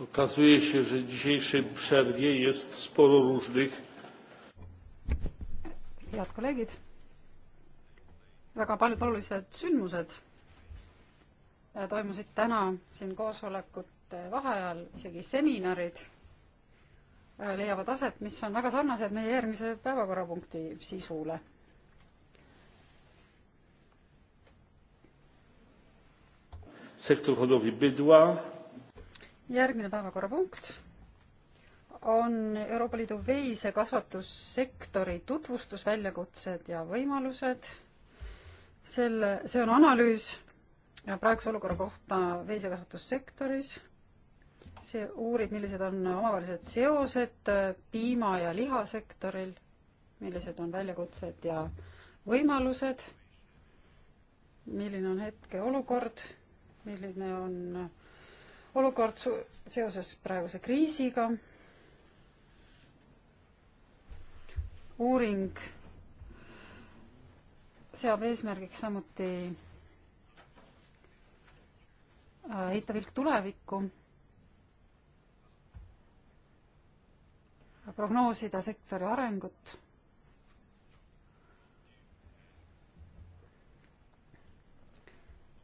Okazuje się, że w dzisiejszej przerwie jest sporo różnych. Head kolleegid, väga paljud olulised sündmused äh, toimusid täna siin koosolekute vaheajal, isegi seminarid äh, leiavad aset, mis on väga sarnased meie järgmise päevakorrapunkti sisule. sektor hodowy bydła järgmine päevakorrapunkt on Euroopa Liidu veisekasvatussektori tutvustus, väljakutsed ja võimalused. selle, see on analüüs praeguse olukorra kohta veisekasvatussektoris. see uurib, millised on omavahelised seosed piima- ja lihasektoril, millised on väljakutsed ja võimalused, milline on hetkeolukord, milline on olukord seoses praeguse kriisiga. uuring seab eesmärgiks samuti äh, heita pilk tulevikku, prognoosida sektori arengut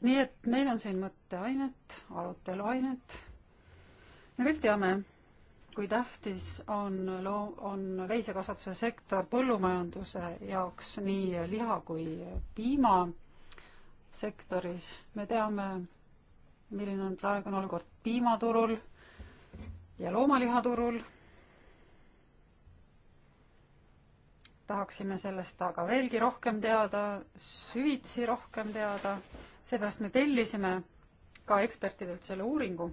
nii et meil on siin mõtteainet, aruteluainet. me kõik teame, kui tähtis on loo-, on veisekasvatuse sektor põllumajanduse jaoks nii liha kui piimasektoris. me teame, milline on praegune olukord piimaturul ja loomalihaturul. tahaksime sellest aga veelgi rohkem teada, süvitsi rohkem teada seepärast me tellisime ka ekspertidelt selle uuringu.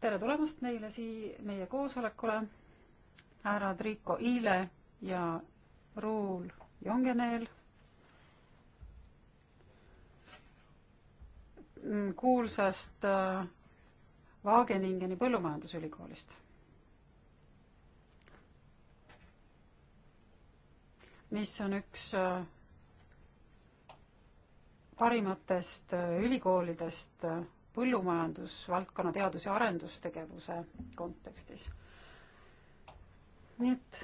tere tulemast neile siia meie koosolekule, härrad Riiko Iile ja Ruul Jongeneel. kuulsast äh, Wageningeni põllumajandusülikoolist mis on üks äh, parimatest äh, ülikoolidest äh, põllumajandusvaldkonna teadus- ja arendustegevuse kontekstis. nii et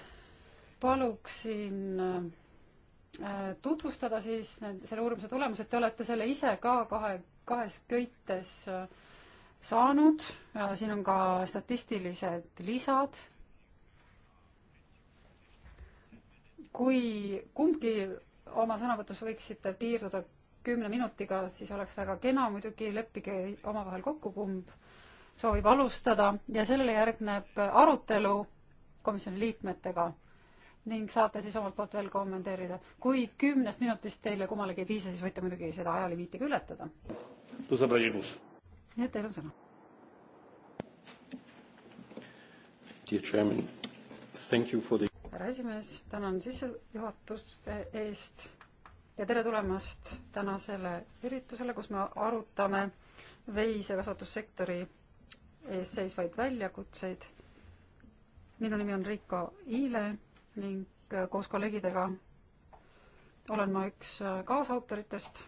paluksin äh, tutvustada siis selle uurimuse tulemused, te olete selle ise ka kahe, kahes köites saanud, siin on ka statistilised lisad. kui kumbki oma sõnavõtus võiksite piirduda kümne minutiga, siis oleks väga kena, muidugi leppige omavahel kokku, kumb soovib alustada ja sellele järgneb arutelu komisjoni liikmetega ning saate siis omalt poolt veel kommenteerida. kui kümnest minutist teile kummalegi ei piisa, siis võite muidugi seda ajalimiiti ka ületada. nii et teil on sõna. härra esimees, tänan sissejuhatuste eest ja tere tulemast tänasele üritusele, kus me arutame veisekasvatussektori ees seisvaid väljakutseid. minu nimi on Riiko Iile ning äh, koos kolleegidega olen ma üks äh, kaasautoritest.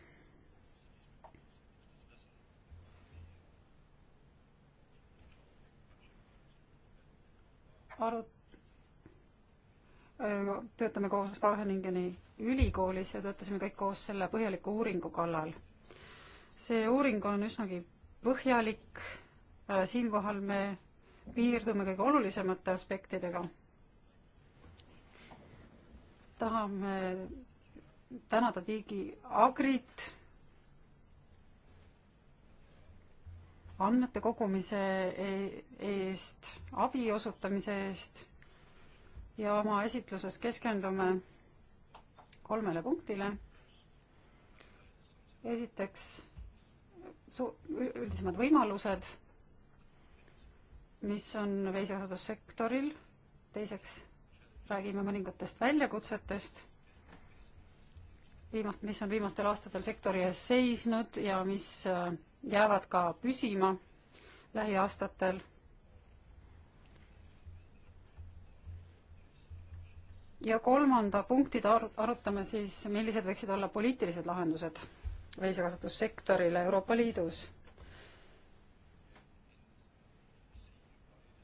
arut-, äh, töötame koos Vaheningeni ülikoolis ja töötasime kõik koos selle põhjaliku uuringu kallal. see uuring on üsnagi põhjalik, äh, siinkohal me piirdume kõige olulisemate aspektidega. tahame tänada Digi Agrit andmete kogumise e-, eest, abi osutamise eest ja oma esitluses keskendume kolmele punktile. esiteks su-, üldisemad võimalused, mis on veisekasvatussektoril, teiseks räägime mõningatest väljakutsetest, viimast, mis on viimastel aastatel sektori ees seisnud ja mis äh, jäävad ka püsima lähiaastatel ja kolmanda punkti ar-, arutame siis, millised võiksid olla poliitilised lahendused veisekasutussektorile Euroopa Liidus.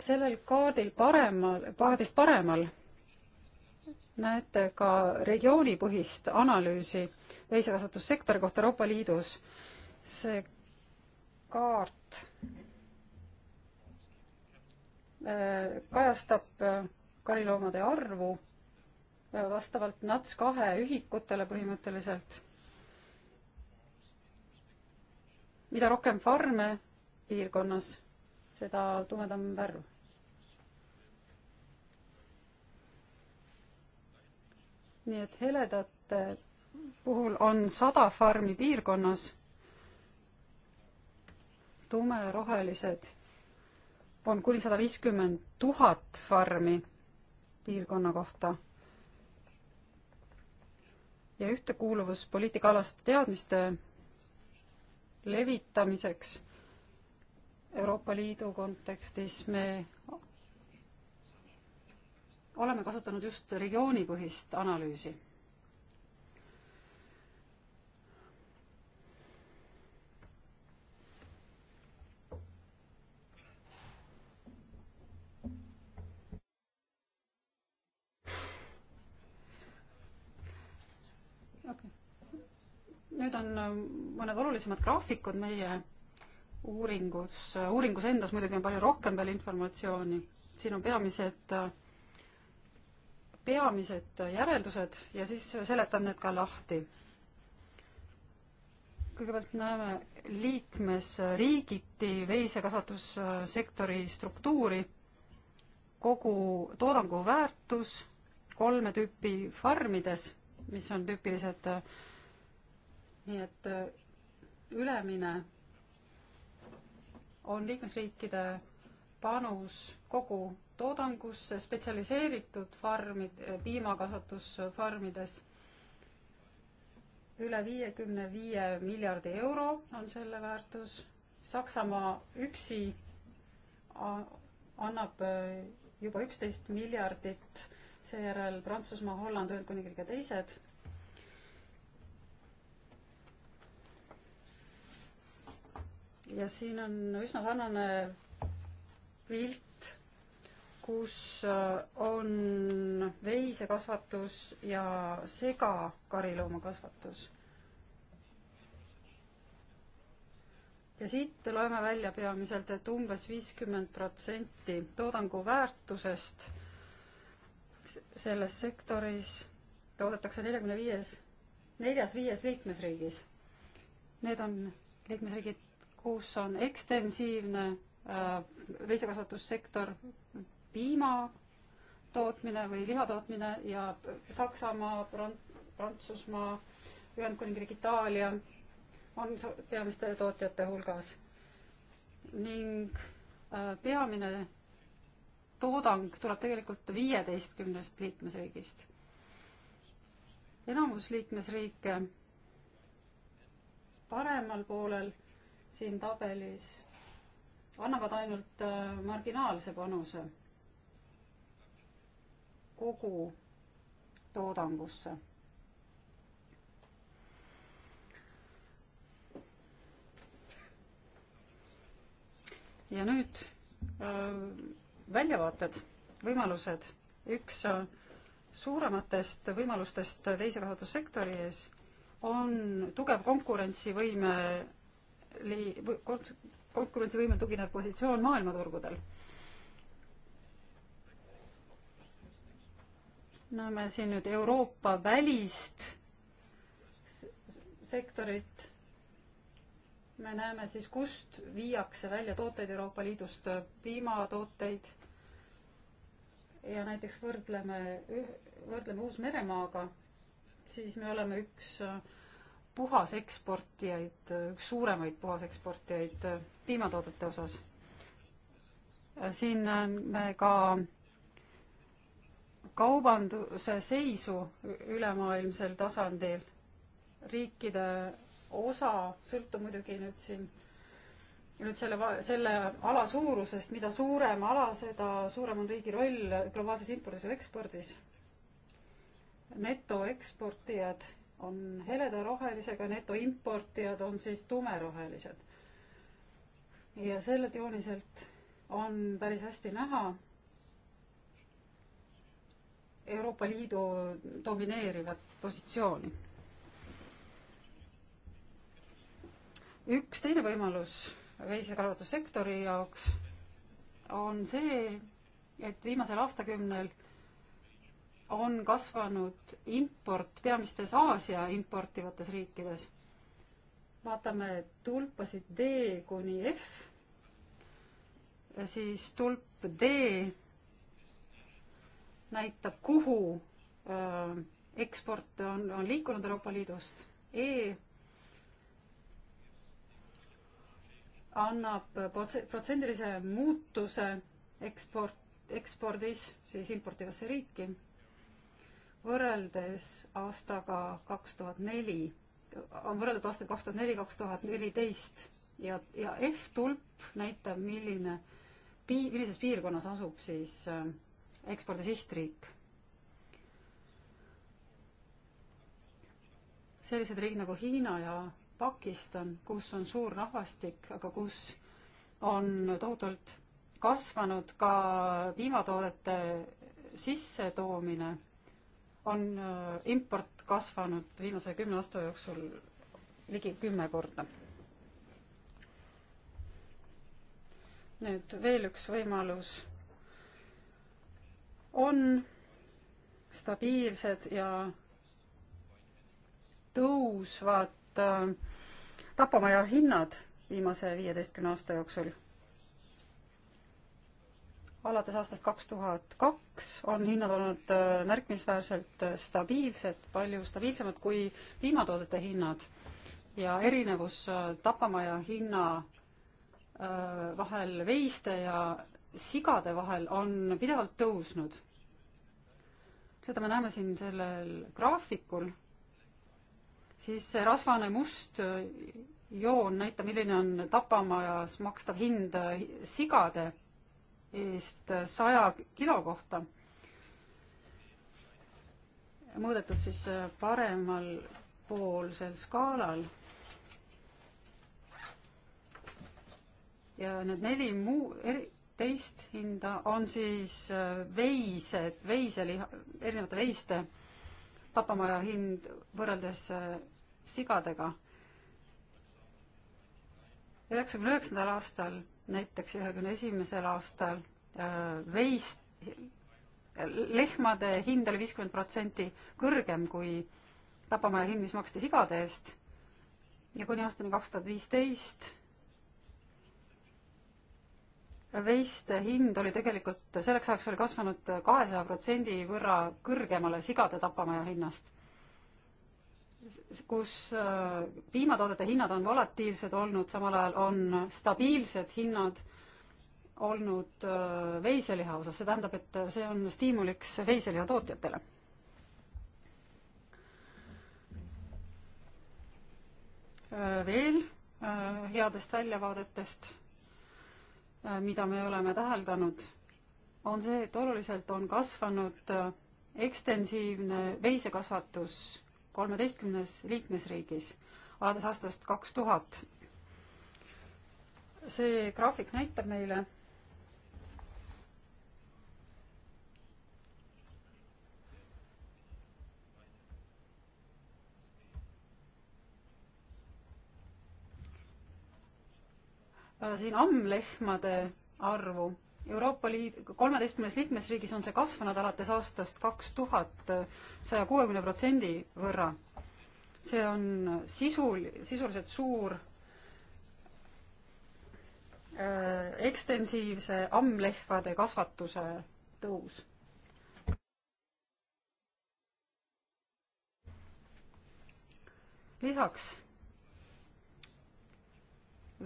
sellel kaardil paremal, paadist paremal näete ka regioonipõhist analüüsi veisekasvatussektori kohta Euroopa Liidus. see kaart äh, kajastab äh, kariloomade arvu vastavalt NATS kahe ühikutele põhimõtteliselt. mida rohkem farme piirkonnas, seda tumedam värv. nii et heledate puhul on sada farmi piirkonnas tumerohelised on kuni sada viiskümmend tuhat farmi piirkonna kohta ja ühtekuuluvuspoliitika alaste teadmiste levitamiseks Euroopa Liidu kontekstis me oleme kasutanud just regioonipõhist analüüsi nüüd on äh, mõned olulisemad graafikud meie uuringus, äh, uuringus endas muidugi on palju rohkem veel informatsiooni, siin on peamised, äh, peamised järeldused ja siis seletan need ka lahti. kõigepealt näeme liikmesriigiti veisekasvatussektori struktuuri, kogu toodangu väärtus kolme tüüpi farmides, mis on tüüpilised äh, nii et äh, ülemine on liikmesriikide panus kogu toodangusse spetsialiseeritud farmid, äh, piimakasvatusfarmides üle viiekümne viie miljardi euro on selle väärtus. Saksamaa üksi annab äh, juba üksteist miljardit, seejärel Prantsusmaa, Holland, Ühendkuningriik ja teised ja siin on üsna sarnane pilt, kus äh, on veisekasvatus ja segakarилoomakasvatus. ja siit loeme välja peamiselt, et umbes viiskümmend protsenti toodangu väärtusest selles sektoris toodetakse neljakümne viies, neljas-viies liikmesriigis. Need on liikmesriigid kus on ekstensiivne äh, veisekasvatussektor, piima tootmine või liha tootmine ja Saksamaa, Prantsusmaa, Ühendkuningriik, Itaalia on peamiste tootjate hulgas. ning äh, peamine toodang tuleb tegelikult viieteistkümnest liikmesriigist. enamus liikmesriike paremal poolel siin tabelis annavad ainult äh, marginaalse panuse kogu toodangusse. ja nüüd äh, väljavaated, võimalused. üks äh, suurematest võimalustest veiserahandussektori ees on tugev konkurentsivõime konkurentsivõime tuginev positsioon maailmaturgudel. näeme siin nüüd Euroopa välist sektorit. me näeme siis, kust viiakse välja tooteid Euroopa Liidust, äh, piimatooteid ja näiteks võrdleme, võrdleme Uus-Meremaaga, siis me oleme üks äh, puhaseksportijaid, üks suuremaid puhaseksportijaid äh, piimatoodete osas. siin me ka kaubanduse seisu ülemaailmsel tasandil, riikide osa sõltub muidugi nüüd siin nüüd selle, selle ala suurusest, mida suurem ala, seda suurem on riigi roll globaalses impordis ja ekspordis. netoeksportijad on heleda rohelisega netoimportijad, on siis tumerohelised. ja sellelt jooniselt on päris hästi näha Euroopa Liidu domineerivat positsiooni. üks teine võimalus veisekarvatussektori jaoks on see, et viimasel aastakümnel on kasvanud import peamistes Aasia importivates riikides. vaatame tulpasid D kuni F, siis tulp D näitab, kuhu öö, äh, eksport on, on liikunud Euroopa Liidust. E annab protsendilise muutuse eksport, ekspordis siis importivasse riiki võrreldes aastaga kaks tuhat neli, on võrreldud aastaid kaks tuhat neli, kaks tuhat neliteist ja, ja F-tulp näitab, milline pii-, millises piirkonnas asub siis äh, ekspordi sihtriik. sellised riigid nagu Hiina ja Pakistan, kus on suur rahvastik, aga kus on tohutult kasvanud ka piimatoodete sissetoomine on äh, import kasvanud viimase kümne aasta jooksul ligi kümme korda. nüüd veel üks võimalus on stabiilsed ja tõusvad äh, tapamaja hinnad viimase viieteistkümne aasta jooksul alates aastast kaks tuhat kaks on hinnad olnud äh, märkimisväärselt äh, stabiilsed, palju stabiilsemad kui piimatoodete hinnad ja erinevus äh, tapamaja hinna vahel veiste ja sigade vahel on pidevalt tõusnud. seda me näeme siin sellel graafikul, siis see rasvane must joon näitab, milline on tapamajas makstav hind sigade eest saja kilo kohta. mõõdetud siis äh, paremal poolsel skaalal. ja need neli muu, teist hinda on siis äh, veised, veiseliha, erinevate veiste tapamaja hind võrreldes äh, sigadega. üheksakümne üheksandal aastal näiteks üheksakümne esimesel aastal äh, veist, lehmade hind oli viiskümmend protsenti kõrgem kui tapamaja hind, mis maksti sigade eest. ja kuni aastani kaks tuhat viisteist veiste hind oli tegelikult, selleks ajaks oli kasvanud kahesaja protsendi võrra kõrgemale sigade tapamaja hinnast kus äh, piimatoodete hinnad on volatiilsed olnud, samal ajal on stabiilsed hinnad olnud äh, veiseliha osas, see tähendab, et see on stiimuliks veiseliha tootjatele. Äh, veel headest väljavaadetest, mida me oleme täheldanud, on see, et oluliselt on kasvanud ekstensiivne veisekasvatus kolmeteistkümnes liikmesriigis alates aastast kaks tuhat. see graafik näitab meile, siin ammlehmade arvu Euroopa Liit, kolmeteistkümnes liikmesriigis on see kasvanud alates aastast kaks tuhat saja kuuekümne protsendi võrra. see on sisul, sisuliselt suur öö, äh, ekstensiivse ammlehvade kasvatuse tõus lisaks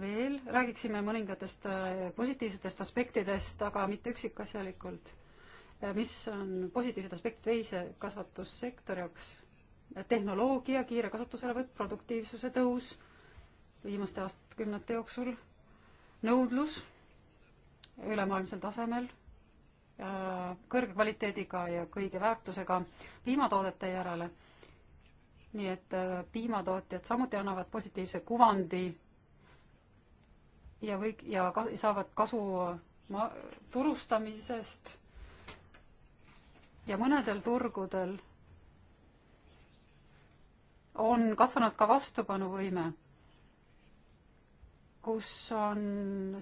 veel, räägiksime mõningatest äh, positiivsetest aspektidest, aga mitte üksikasjalikult. Äh, mis on positiivsed aspektid veisekasvatussektori jaoks? Äh, tehnoloogia kiire kasutuselevõtt, produktiivsuse tõus viimaste aastakümnete jooksul, nõudlus ülemaailmsel tasemel, kõrge kvaliteediga ja kõige väärtusega piimatoodete järele. nii et piimatootjad samuti annavad positiivse kuvandi ja kõik ja ka, saavad kasu ma-, turustamisest ja mõnedel turgudel on kasvanud ka vastupanuvõime, kus on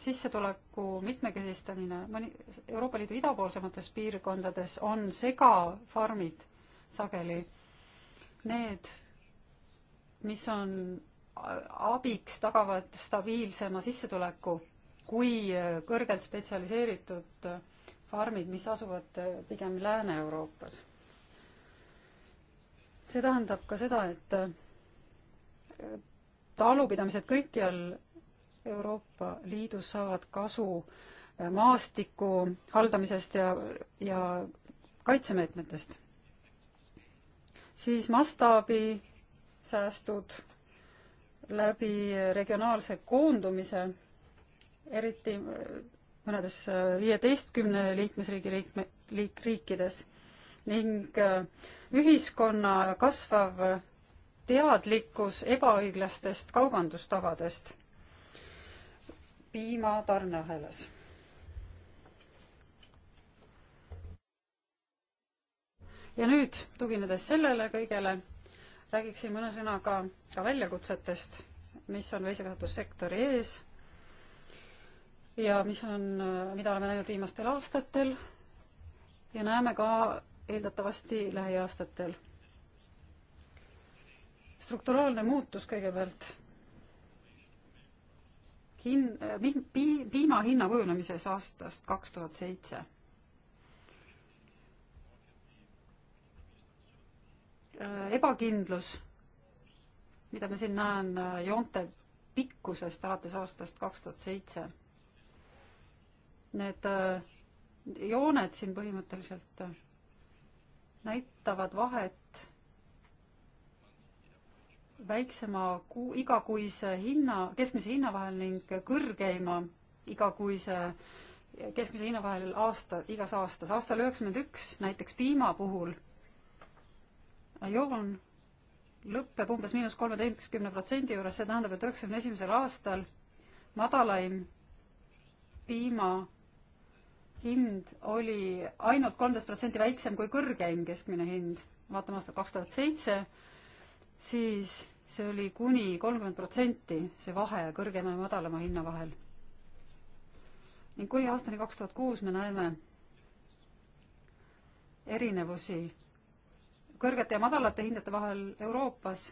sissetuleku mitmekesistamine, mõni, Euroopa Liidu idapoolsemates piirkondades on segafarmid sageli, need, mis on abiks tagavad stabiilsema sissetuleku kui äh, kõrgelt spetsialiseeritud äh, farmid, mis asuvad äh, pigem Lääne-Euroopas. see tähendab ka seda, et talupidamised kõikjal Euroopa Liidus saavad kasu maastiku haldamisest ja, ja kaitsemeetmetest. siis mastaabisäästud läbi regionaalse koondumise, eriti äh, mõnedes äh, viieteistkümne liikmesriigi liikme, liik-, riikides ning äh, ühiskonna kasvav teadlikkus ebaõiglastest kaubandustavadest piima tarneahelas. ja nüüd, tuginedes sellele kõigele räägiksin mõne sõnaga ka väljakutsetest, mis on veisekasvatussektori ees ja mis on, mida oleme näinud viimastel aastatel ja näeme ka eeldatavasti lähiaastatel. strukturaalne muutus kõigepealt hin-, piima hinna kujunemises aastast kaks tuhat seitse ebakindlus, mida ma siin näen äh, joonte pikkusest alates aastast kaks tuhat seitse. Need äh, jooned siin põhimõtteliselt äh, näitavad vahet väiksema kuu, igakuise hinna, keskmise hinna vahel ning kõrgeima igakuise, keskmise hinna vahel aasta, igas aastas. aastal üheksakümmend üks näiteks piima puhul joon lõpeb umbes miinus kolmeteistkümne protsendi juures, see tähendab, et üheksakümne esimesel aastal madalaim piima hind oli ainult kolmteist protsenti väiksem kui kõrgeim keskmine hind. vaatame aastat kaks tuhat seitse, siis see oli kuni kolmkümmend protsenti, see vahe kõrgema ja madalama hinna vahel. ning kuni aastani kaks tuhat kuus me näeme erinevusi kõrgete ja madalate hindade vahel Euroopas.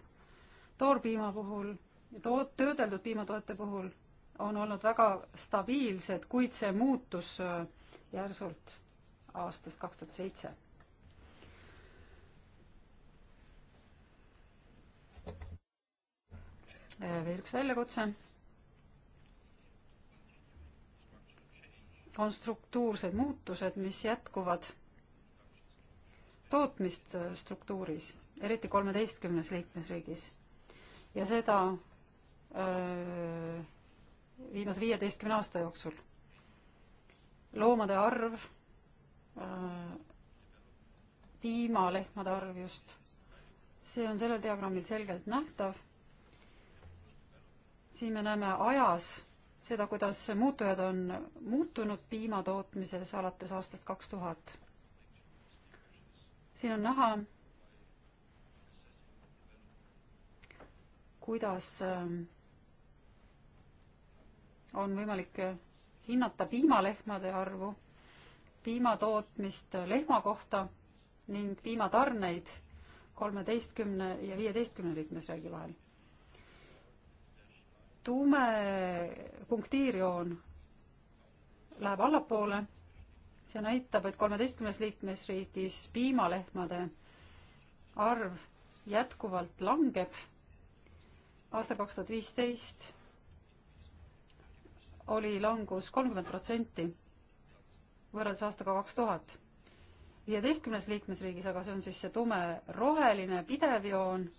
toorpiima puhul ja to-, töödeldud piimatoodete puhul on olnud väga stabiilsed, kuid see muutus äh, järsult aastast kaks tuhat seitse. Äh, veel üks väljakutse. on struktuursed muutused, mis jätkuvad tootmist äh, struktuuris, eriti kolmeteistkümnes liikmesriigis. ja seda öö, äh, viimase viieteistkümne aasta jooksul. loomade arv, äh, piimalehmade arv just, see on sellel diagrammil selgelt nähtav. siin me näeme ajas seda, kuidas muutujad on muutunud piima tootmises alates aastast kaks tuhat siin on näha, kuidas ähm, on võimalik hinnata piimalehmade arvu, piimatootmist lehma kohta ning piimatarneid kolmeteistkümne ja viieteistkümne liikmesriigi vahel. tume punktiirjoon läheb allapoole see näitab, et kolmeteistkümnes liikmesriigis piimalehmade arv jätkuvalt langeb. aastal kaks tuhat viisteist oli langus kolmkümmend protsenti võrreldes aastaga kaks tuhat. viieteistkümnes liikmesriigis, aga see on siis see tume roheline pidev joon,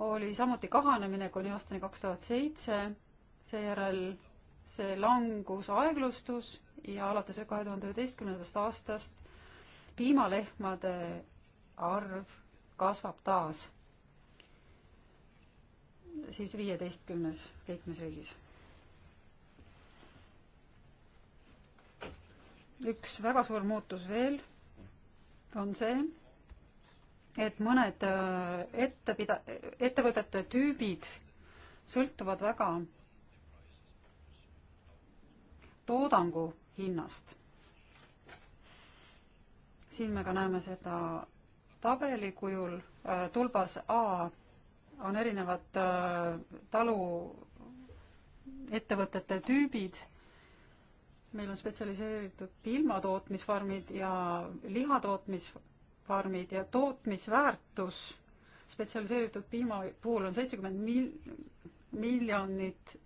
oli samuti kahanemine kuni aastani kaks tuhat seitse, seejärel see langus aeglustus ja alates kahe tuhande üheteistkümnendast aastast piimalehmade arv kasvab taas siis viieteistkümnes liikmesriigis. üks väga suur muutus veel on see, et mõned äh, ettepida-, ettevõtete tüübid sõltuvad väga toodangu hinnast. siin me ka näeme seda tabeli kujul, äh, tulbas A on erinevad äh, talu ettevõtete tüübid, meil on spetsialiseeritud piimatootmisfarmid ja lihatootmisfarmid ja tootmisväärtus spetsialiseeritud piima puhul on seitsekümmend mil-, miljonit,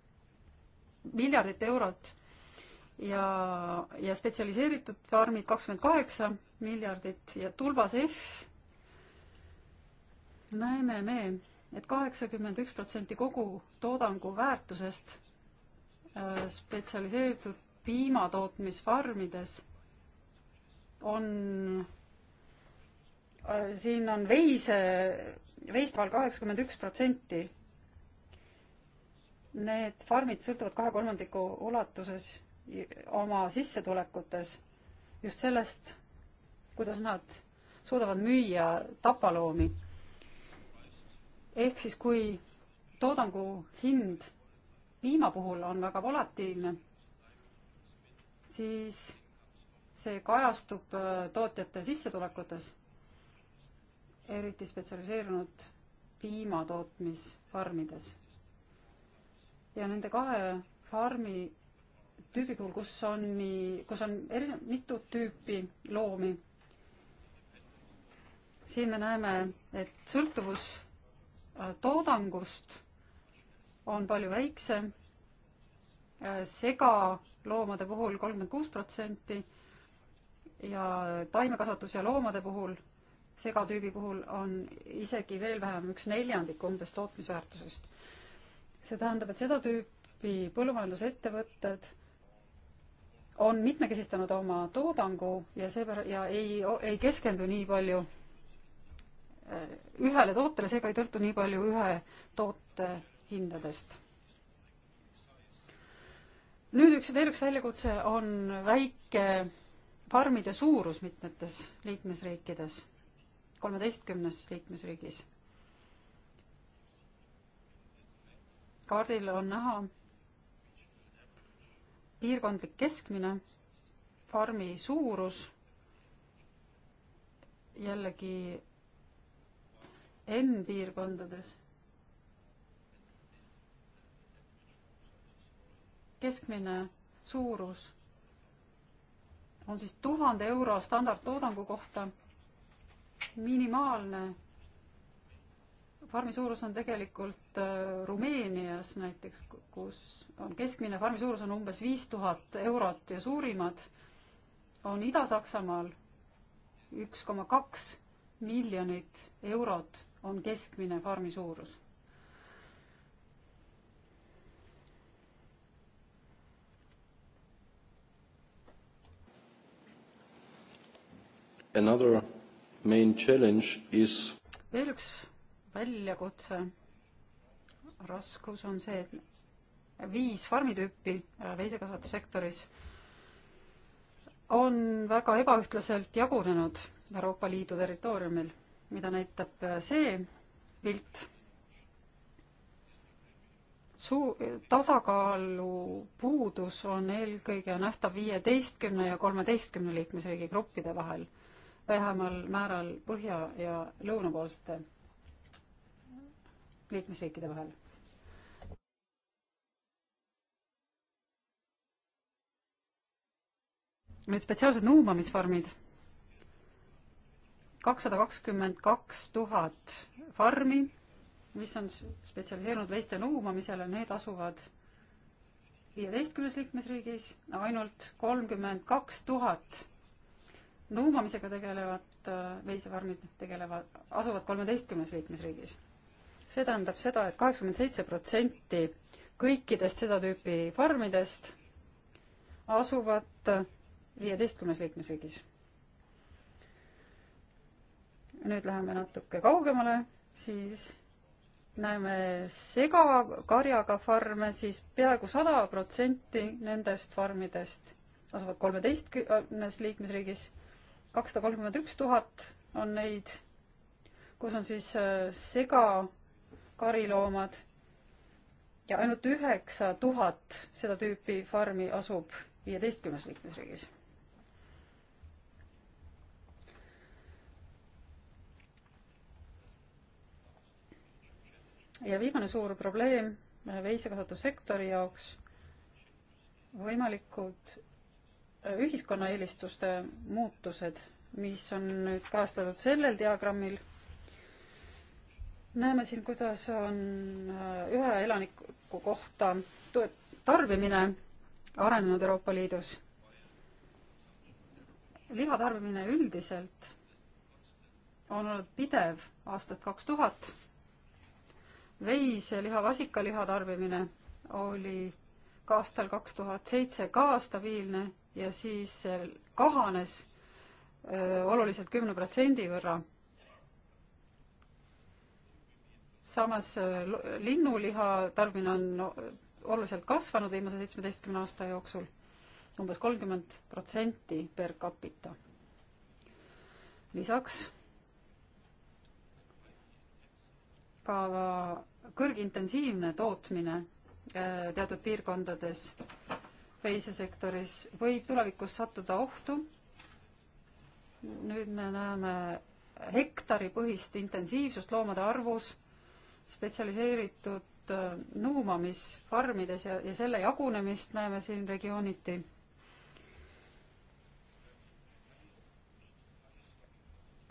miljardit eurot ja, ja spetsialiseeritud farmid kakskümmend kaheksa miljardit ja tulbas F näeme me et, et kaheksakümmend üks protsenti kogu toodangu väärtusest äh, spetsialiseeritud piimatootmisfarmides on, äh, siin on veise, veistval kaheksakümmend üks protsenti. Need farmid sõltuvad kahe kolmandiku ulatuses oma sissetulekutes just sellest, kuidas nad suudavad müüa tapaloomi. ehk siis, kui toodangu hind piima puhul on väga volatiilne, siis see kajastub äh, tootjate sissetulekutes, eriti spetsialiseerunud piimatootmisfarmides. ja nende kahe farmi tüübi puhul, kus on nii, kus on erinev, mitut tüüpi loomi. siin me näeme, et sõltuvus äh, toodangust on palju väiksem, äh, segaloomade puhul kolmkümmend kuus protsenti ja taimekasvatus ja loomade puhul, segatüübi puhul on isegi veel vähem, üks neljandik umbes tootmisväärtusest. see tähendab, et seda tüüpi põllumajandusettevõtted on mitmekesistanud oma toodangu ja seepär- ja ei, ei keskendu nii palju äh, ühele tootele, seega ei tõltu nii palju ühe toote hindadest. nüüd üks, veel üks väljakutse on väike farmide suurus mitmetes liikmesriikides, kolmeteistkümnes liikmesriigis. kaardil on näha piirkondlik keskmine farmi suurus jällegi N piirkondades keskmine suurus on siis tuhande euro standardtoodangu kohta, minimaalne farmi suurus on tegelikult äh, Rumeenias näiteks, kus on keskmine farmi suurus on umbes viis tuhat eurot ja suurimad on Ida-Saksamaal üks koma kaks miljonit eurot on keskmine farmi suurus. Another main challenge is veel üks väljakutse. raskus on see, et viis farmitüüpi äh, veisekasvatussektoris on väga ebaühtlaselt jagunenud Euroopa Liidu territooriumil, mida näitab äh, see pilt. suu-, tasakaalu puudus on eelkõige nähtav viieteistkümne ja kolmeteistkümne liikmesriigi gruppide vahel, vähemal määral põhja- ja lõunapoolsete liikmesriikide vahel. nüüd spetsiaalsed nuumamisfarmid. kakssada kakskümmend kaks tuhat farmi, mis on spetsialiseerunud veiste nuumamisele, need asuvad viieteistkümnes liikmesriigis, ainult kolmkümmend kaks tuhat nuumamisega tegelevat veisefarmid äh, tegelevad, asuvad kolmeteistkümnes liikmesriigis see tähendab seda et, et kaheksakümmend seitse protsenti kõikidest seda tüüpi farmidest asuvad viieteistkümnes liikmesriigis. nüüd läheme natuke kaugemale, siis näeme segakarjaga farme, siis peaaegu sada protsenti nendest farmidest asuvad kolmeteistkümnes liikmesriigis, kakssada kolmkümmend üks tuhat on neid, kus on siis äh, sega kariloomad ja ainult üheksa tuhat seda tüüpi farmi asub viieteistkümnes liikmesriigis. ja viimane suur probleem veisekasvatussektori jaoks võimalikud äh, ühiskonnaeelistuste muutused, mis on nüüd kajastatud sellel diagrammil näeme siin, kuidas on äh, ühe elaniku kohta tarbimine arenenud Euroopa Liidus. liha tarbimine üldiselt on olnud pidev aastast kaks tuhat. veiseliha, vasikaliha tarbimine oli ka aastal kaks tuhat seitse ka stabiilne ja siis kahanes öö, äh, oluliselt kümne protsendi võrra samas äh, linnuliha tarbimine on oluliselt kasvanud viimase seitsmeteistkümne aasta jooksul, umbes kolmkümmend protsenti per capita. lisaks ka kõrgintensiivne tootmine äh, teatud piirkondades veisesektoris võib tulevikus sattuda ohtu. nüüd me näeme hektaripõhist intensiivsust loomade arvus spetsialiseeritud äh, nuumamisfarmides ja, ja selle jagunemist näeme siin regiooniti.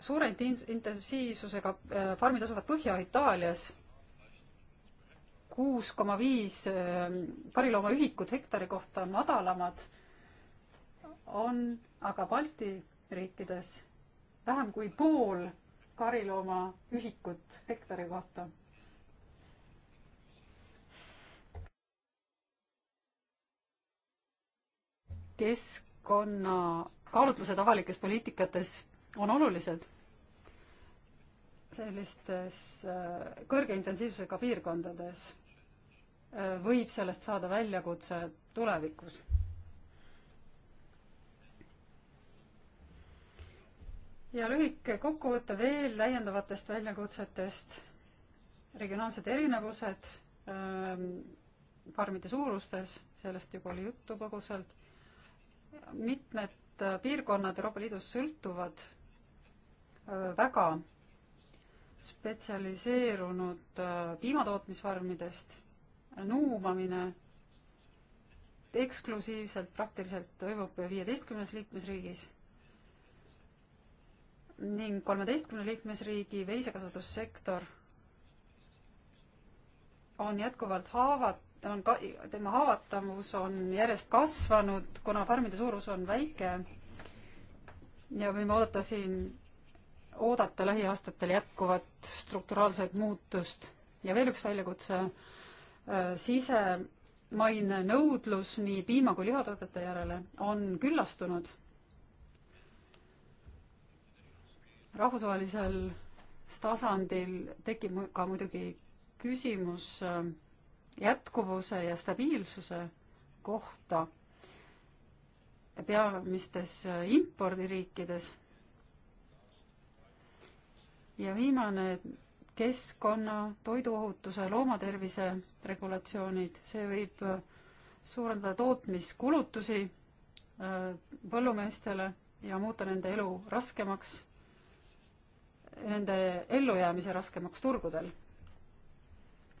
suure intensiivsusega äh, farmid asuvad Põhja-Itaalias, kuus koma viis ähm, kariloomaühikut hektari kohta madalamad on aga Balti riikides vähem kui pool kariloomaühikut hektari kohta keskkonnakaalutlused avalikes poliitikates on olulised sellistes äh, kõrge intensiivsusega piirkondades äh, võib sellest saada väljakutse tulevikus. ja lühike kokkuvõte veel täiendavatest väljakutsetest. regionaalsed erinevused ähm, farmide suurustes, sellest juba oli juttu põgusalt mitmed äh, piirkonnad Euroopa Liidus sõltuvad äh, väga spetsialiseerunud äh, piimatootmisfarmidest, nuumamine eksklusiivselt praktiliselt toimub viieteistkümnes liikmesriigis ning kolmeteistkümne liikmesriigi veisekasvatussektor on jätkuvalt haavad, ta on ka-, tema haavatavus on järjest kasvanud, kuna farmide suurus on väike ja võime oodata siin, oodata lähiaastatel jätkuvat strukturaalset muutust. ja veel üks väljakutse, äh, sisemaine nõudlus nii piima- kui lihatoodete järele on küllastunud. rahvusvahelisel tasandil tekib ka muidugi küsimus äh, jätkuvuse ja stabiilsuse kohta peamistes äh, impordiriikides. ja viimane keskkonna, toiduohutuse, loomatervise regulatsioonid, see võib äh, suurendada tootmiskulutusi äh, põllumeestele ja muuta nende elu raskemaks, nende ellujäämise raskemaks turgudel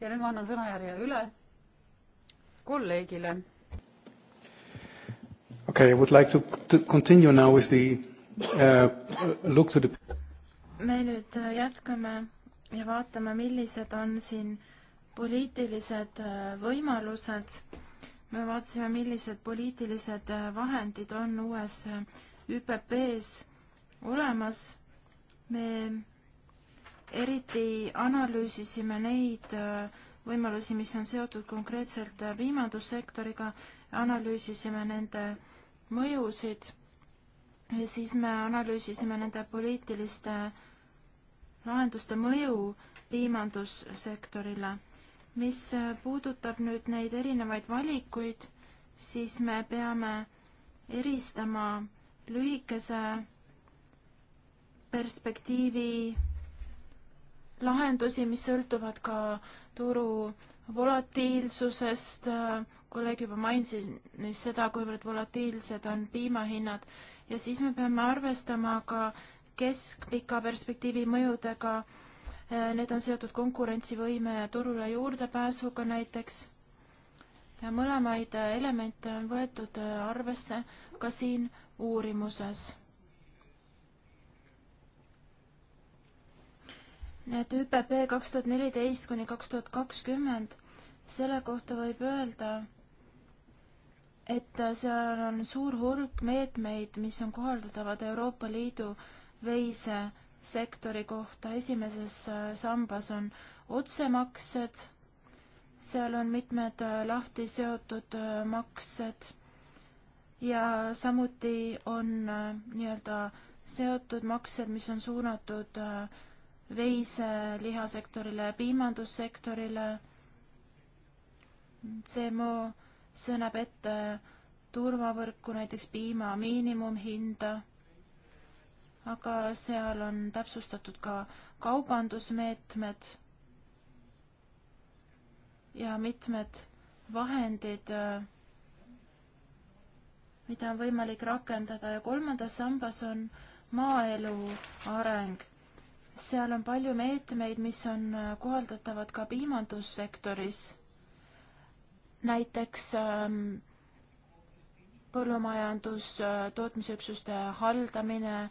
ja nüüd ma annan sõnajärje üle kolleegile. Okay, I would like to, to continue now with the uh, look to the me nüüd uh, jätkame ja vaatame, millised on siin poliitilised uh, võimalused. me vaatasime, millised poliitilised uh, vahendid on uues ÜPP-s olemas. me eriti analüüsisime neid äh, võimalusi, mis on seotud konkreetselt äh, piimandussektoriga, analüüsisime nende mõjusid ja siis me analüüsisime nende poliitiliste lahenduste mõju piimandussektorile. mis äh, puudutab nüüd neid erinevaid valikuid, siis me peame eristama lühikese perspektiivi lahendusi, mis sõltuvad ka turu volatiilsusest, kolleeg juba mainis seda, kuivõrd volatiilsed on piimahinnad ja siis me peame arvestama ka keskpika perspektiivi mõjudega. Need on seotud konkurentsivõime ja turule juurdepääsuga näiteks. ja mõlemaid elemente on võetud arvesse ka siin uurimuses et ÜPP kaks tuhat neliteist kuni kaks tuhat kakskümmend, selle kohta võib öelda, et seal on suur hulk meetmeid, mis on kohaldatavad Euroopa Liidu veisesektori kohta. esimeses äh, sambas on otsemaksed, seal on mitmed äh, lahti seotud äh, maksed ja samuti on nii-öelda seotud maksed, mis on suunatud äh, veise äh, lihasektorile, piimandussektorile. CMO, see näeb ette äh, turvavõrku, näiteks piima miinimumhinda, aga seal on täpsustatud ka kaubandusmeetmed ja mitmed vahendid, äh, mida on võimalik rakendada ja kolmandas sambas on maaelu areng seal on palju meetmeid, mis on äh, kohaldatavad ka piimandussektoris. näiteks ähm, põllumajandustootmisüksuste äh, haldamine,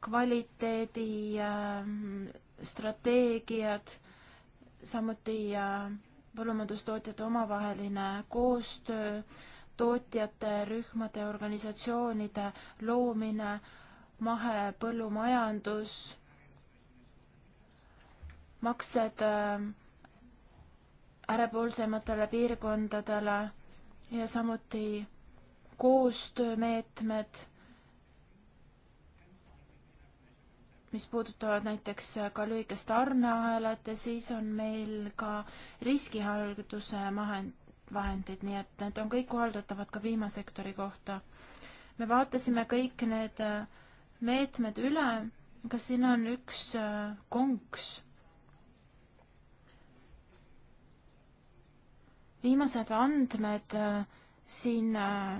kvaliteedi ähm, strateegiad, samuti äh, põllumajandustootjate omavaheline koostöö, tootjate rühmade, organisatsioonide loomine, mahepõllumajandus maksed äh, ärepoolsematele piirkondadele ja samuti koostöömeetmed, mis puudutavad näiteks ka lühikest tarneahelat ja siis on meil ka riskihalduse vahendid, nii et need on kõik kohaldatavad ka piimasektori kohta. me vaatasime kõik need äh, meetmed üle, aga siin on üks äh, konks viimased andmed äh, siin äh,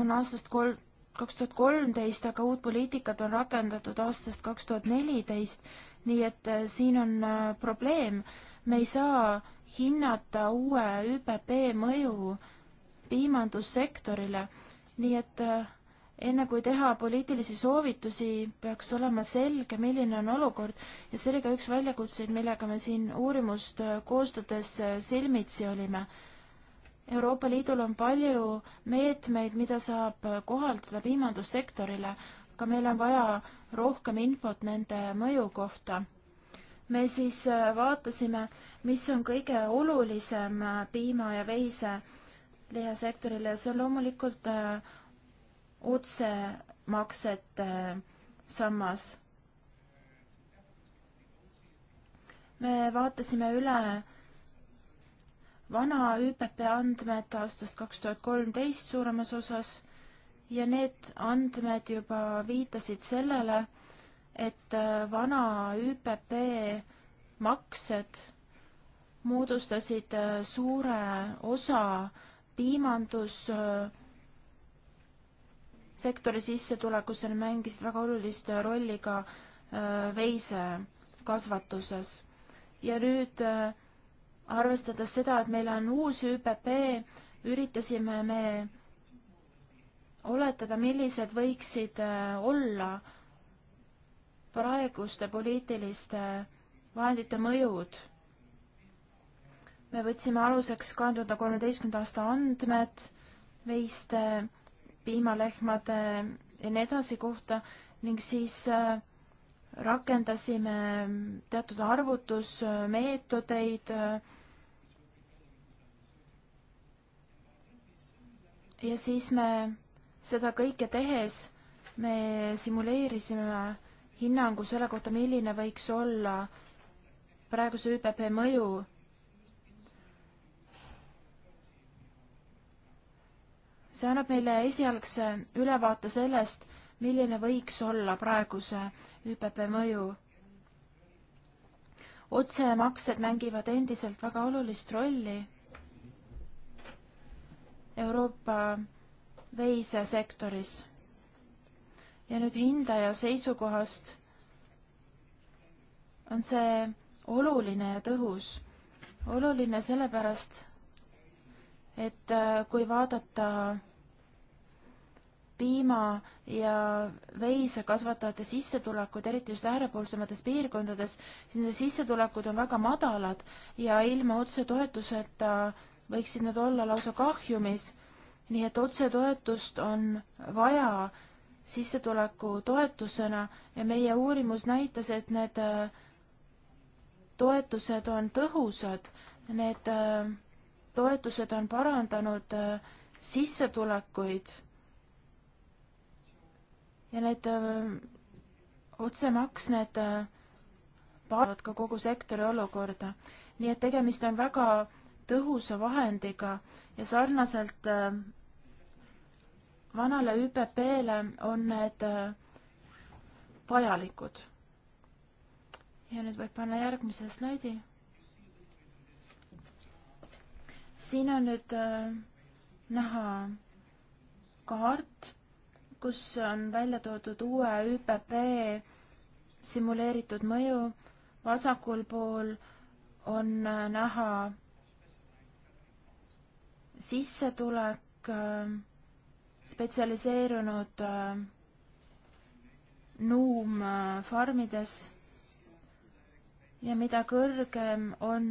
on aastast kolm, kaks tuhat kolmteist, aga uut poliitikat on rakendatud aastast kaks tuhat neliteist, nii et äh, siin on probleem. me ei saa hinnata uue ÜPP mõju piimandussektorile, nii et äh, enne kui teha poliitilisi soovitusi, peaks olema selge, milline on olukord ja see oli ka üks väljakutseid, millega me siin uurimust äh, koostades äh, silmitsi olime. Euroopa Liidul on palju meetmeid, mida saab äh, kohaldada piimandussektorile, aga meil on vaja rohkem infot nende mõju kohta. me siis vaatasime, mis on kõige olulisem piima ja veise lihasektorile ja see on loomulikult äh, otsemaksete äh, sammas. me vaatasime üle vana ÜPP andmed aastast kaks tuhat kolmteist suuremas osas ja need andmed juba viitasid sellele, et äh, vana ÜPP maksed moodustasid äh, suure osa piimandus- sektori sissetulekusse mängisid väga olulist rolli ka äh, veisekasvatuses. ja nüüd äh, arvestades seda, et meil on uus ÜPP, üritasime me oletada, millised võiksid äh, olla praeguste poliitiliste vahendite mõjud. me võtsime aluseks kahe tuhande kolmeteistkümnenda aasta andmed veiste piimalehmade ja nii edasi kohta ning siis äh, rakendasime teatud arvutusmeetodeid. Äh, ja siis me seda kõike tehes me simuleerisime hinnangu selle kohta, milline võiks olla praeguse ÜPP mõju see annab meile esialgse ülevaate sellest, milline võiks olla praeguse ÜPP mõju. otsemaksed mängivad endiselt väga olulist rolli Euroopa veisesektoris. ja nüüd hindaja seisukohast on see oluline ja tõhus. oluline sellepärast, et äh, kui vaadata piima- ja veisekasvatajate sissetulekud, eriti just äärepoolsemates piirkondades, siis nende sissetulekud on väga madalad ja ilma otsetoetuseta võiksid nad olla lausa kahjumis. nii et otsetoetust on vaja sissetuleku toetusena ja meie uurimus näitas, et need äh, toetused on tõhusad, need äh, toetused on parandanud äh, sissetulekuid ja need öö, äh, otsemaksed äh, parandavad ka kogu sektori olukorda. nii et tegemist on väga tõhusa vahendiga ja sarnaselt öö, äh, vanale ÜPP-le on need öö, vajalikud. ja nüüd võib panna järgmise slaidi. siin on nüüd öö, näha kaart kus on välja toodud uue ÜPP simuleeritud mõju. vasakul pool on äh, näha sissetulek, äh, spetsialiseerunud äh, nuumfarmides ja mida kõrgem on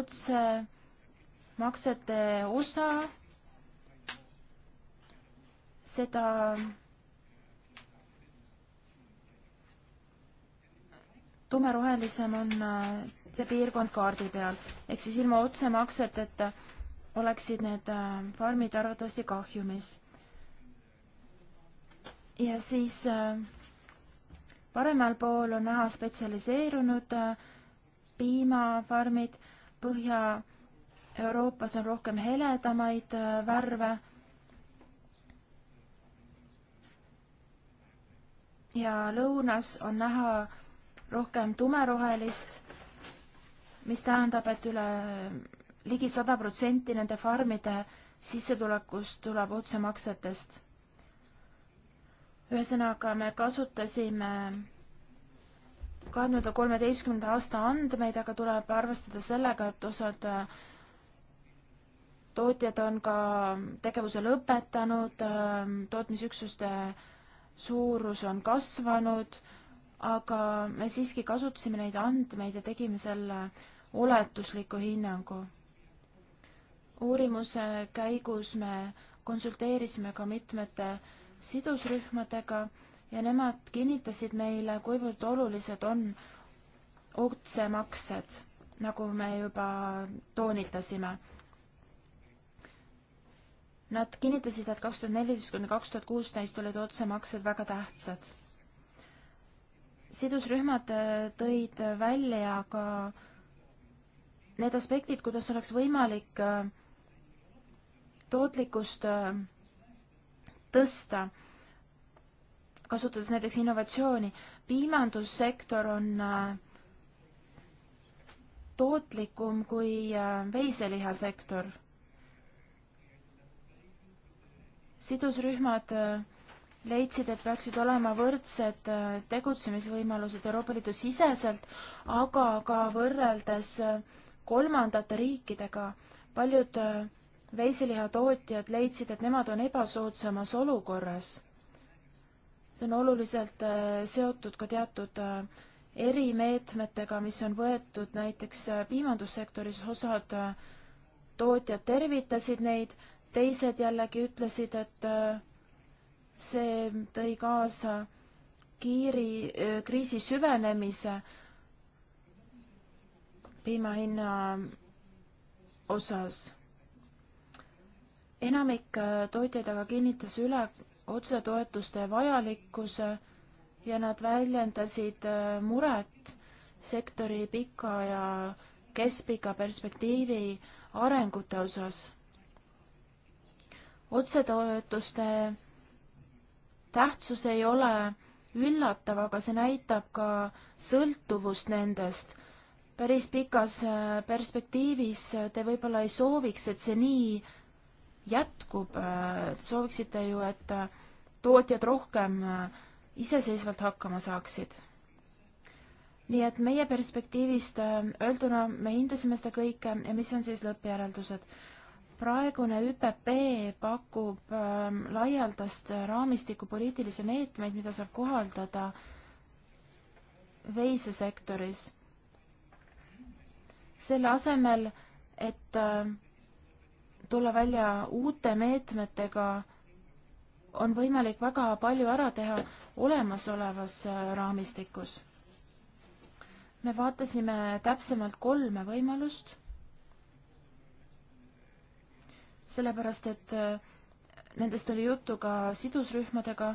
otse maksete osa, seda tumerohelisem on äh, see piirkond kaardi peal, ehk siis ilma otsemakseteta oleksid need äh, farmid arvatavasti kahjumis. ja siis äh, paremal pool on näha spetsialiseerunud piimafarmid, Põhja-Euroopas on rohkem heledamaid värve ja lõunas on näha rohkem tumerohelist, mis tähendab, et üle ligi sada protsenti nende farmide sissetulekust tuleb otsemaksetest. ühesõnaga, me kasutasime kahe tuhande kolmeteistkümnenda aasta andmeid, aga tuleb arvestada sellega, et osad tootjad on ka tegevuse lõpetanud, tootmisüksuste suurus on kasvanud, aga me siiski kasutasime neid andmeid ja tegime selle oletusliku hinnangu. uurimuse käigus me konsulteerisime ka mitmete sidusrühmadega ja nemad kinnitasid meile, kuivõrd olulised on otsemaksed, nagu me juba toonitasime Nad kinnitasid, et kaks tuhat neliteist kuni kaks tuhat kuusteist olid otsemaksed väga tähtsad. sidusrühmad äh, tõid välja ka need aspektid, kuidas oleks võimalik äh, tootlikkust äh, tõsta, kasutades näiteks innovatsiooni. piimandussektor on tootlikum kui veiselihasektor sidusrühmad äh, leidsid, et peaksid olema võrdsed äh, tegutsemisvõimalused Euroopa Liidu siseselt, aga ka võrreldes äh, kolmandate riikidega. paljud veiselihatootjad leidsid, et nemad on ebasoodsamas olukorras. see on oluliselt seotud ka teatud erimeetmetega, mis on võetud näiteks piimandussektoris, osad tootjad tervitasid neid teised jällegi ütlesid, et äh, see tõi kaasa kiiri, äh, kriisi süvenemise piimahinna osas. enamik äh, tootjaid aga kinnitas üle otsetoetuste vajalikkuse ja nad väljendasid muret sektori pika ja keskpika perspektiivi arengute osas otsetoetuste tähtsus ei ole üllatav, aga see näitab ka sõltuvust nendest. päris pikas äh, perspektiivis äh, te võib-olla ei sooviks, et see nii jätkub, äh, sooviksite ju, et tootjad rohkem iseseisvalt hakkama saaksid. nii et meie perspektiivist öelduna me hindasime seda kõike ja mis on siis lõppjäreldused? praegune ÜPP pakub ähm, laialdast äh, raamistikku poliitilisi meetmeid, mida saab kohaldada veisesektoris. selle asemel, et ähm, tulla välja uute meetmetega, on võimalik väga palju ära teha olemasolevas äh, raamistikus. me vaatasime täpsemalt kolme võimalust sellepärast et äh, nendest oli juttu ka sidusrühmadega.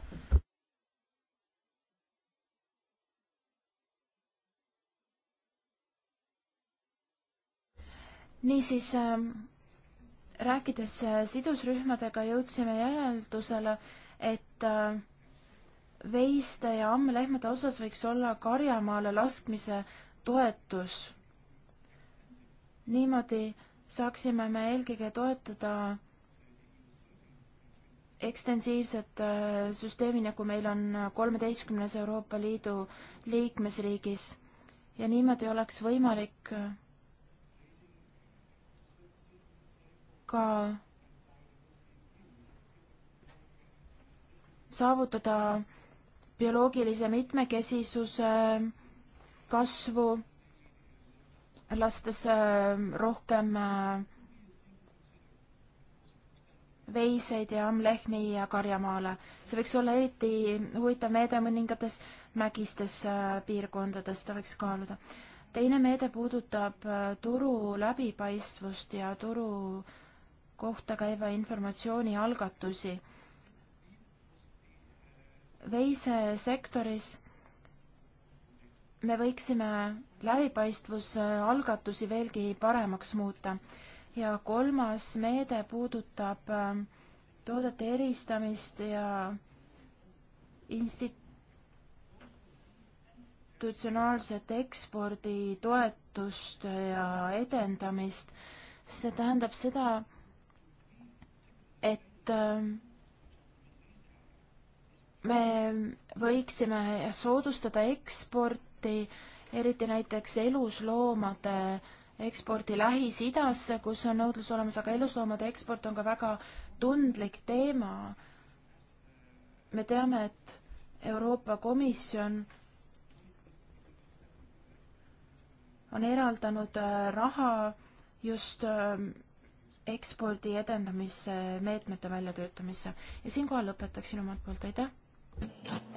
niisiis ähm, äh, rääkides sidusrühmadega jõudsime järeldusele, et äh, veiste ja ammlehmade osas võiks olla karjamaale laskmise toetus. niimoodi saaksime me eelkõige toetada ekstensiivset äh, süsteemi, nagu meil on äh, kolmeteistkümnes Euroopa Liidu liikmesriigis ja niimoodi oleks võimalik äh, ka saavutada bioloogilise mitmekesisuse kasvu lastes ähm, rohkem äh, veiseid ja ammlehmi ja karjamaale. see võiks olla eriti huvitav meede mõningates mägistes äh, piirkondades, ta võiks kaaluda. teine meede puudutab äh, turu läbipaistvust ja turu kohta käiva informatsiooni algatusi. veisesektoris me võiksime läbipaistvusalgatusi äh, veelgi paremaks muuta. ja kolmas meede puudutab ähm, toodete eristamist ja institutsionaalset eksporditoetust ja edendamist. see tähendab seda, et ähm, me võiksime soodustada eksporti eriti näiteks elusloomade ekspordi Lähis-Idasse, kus on nõudlus olemas, aga elusloomade eksport on ka väga tundlik teema. me teame, et Euroopa Komisjon on eraldanud äh, raha just äh, ekspordi edendamise meetmete väljatöötamisse ja siinkohal lõpetaksin omalt poolt, aitäh!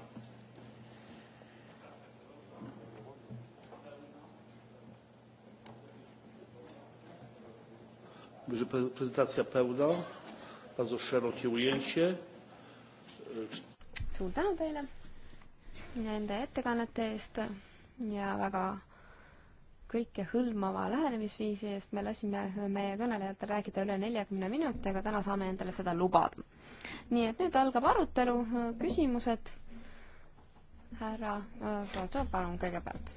Także prezentacja pełna, bardzo szerokie ujęcie. E, suur tänu teile nende ettekannete eest ja väga kõikehõlmava lähenemisviisi eest. me lasime meie kõnelejatel rääkida üle neljakümne minuti, aga täna saame endale seda lubada. nii et nüüd algab arutelu, küsimused. härra Rootso, äh, palun kõigepealt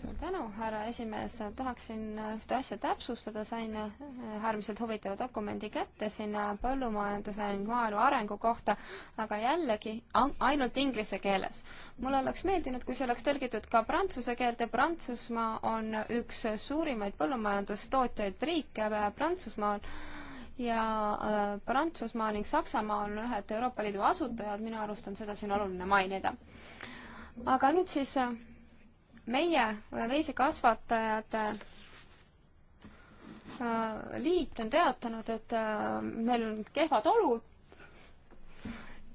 suur tänu, härra esimees, tahaksin ühte asja täpsustada, sain äh, äärmiselt huvitava dokumendi kätte sinna äh, põllumajanduse ning maaelu arengu kohta, aga jällegi ainult inglise keeles. mulle oleks meeldinud, kui see oleks tõlgitud ka prantsuse keelde, Prantsusmaa on üks suurimaid põllumajandustootjaid riike äh, Prantsusmaal ja Prantsusmaa ning Saksamaa on ühed Euroopa Liidu asutajad, minu arust on seda siin oluline mainida. aga nüüd siis meie veisekasvatajad äh, liit on teatanud, et äh, meil on kehvad olud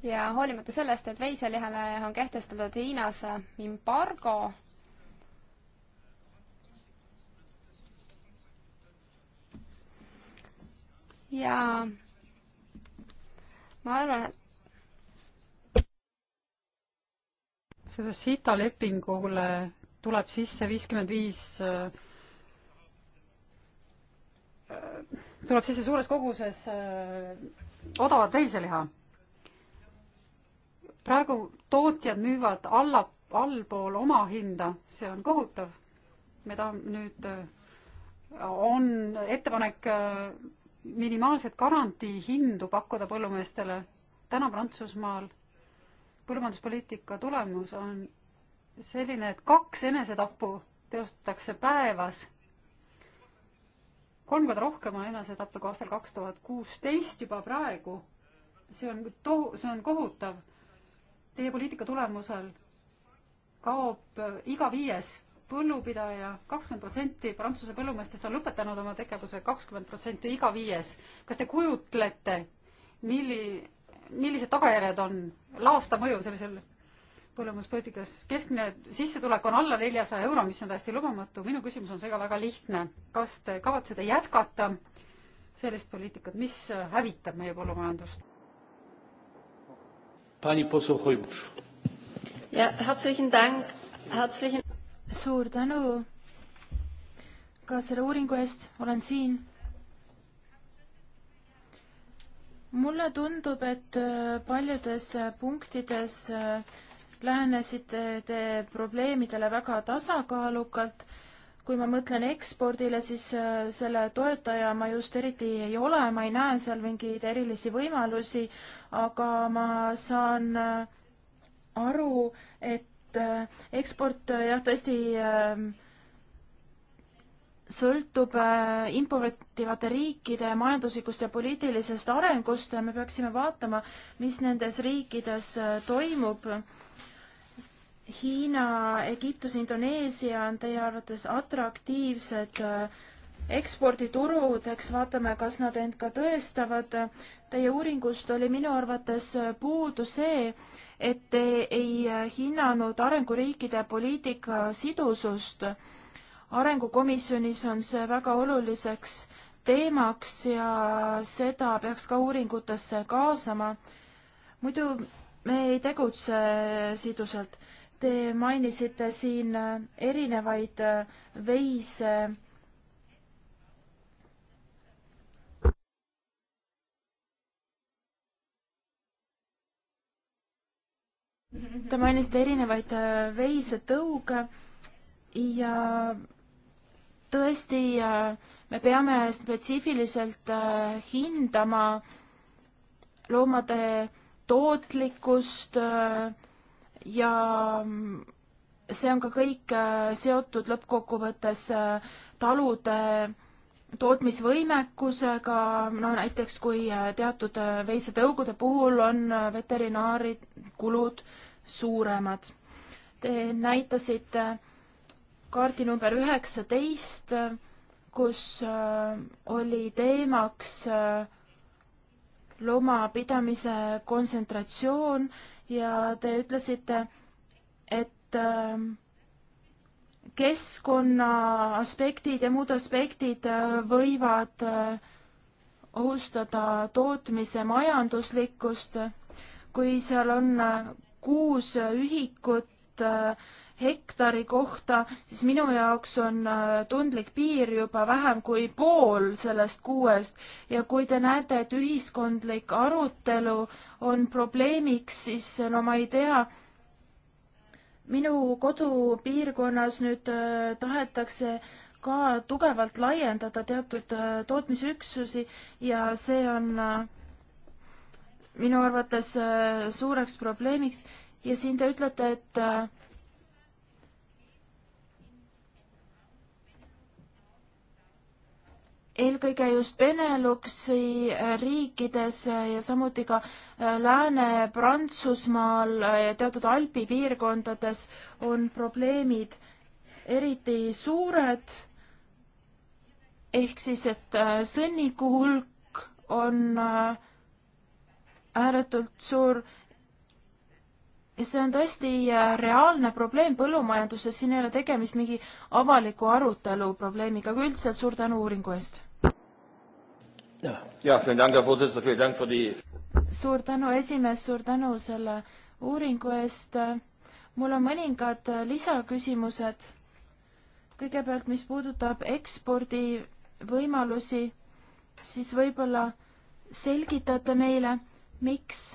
ja hoolimata sellest, et veiselihale on kehtestatud Hiinas embargo, ja ma arvan, et seoses sita lepingule tuleb sisse viiskümmend viis äh, tuleb sisse suures koguses äh, odavat veiseliha. praegu tootjad müüvad alla, allpool oma hinda, see on kohutav. me tahame nüüd, äh, on ettepanek minimaalset garantiihindu pakkuda põllumeestele. täna Prantsusmaal põllumajanduspoliitika tulemus on selline, et kaks enesetappu teostatakse päevas. kolm korda rohkem on enesetappe kui aastal kaks tuhat kuusteist juba praegu. see on tohu-, see on kohutav. Teie poliitika tulemusel kaob äh, iga viies põllupidaja, kakskümmend protsenti Prantsuse põllumeestest on lõpetanud oma tegevuse, kakskümmend protsenti iga viies. kas te kujutlete, milli, millised tagajärjed on laastamõju sellisel põllumajanduspoliitikas keskmine sissetulek on alla neljasaja euro, mis on täiesti lubamatu. minu küsimus on seega väga lihtne. kas te kavatsete jätkata sellist poliitikat, mis hävitab meie põllumajandust? suur tänu ka selle uuringu eest, olen siin mulle tundub, et paljudes punktides lähenesite te probleemidele väga tasakaalukalt. kui ma mõtlen ekspordile, siis äh, selle toetaja ma just eriti ei ole, ma ei näe seal mingeid erilisi võimalusi, aga ma saan äh, aru, et äh, eksport jah, tõesti sõltub importivate riikide majanduslikust ja poliitilisest arengust ja me peaksime vaatama, mis nendes riikides toimub Hiina, Egiptus, Indoneesia on teie arvates atraktiivsed äh, eksporditurud, eks vaatame, kas nad end ka tõestavad. Teie uuringust oli minu arvates äh, puudu see, et te ei äh, hinnanud arenguriikide poliitika sidusust. arengukomisjonis on see väga oluliseks teemaks ja seda peaks ka uuringutesse kaasama. muidu me ei tegutse sidusalt. Te mainisite siin äh, erinevaid äh, veise Te mainisite erinevaid äh, veisetõuge ja tõesti me peame spetsiifiliselt hindama loomade tootlikkust äh, ja see on ka kõik äh, seotud lõppkokkuvõttes äh, talude tootmisvõimekusega, no näiteks kui äh, teatud veisetõugude puhul on veterinaarid kulud suuremad. Te näitasite kaardi number üheksateist, kus oli teemaks loomapidamise kontsentratsioon ja te ütlesite, et ähm, keskkonna aspektid ja muud aspektid äh, võivad äh, ohustada tootmise majanduslikkust, kui seal on äh, kuus ühikut hektari kohta, siis minu jaoks on äh, tundlik piir juba vähem kui pool sellest kuuest ja kui te näete, et ühiskondlik arutelu on probleemiks, siis äh, no ma ei tea, minu kodupiirkonnas nüüd äh, tahetakse ka tugevalt laiendada teatud tootmisüksusi ja see on minu arvates suureks probleemiks ja siin te ütlete, et eelkõige just Beneluxi äh, riikides äh, ja samuti ka äh, Lääne-Prantsusmaal ja teatud Alpi piirkondades on probleemid eriti suured. ehk siis, et sõnniku hulk on ääretult suur see on tõesti äh, reaalne probleem põllumajanduses, siin ei ole tegemist mingi avaliku arutelu probleemiga, aga üldiselt suur tänu uuringu eest. suur tänu, esimees, suur tänu selle uuringu eest. mul on mõningad äh, lisaküsimused. kõigepealt, mis puudutab ekspordivõimalusi, siis võib-olla selgitate meile, miks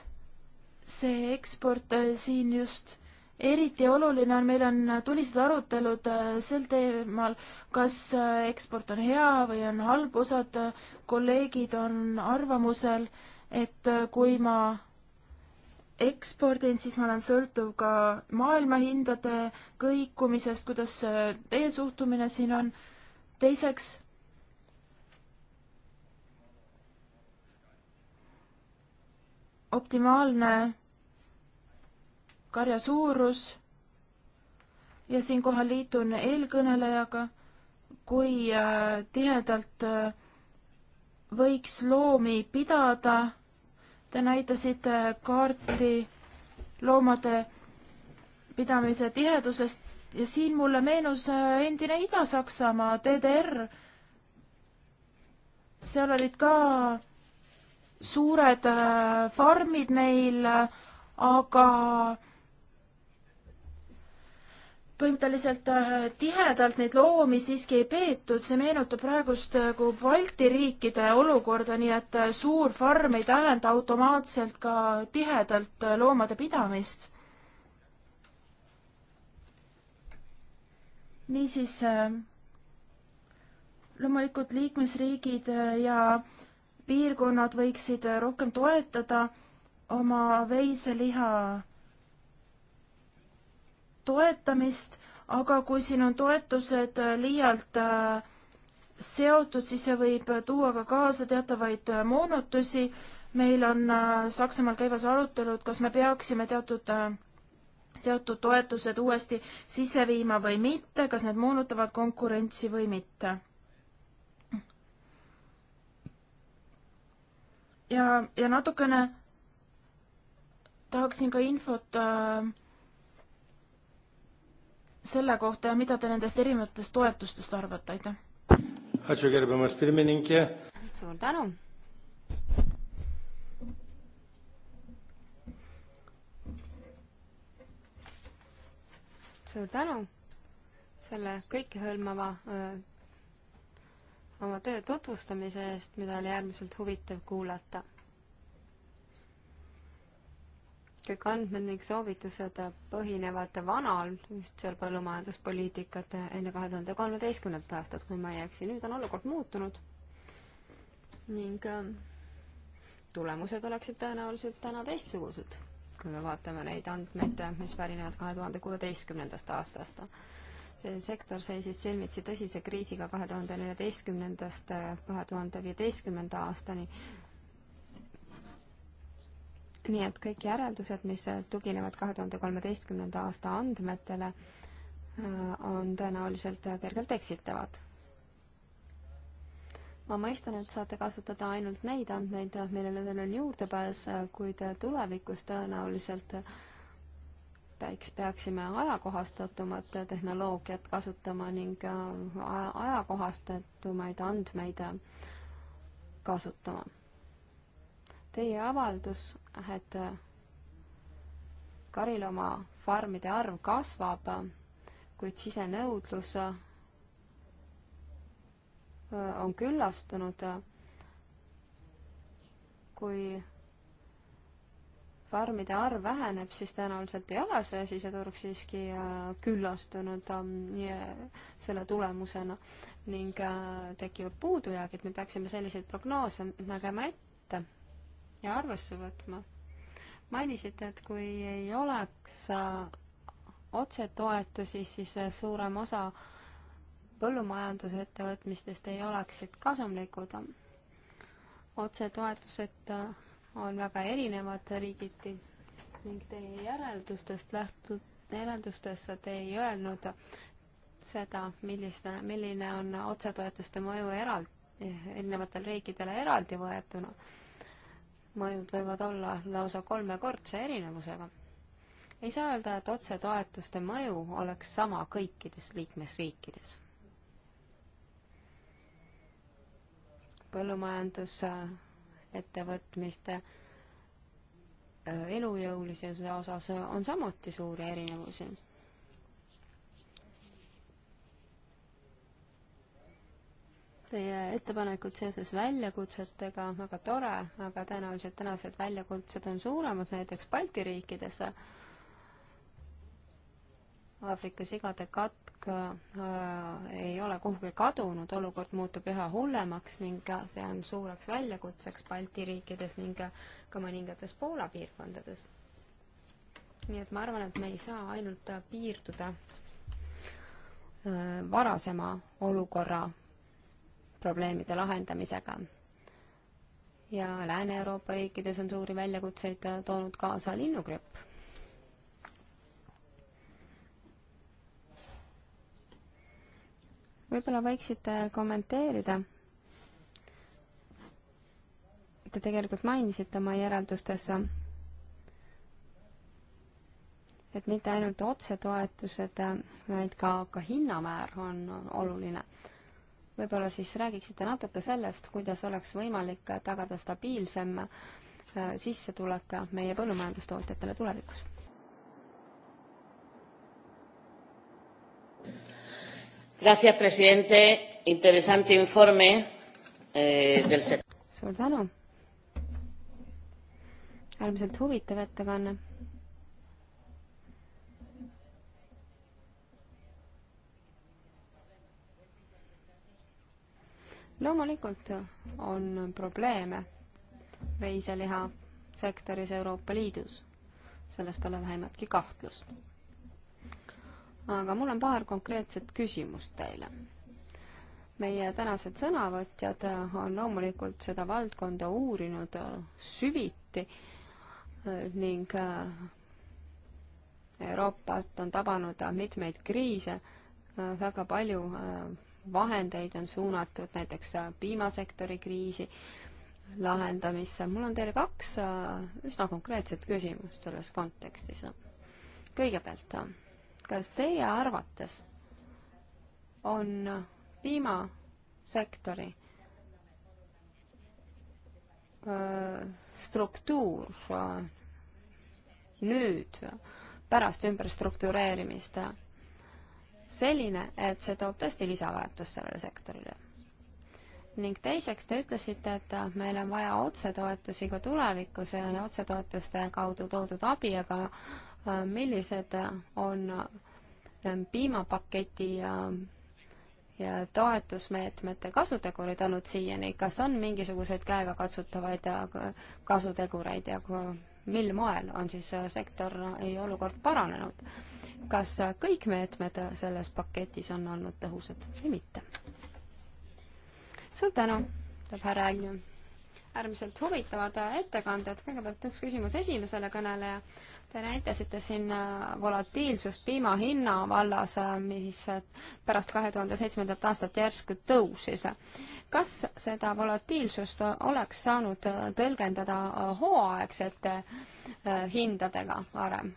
see eksport äh, siin just eriti oluline on, meil on tulised arutelud äh, sel teemal, kas äh, eksport on hea või on halb, osad kolleegid on arvamusel, et kui ma ekspordin, siis ma olen sõltuv ka maailmahindade kõikumisest, kuidas teie suhtumine siin on. teiseks optimaalne karja suurus ja siinkohal liitun eelkõnelejaga, kui äh, tihedalt äh, võiks loomi pidada. Te näitasite äh, kaarti loomade pidamise tihedusest ja siin mulle meenus endine Ida-Saksamaa DDR. seal olid ka suured farmid meil, aga põhimõtteliselt äh, tihedalt neid loomi siiski ei peetud, see meenutab praegust äh, kui Balti riikide olukorda, nii et äh, suur farm ei tähenda automaatselt ka tihedalt loomade pidamist. niisiis, loomulikult liikmesriigid ja piirkonnad võiksid rohkem toetada oma veiseliha toetamist, aga kui siin on toetused äh, liialt äh, seotud, siis see võib äh, tuua ka kaasa teatavaid moonutusi. meil on Saksamaal käivas arutelud, kas me peaksime teatud seotud toetused uuesti sisse viima või mitte, kas need moonutavad konkurentsi või mitte. ja, ja natukene tahaksin ka infot äh, selle kohta ja mida te nendest erinevatest toetustest arvate, aitäh! suur tänu! suur tänu selle kõikehõlmava oma töö tutvustamise eest, mida oli äärmiselt huvitav kuulata kõik andmed ning soovitused põhinevad vanal ühtsel põllumajanduspoliitikat enne kahe tuhande kolmeteistkümnendat aastat, kui ma ei eksi. nüüd on olukord muutunud ning äh, tulemused oleksid tõenäoliselt täna teistsugused, kui me vaatame neid andmeid, mis pärinevad kahe tuhande kuueteistkümnendast aastast. see sektor seisis silmitsi tõsise kriisiga kahe tuhande neljateistkümnendast äh, kahe tuhande viieteistkümnenda aastani nii et kõik järeldused, mis tuginevad kahe tuhande kolmeteistkümnenda aasta andmetele, äh, on tõenäoliselt kergelt eksitavad. ma mõistan, et saate kasutada ainult neid andmeid, millele teil on juurdepääs, kuid tulevikus tõenäoliselt peaks, peaksime ajakohastatumat tehnoloogiat kasutama ning äh, ajakohastatumaid andmeid kasutama teie avaldus, et kariloomafarmide arv kasvab, kuid sisenõudlus on küllastunud, kui farmide arv väheneb, siis tõenäoliselt ei ole see siseturg siiski äh, küllastunud äh, selle tulemusena ning äh, tekivad puudujäägid, me peaksime selliseid prognoose nägema ette ja arvesse võtma. mainisite, et kui ei oleks äh, otsetoetusi, siis äh, suurem osa põllumajandusettevõtmistest ei oleksid kasumlikud. otsetoetused äh, on väga erinevad riigiti ning teie järeldustest lähtud, järeldustesse te ei öelnud seda, milliste, milline on otsetoetuste mõju eraldi, erinevatele riikidele eraldi võetuna mõjud võivad olla lausa kolmekordse erinevusega. ei saa öelda, et otsetoetuste mõju oleks sama kõikides liikmesriikides. põllumajandusettevõtmiste elujõulisuse osas on samuti suuri erinevusi teie ettepanekud seoses väljakutsetega, väga tore, aga tõenäoliselt tänased väljakutsed on suuremad näiteks Balti riikides. Aafrika sigade katk äh, ei ole kuhugi kadunud, olukord muutub üha hullemaks ning see on suureks väljakutseks Balti riikides ning ka mõningates Poola piirkondades. nii et ma arvan, et me ei saa ainult piirduda äh, varasema olukorra probleemide lahendamisega. ja Lääne-Euroopa riikides on suuri väljakutseid toonud kaasa linnugripp. võib-olla võiksite kommenteerida te tegelikult mainisite oma järeldustes, et mitte ainult otsetoetused, vaid ka, ka hinnamäär on oluline võib-olla siis räägiksite natuke sellest, kuidas oleks võimalik tagada stabiilsem äh, sissetulek meie põllumajandustootjatele tulevikus? Gracias, presidente. Interesante informe eh, del sector. suur tänu. äärmiselt huvitav ettekanne loomulikult on probleeme veiseliha sektoris Euroopa Liidus, selles pole vähimatki kahtlust. aga mul on paar konkreetset küsimust teile. meie tänased sõnavõtjad on loomulikult seda valdkonda uurinud süviti ning Euroopat on tabanud mitmeid kriise, väga palju vahendeid on suunatud näiteks äh, piimasektori kriisi lahendamisse. mul on teile kaks äh, üsna konkreetset küsimust selles kontekstis. kõigepealt, äh, kas teie arvates on piimasektori struktuur nüüd pärast ümberstruktureerimist selline, et see toob tõesti lisaväärtust sellele sektorile. ning teiseks, te ütlesite, et meil on vaja otsetoetusi ka tulevikus ja otsetoetuste kaudu toodud abi, aga äh, millised on äh, piimapaketi ja äh, ja toetusmeetmete kasutegurid olnud siiani, kas on mingisuguseid käegakatsutavaid kasutegureid ja mil moel on siis sektor ja olukord paranenud? kas kõik meetmed selles paketis on olnud tõhusad või mitte. suur tänu, ütleb härra Ägnu. äärmiselt huvitavad ettekanded, kõigepealt üks küsimus esimesele kõneleja. Te näitasite siin äh, volatiilsust piima hinna vallas, äh, mis äh, pärast kahe tuhande seitsmendat aastat järsku tõusis. kas seda volatiilsust oleks saanud tõlgendada hooaegsete hindadega varem?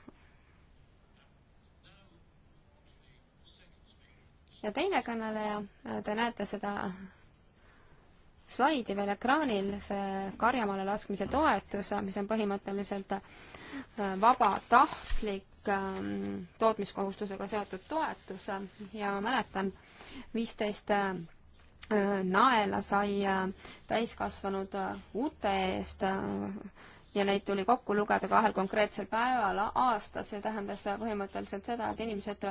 ja teine kõneleja, te näete seda slaidi veel ekraanil, see karjamaale laskmise toetus, mis on põhimõtteliselt äh, vabatahtlik ähm, tootmiskohustusega seotud toetus ja ma mäletan, viisteist äh, naela sai äh, täiskasvanud ute eest ja neid tuli kokku lugeda kahel konkreetsel päeval aastas, see tähendas põhimõtteliselt seda, et inimesed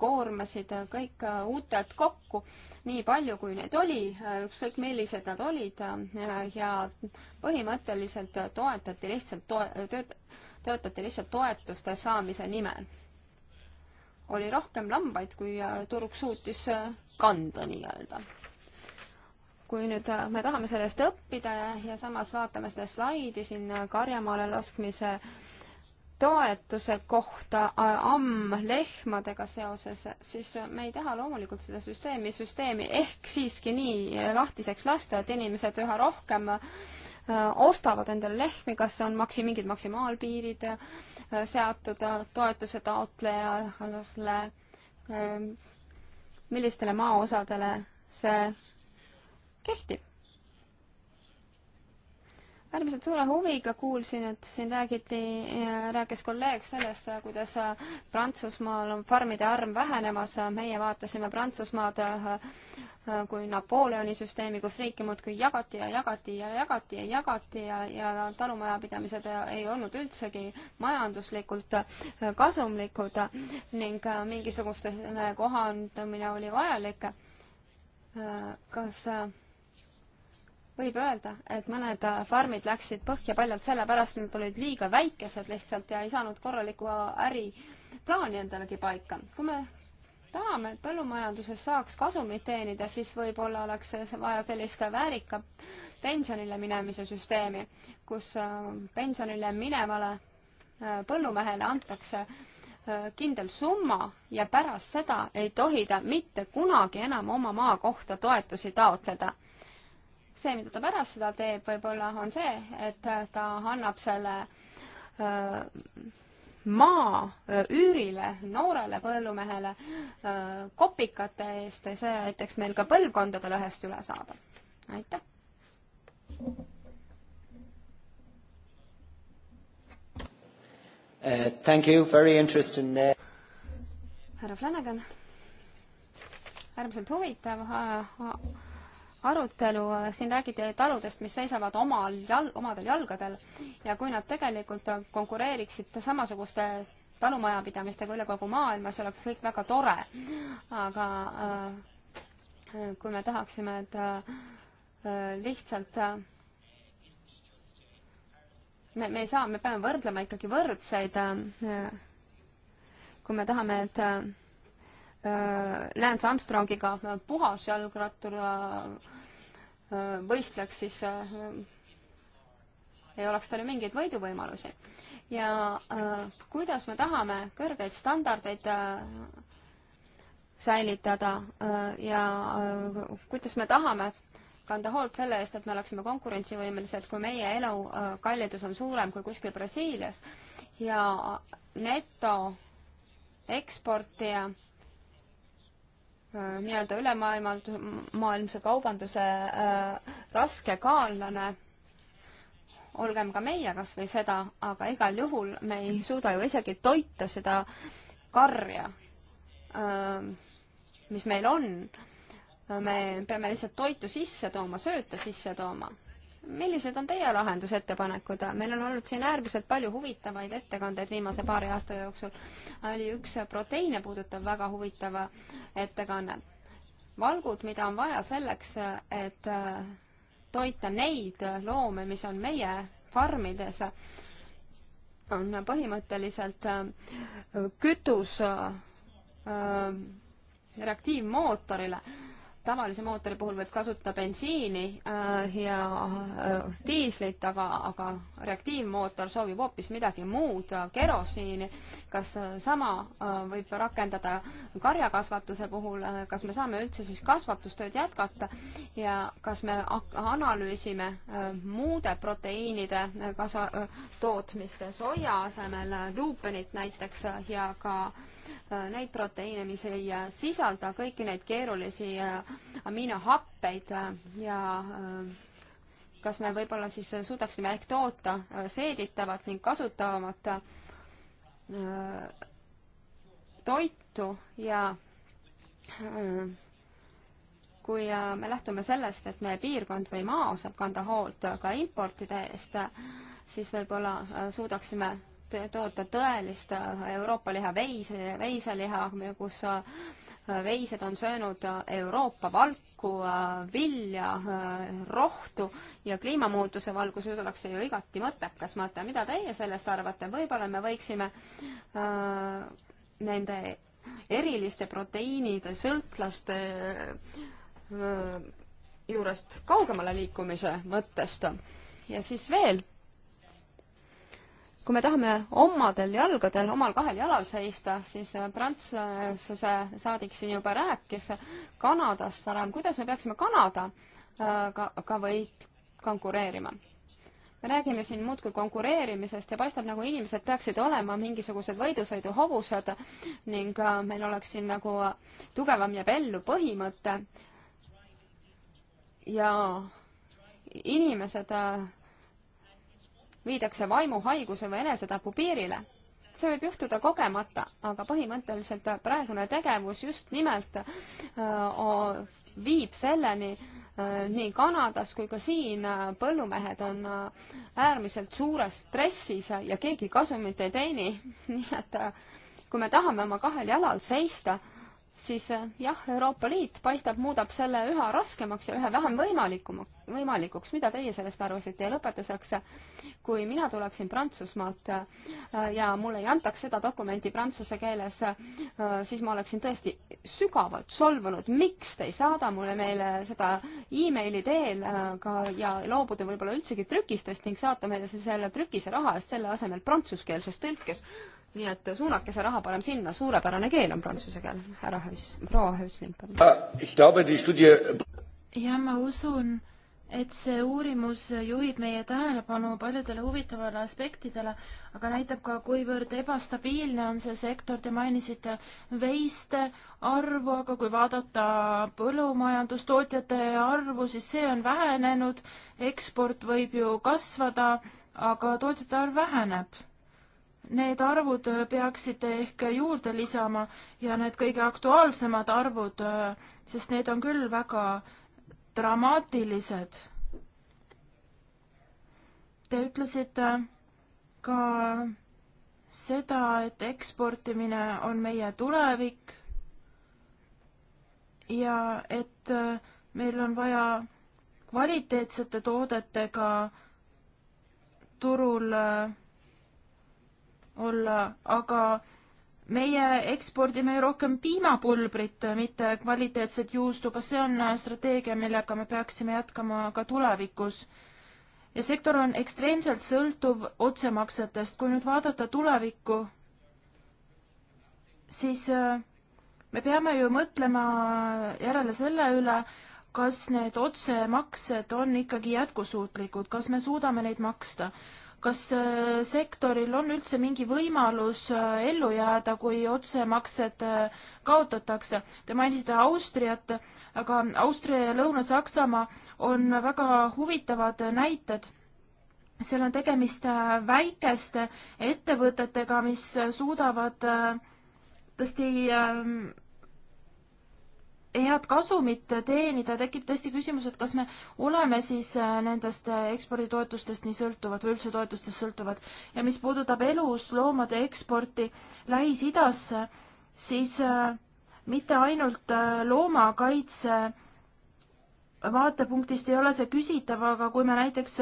koormasid kõik uuted kokku, nii palju, kui neid oli, ükskõik millised nad olid ja põhimõtteliselt toetati lihtsalt toe-, tööt-, töötati lihtsalt toetuste saamise nimel. oli rohkem lambaid, kui turg suutis kanda nii-öelda kui nüüd äh, me tahame sellest õppida ja, ja samas vaatame seda slaidi siin äh, karjamaale laskmise toetuse kohta äh, amm-lehmadega seoses, siis me ei taha loomulikult seda süsteemi, süsteemi ehk siiski nii lahtiseks lasta, et inimesed üha rohkem ostavad endale lehmi, kas on maksi-, mingid maksimaalpiirid seatud toetuse taotlejale, millistele maaosadele see kehtib. äärmiselt suure huviga kuulsin, et siin räägiti, rääkis kolleeg sellest, kuidas Prantsusmaal on farmide arv vähenemas, meie vaatasime Prantsusmaad äh, kui Napoleoni süsteemi, kus riiki muudkui jagati ja jagati ja jagati ja jagati ja, ja talumajapidamised ei olnud üldsegi majanduslikult äh, kasumlikud ning äh, mingisugune kohandumine oli vajalik kas võib öelda, et mõned äh, farmid läksid põhja paljalt sellepärast, et nad olid liiga väikesed lihtsalt ja ei saanud korralikku äh, äriplaani endalegi paika. kui me tahame, et põllumajanduses saaks kasumit teenida, siis võib-olla oleks vaja sellist äh, väärika pensionile minemise süsteemi, kus pensionile minevale põllumehele antakse kindel summa ja pärast seda ei tohi ta mitte kunagi enam oma maa kohta toetusi taotleda see, mida ta pärast seda teeb, võib-olla on see, et ta annab selle äh, maa äh, üürile noorele põllumehele äh, kopikate eest ja see aitaks meil ka põlvkondade lõhest üle saada. aitäh! Uh, thank you, very interesting uh.... härra Flanagan, äärmiselt huvitav uh, uh arutelu, äh, siin räägiti taludest, mis seisavad omal jal-, omadel jalgadel ja kui nad tegelikult äh, konkureeriksid samasuguste talumajapidamistega üle kogu maailma, see oleks kõik väga tore. aga äh, kui me tahaksime, et lihtsalt me, me ei saa, me peame võrdlema ikkagi võrdseid. kui me tahame, et Lance Armstrongiga puhas jalgrattur võistleks, siis äh, ei oleks tal ju mingeid võiduvõimalusi. ja äh, kuidas me tahame kõrgeid standardeid äh, säilitada ja kuidas me tahame kanda hoolt selle eest, et me oleksime konkurentsivõimelised, kui meie elukallidus on suurem kui kuskil Brasiilias ja neto eksportija Äh, nii-öelda ülemaailmalt, maailmse kaubanduse äh, raske kaallane, olgem ka meie kas või seda, aga igal juhul me ei suuda ju isegi toita seda karja äh,, mis meil on. me peame lihtsalt toitu sisse tooma, sööta sisse tooma millised on teie lahendusettepanekud? meil on olnud siin äärmiselt palju huvitavaid ettekandeid viimase paari aasta jooksul. oli üks proteiine puudutav väga huvitav ettekanne. valgud, mida on vaja selleks, et toita neid loome, mis on meie farmides, on põhimõtteliselt äh, kütus äh, reaktiivmootorile tavalise mootori puhul võib kasutada bensiini äh, ja äh, diislit, aga, aga reaktiivmootor soovib hoopis midagi muud, äh, kerosiini. kas äh, sama äh, võib rakendada karjakasvatuse puhul, äh, kas me saame üldse siis kasvatustööd jätkata ja kas me analüüsime muude proteiinide kasva-, tootmist soja asemel, luupenit näiteks ja ka äh, Äh, neid proteiine, mis ei äh, sisalda kõiki neid keerulisi äh, aminohappeid ja kas me võib-olla siis suudaksime ehk toota seeditavat ning kasutavamat toitu ja kui me lähtume sellest, et meie piirkond või maa saab kanda hoolt ka importide eest, siis võib-olla suudaksime toota tõelist äh, Euroopa liha veise, veiseliha, kus äh, veised on söönud äh, Euroopa valku, vilja, rohtu ja kliimamuutuse valguses oleks see ju igati mõttekas mõte. mida teie sellest arvate, võib-olla me võiksime äh, nende eriliste proteiinide sõltlaste äh, juurest kaugemale liikumise mõttest ja siis veel kui me tahame omadel jalgadel, omal kahel jalal seista, siis äh, Prantsuse saadik siin juba rääkis Kanadast varem, kuidas me peaksime Kanada äh, ka, ka või konkureerima? me räägime siin muudkui konkureerimisest ja paistab, nagu inimesed peaksid olema mingisugused võidusõiduhobused ning äh, meil oleks siin nagu tugevam jääb ellu põhimõte ja inimesed viidakse vaimuhaiguse või enesetapu piirile. see võib juhtuda kogemata, aga põhimõtteliselt praegune tegevus just nimelt äh, viib selleni, äh, nii Kanadas kui ka siin äh, põllumehed on äärmiselt suures stressis ja keegi kasumit ei teeni. nii et kui me tahame oma kahel jalal seista, siis eh, jah, Euroopa Liit paistab, muudab selle üha raskemaks ja üha vähem võimalikum-, võimalikuks. mida teie sellest arvasite ja lõpetuseks, kui mina tuleksin Prantsusmaalt eh, ja mulle ei antaks seda dokumenti prantsuse keeles, eh, siis ma oleksin tõesti sügavalt solvunud, miks te ei saada mulle meile seda emaili teel ka ja loobuda võib-olla üldsegi trükistest ning saata meile selle trükise raha eest selle asemel prantsuskeelses tõlkes nii et suunake see raha parem sinna, suurepärane keel on prantsuse keel, härra Hös-, proua Hösling, palun. jah, ma usun, et see uurimus juhib meie tähelepanu paljudele huvitavale aspektidele, aga näitab ka, kuivõrd ebastabiilne on see sektor, te mainisite veiste arvu, aga kui vaadata põllumajandustootjate arvu, siis see on vähenenud, eksport võib ju kasvada, aga tootjate arv väheneb Need arvud äh, peaksite ehk juurde lisama ja need kõige aktuaalsemad arvud, äh, sest need on küll väga dramaatilised. Te ütlesite äh, ka seda, et eksportimine on meie tulevik ja et meil on vaja kvaliteetsete toodetega turul äh, olla, aga meie ekspordime ju rohkem piimapulbrit, mitte kvaliteetset juustu, kas see on strateegia, millega me peaksime jätkama ka tulevikus? ja sektor on ekstreemselt sõltuv otsemaksetest, kui nüüd vaadata tulevikku, siis äh, me peame ju mõtlema järele selle üle, kas need otsemaksed on ikkagi jätkusuutlikud, kas me suudame neid maksta kas äh, sektoril on üldse mingi võimalus äh, ellu jääda, kui otsemaksed äh, kaotatakse? Te mainisite Austriat, aga Austria ja Lõuna-Saksamaa on väga huvitavad näited. seal on tegemist väikeste ettevõtetega, mis suudavad tõesti ähm, head kasumit teenida, tekib tõesti küsimus, et kas me oleme siis äh, nendest äh, eksporditoetustest nii sõltuvad või üldse toetustest sõltuvad. ja mis puudutab elusloomade eksporti Lähis-Idasse, siis äh, mitte ainult loomakaitse vaatepunktist ei ole see küsitav, aga kui me näiteks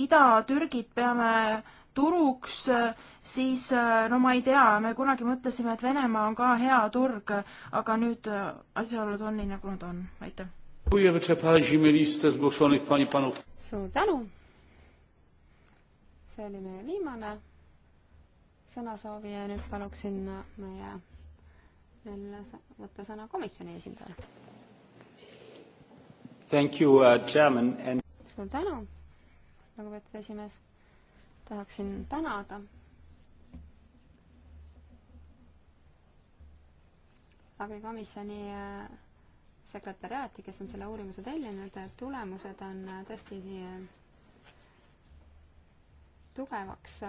Ida-Türgit peame turuks, siis äh, no ma ei tea, me kunagi mõtlesime, et Venemaa on ka hea turg, aga nüüd äh, asjaolud on nii, nagu nad on, aitäh. suur tänu. see oli meie viimane sõnasoovija ja nüüd paluksin meie veel võtta sõna komisjoni esindajale. Thank you uh,, chairman and. suur tänu, lugupeetud esimees tahaksin tänada. agrikomisjoni äh, sekretäriaati, kes on selle uurimuse tellinud, tulemused on äh, tõesti äh, tugevaks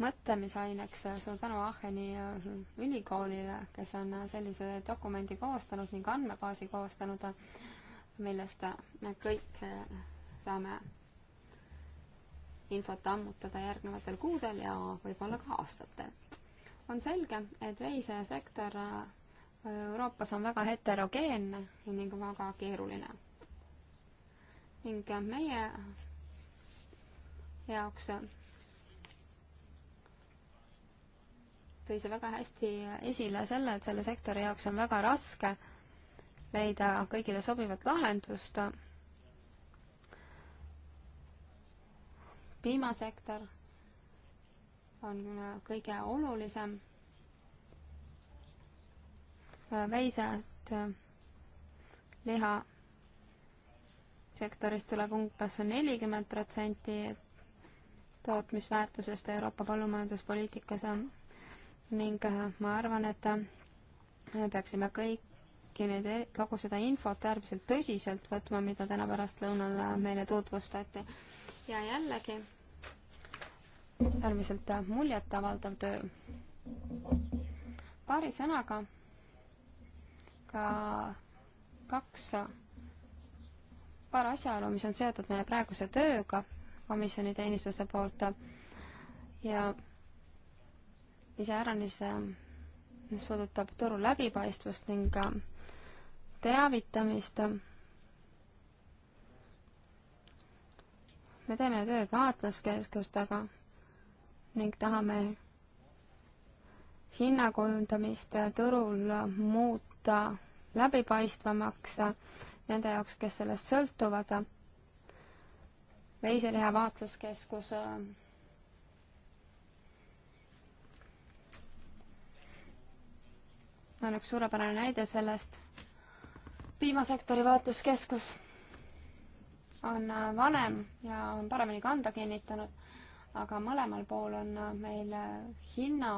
mõtlemisaineks. suur tänu Aacheni ülikoolile, kes on sellise dokumendi koostanud ning andmebaasi koostanud, millest me kõik saame infot ammutada järgnevatel kuudel ja võib-olla ka aastatel. on selge, et veisesektor äh, Euroopas on väga heterogeenne ning väga keeruline. ning äh, meie jaoks äh, tõi see väga hästi esile selle, et selle sektori jaoks on väga raske leida kõigile sobivat lahendust piimasektor on kõige olulisem. veised, äh, liha sektoris tuleb umbes nelikümmend protsenti tootmisväärtusest Euroopa põllumajanduspoliitikas ning äh, ma arvan, et äh, me peaksime kõiki neid, e-, kogu seda infot äärmiselt tõsiselt võtma, mida täna pärastlõunal meile tutvustati ja jällegi äärmiselt muljetavaldav töö. paari sõnaga ka kaks, paar asjaolu, mis on seotud meie praeguse tööga komisjoni teenistuse poolt ja iseäranis, mis puudutab turu läbipaistvust ning teavitamist me teeme tööd vaatluskeskustega ning tahame hinnakujundamist turul muuta läbipaistvamaks nende jaoks, kes sellest sõltuvad. veiseliha vaatluskeskus äh, on üks suurepärane näide sellest. piimasektori vaatluskeskus on äh, vanem ja on paremini kanda kinnitanud, aga mõlemal pool on äh, meil äh, hinna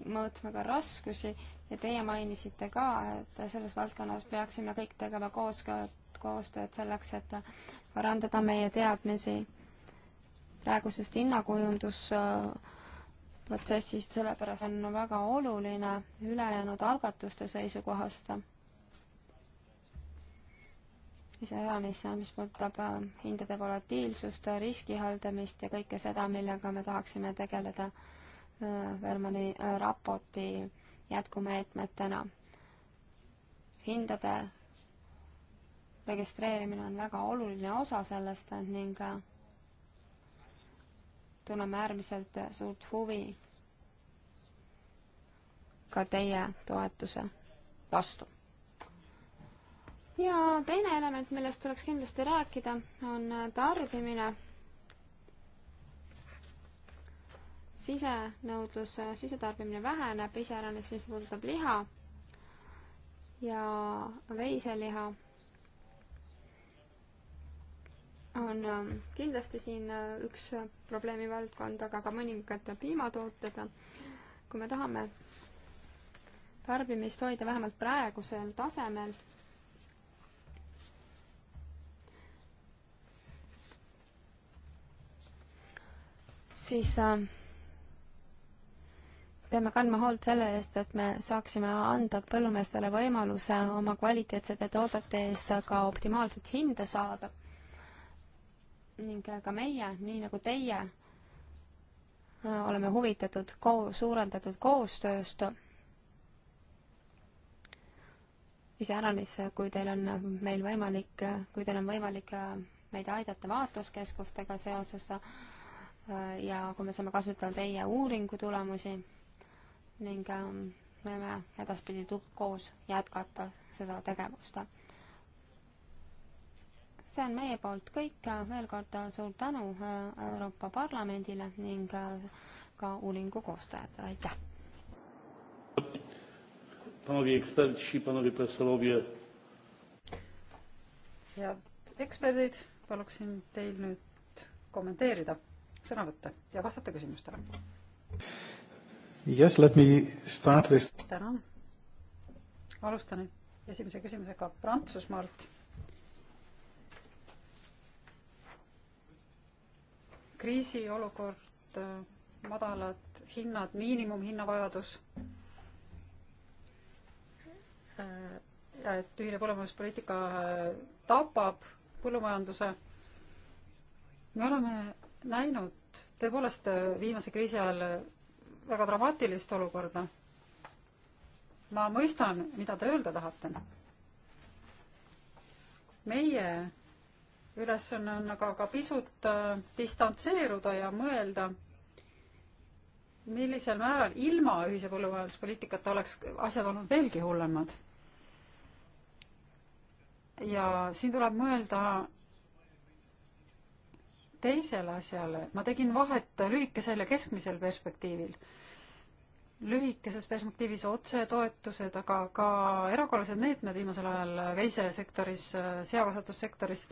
mõõtmega raskusi ja teie mainisite ka, et selles valdkonnas peaksime kõik tegema koostööd, koostööd selleks, et parandada meie teadmisi praegusest hinnakujundusprotsessist, sellepärast on väga oluline ülejäänud algatuste seisukohast iseäranis, mis puudutab äh, hindade volatiilsust, riski haldamist ja kõike seda, millega me tahaksime tegeleda äh, Vermani äh, raporti jätkumeetmetena. hindade registreerimine on väga oluline osa sellest ning tunneme äärmiselt suurt huvi ka teie toetuse vastu ja teine element, millest tuleks kindlasti rääkida, on tarbimine. sisenõudlus, sisetarbimine väheneb, iseäranis mis puudutab liha ja veiseliha on ähm, kindlasti siin äh, üks probleemivaldkond, aga ka mõningad piimatooted. kui me tahame tarbimist hoida vähemalt praegusel tasemel siis äh, peame kandma hoolt selle eest, et me saaksime anda põllumeestele võimaluse oma kvaliteetsete toodete eest ka optimaalset hinda saada. ning äh, ka meie, nii nagu teie, äh, oleme huvitatud ko-, suurendatud koostööst. iseäranis, kui teil on meil võimalik, kui teil on võimalik meid aidata vaatluskeskustega seoses Äh, ja kui me saame kasutada teie uuringu tulemusi ning ähm, võime edaspidi koos jätkata seda tegevust. see on meie poolt kõik, veel kord suur tänu äh, Euroopa Parlamendile ning äh, ka uuringu koostajatele, aitäh! Panowie eksperci, panowie profesorowie. head eksperdid, paluksin teil nüüd kommenteerida sõna võtta ja vastata küsimustele. Yes, let me start with. tänan. alustan esimese küsimusega Prantsusmaalt. kriisiolukord, madalad hinnad, miinimumhinnavajadus ja et ühine põllumajanduspoliitika tapab põllumajanduse. me oleme näinud, mõjutanud tõepoolest äh, viimase kriisi ajal äh, väga dramaatilist olukorda. ma mõistan, mida te öelda tahate. meie ülesanne on aga ka pisut äh, distantseeruda ja mõelda, millisel määral ilma ühise põllumajanduspoliitikata oleks asjad olnud veelgi hullemad. ja siin tuleb mõelda teisele asjale, ma tegin vahet lühikesel ja keskmisel perspektiivil. lühikeses perspektiivis otsetoetused, aga ka erakorralised meetmed viimasel ajal veisesektoris, seakasvatussektoris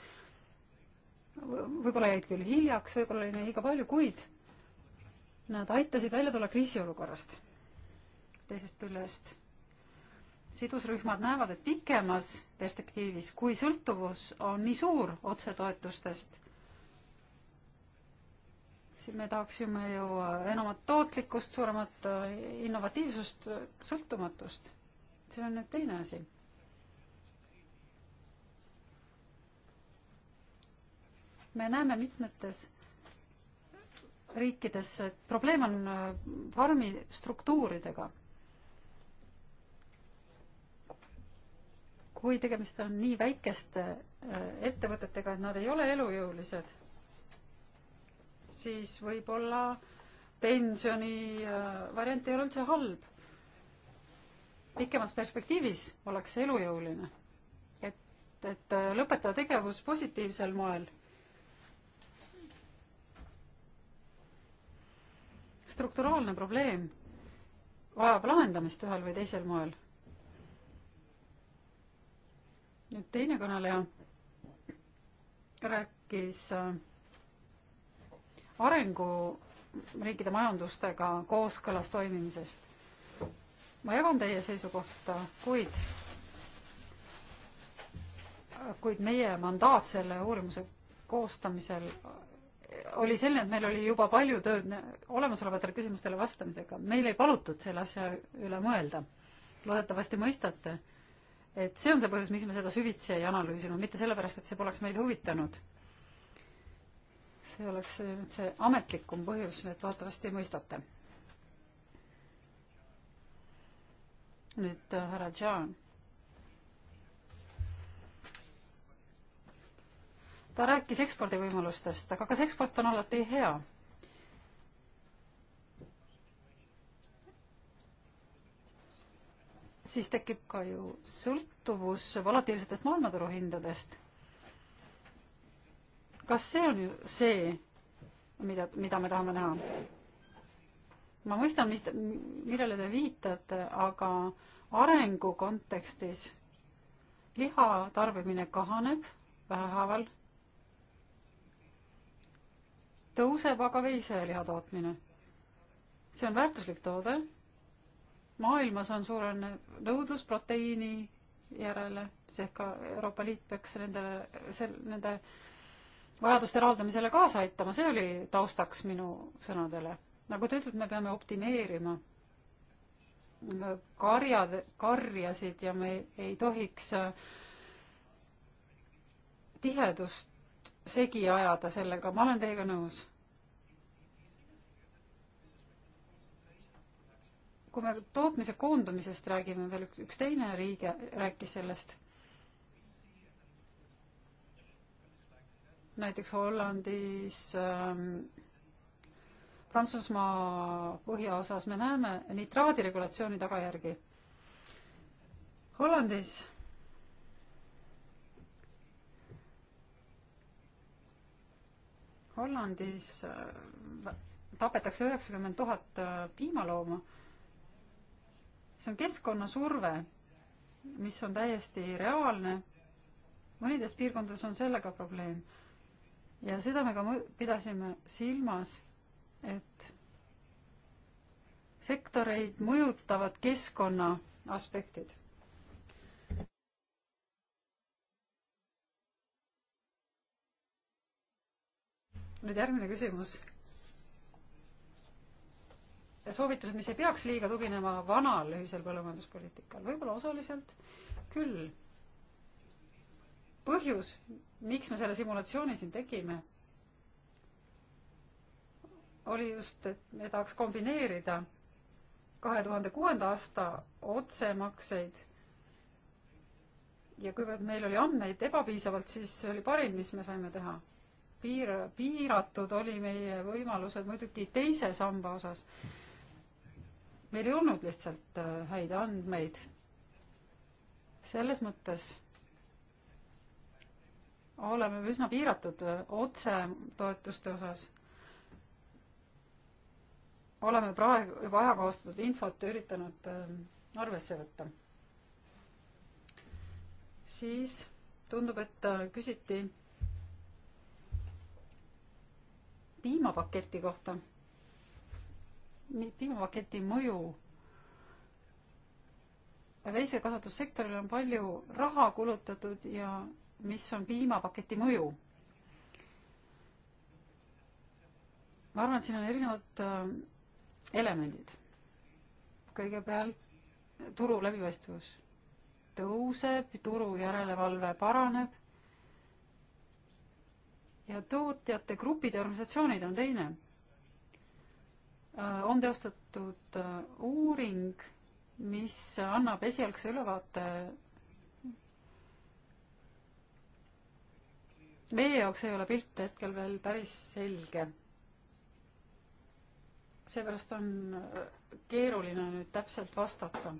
võib-olla jäid küll hiljaks, võib-olla oli neid liiga palju, kuid nad aitasid välja tulla kriisiolukorrast. teisest küljest sidusrühmad näevad, et pikemas perspektiivis, kui sõltuvus on nii suur otsetoetustest siis me tahaksime ju enamat tootlikkust, suuremat äh, innovatiivsust, sõltumatust. see on nüüd teine asi. me näeme mitmetes riikides, et probleem on äh, farmi struktuuridega. kui tegemist on nii väikeste äh, ettevõtetega, et nad ei ole elujõulised, siis võib-olla pensioni äh, variant ei ole üldse halb. pikemas perspektiivis oleks see elujõuline. et, et äh, lõpetada tegevus positiivsel moel. strukturaalne probleem vajab lahendamist ühel või teisel moel. nüüd teine kõneleja rääkis äh, arenguriikide majandustega kooskõlas toimimisest. ma jagan teie seisukohta, kuid, kuid meie mandaat selle uurimuse koostamisel oli selline, et meil oli juba palju tööd olemasolevatele küsimustele vastamisega. meil ei palutud selle asja üle mõelda. loodetavasti mõistate, et see on see põhjus, miks me seda süvitsi ei analüüsinud, mitte sellepärast, et see poleks meid huvitanud see oleks nüüd see ametlikum põhjus, et loodetavasti mõistate. nüüd äh, härra John. ta rääkis ekspordivõimalustest, aga kas eksport on alati hea? siis tekib ka ju sõltuvus volatiilsetest maailmaturuhindadest kas see on see, mida, mida me tahame näha? ma mõistan, mis, millele te viitate, aga arengu kontekstis liha tarbimine kahaneb vähehaaval, tõuseb aga veiseliha tootmine. see on väärtuslik toode. maailmas on suurene nõudlus proteiini järele, seega Euroopa Liit peaks nendele, sel-, nende, nende vajaduste rahuldamisele kaasa aitama, see oli taustaks minu sõnadele. nagu ta ütleb, me peame optimeerima karjad, karjasid ja me ei tohiks äh, tihedust segi ajada sellega, ma olen teiega nõus. kui me tootmise koondumisest räägime, veel üks teine riige rääkis sellest näiteks Hollandis ähm,, Prantsusmaa põhjaosas me näeme nitraadiregulatsiooni tagajärgi. Hollandis Hollandis äh, tapetakse üheksakümmend tuhat äh, piimalooma. see on keskkonnasurve, mis on täiesti reaalne. mõnides piirkondades on sellega probleem ja seda me ka pidasime silmas, et sektoreid mõjutavad keskkonna aspektid. nüüd järgmine küsimus. soovitused, mis ei peaks liiga tuginema vanal ühisel põllumajanduspoliitikal, võib-olla osaliselt küll põhjus, miks me selle simulatsiooni siin tegime, oli just, et me tahaks kombineerida kahe tuhande kuuenda aasta otsemakseid ja kuivõrd meil oli andmeid ebapiisavalt, siis see oli parim, mis me saime teha. piir, piiratud oli meie võimalused muidugi teise samba osas. meil ei olnud lihtsalt äh, häid andmeid. selles mõttes oleme üsna piiratud äh, otsetoetuste osas. oleme praegu juba ajakohastatud infot üritanud äh, arvesse võtta. siis tundub, et äh, küsiti piimapaketi kohta. piimapaketi mõju veisekasvatussektorile on palju raha kulutatud ja mis on piimapaketi mõju. ma arvan, et siin on erinevad äh, elemendid. kõigepealt turu läbipaistvus tõuseb, turu järelevalve paraneb ja tootjate grupid ja organisatsioonid on teine. Äh, on teostatud äh, uuring, mis annab esialgse ülevaate meie jaoks ei ole pilt hetkel veel päris selge. seepärast on äh, keeruline nüüd täpselt vastata.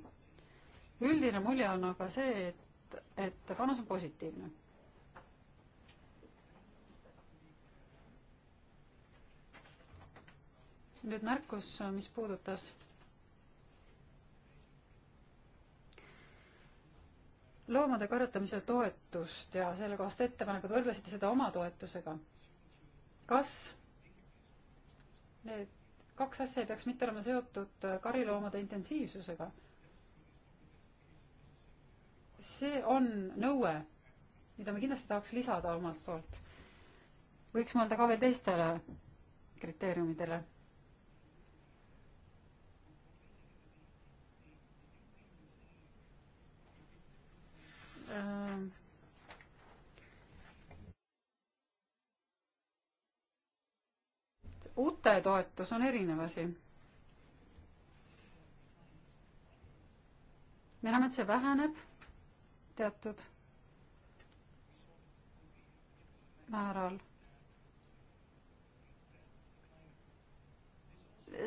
üldine mulje on aga see, et, et panus on positiivne. nüüd märkus, mis puudutas loomade kõrvetamise toetust ja sellekohast ettepanekut, võrdlesite seda oma toetusega. kas need kaks asja ei peaks mitte olema seotud äh, kariloomade intensiivsusega? see on nõue, mida me kindlasti tahaks lisada omalt poolt. võiks mõelda ka veel teistele kriteeriumidele Äh, uute toetus on erinev asi. me näeme, et see väheneb teatud määral.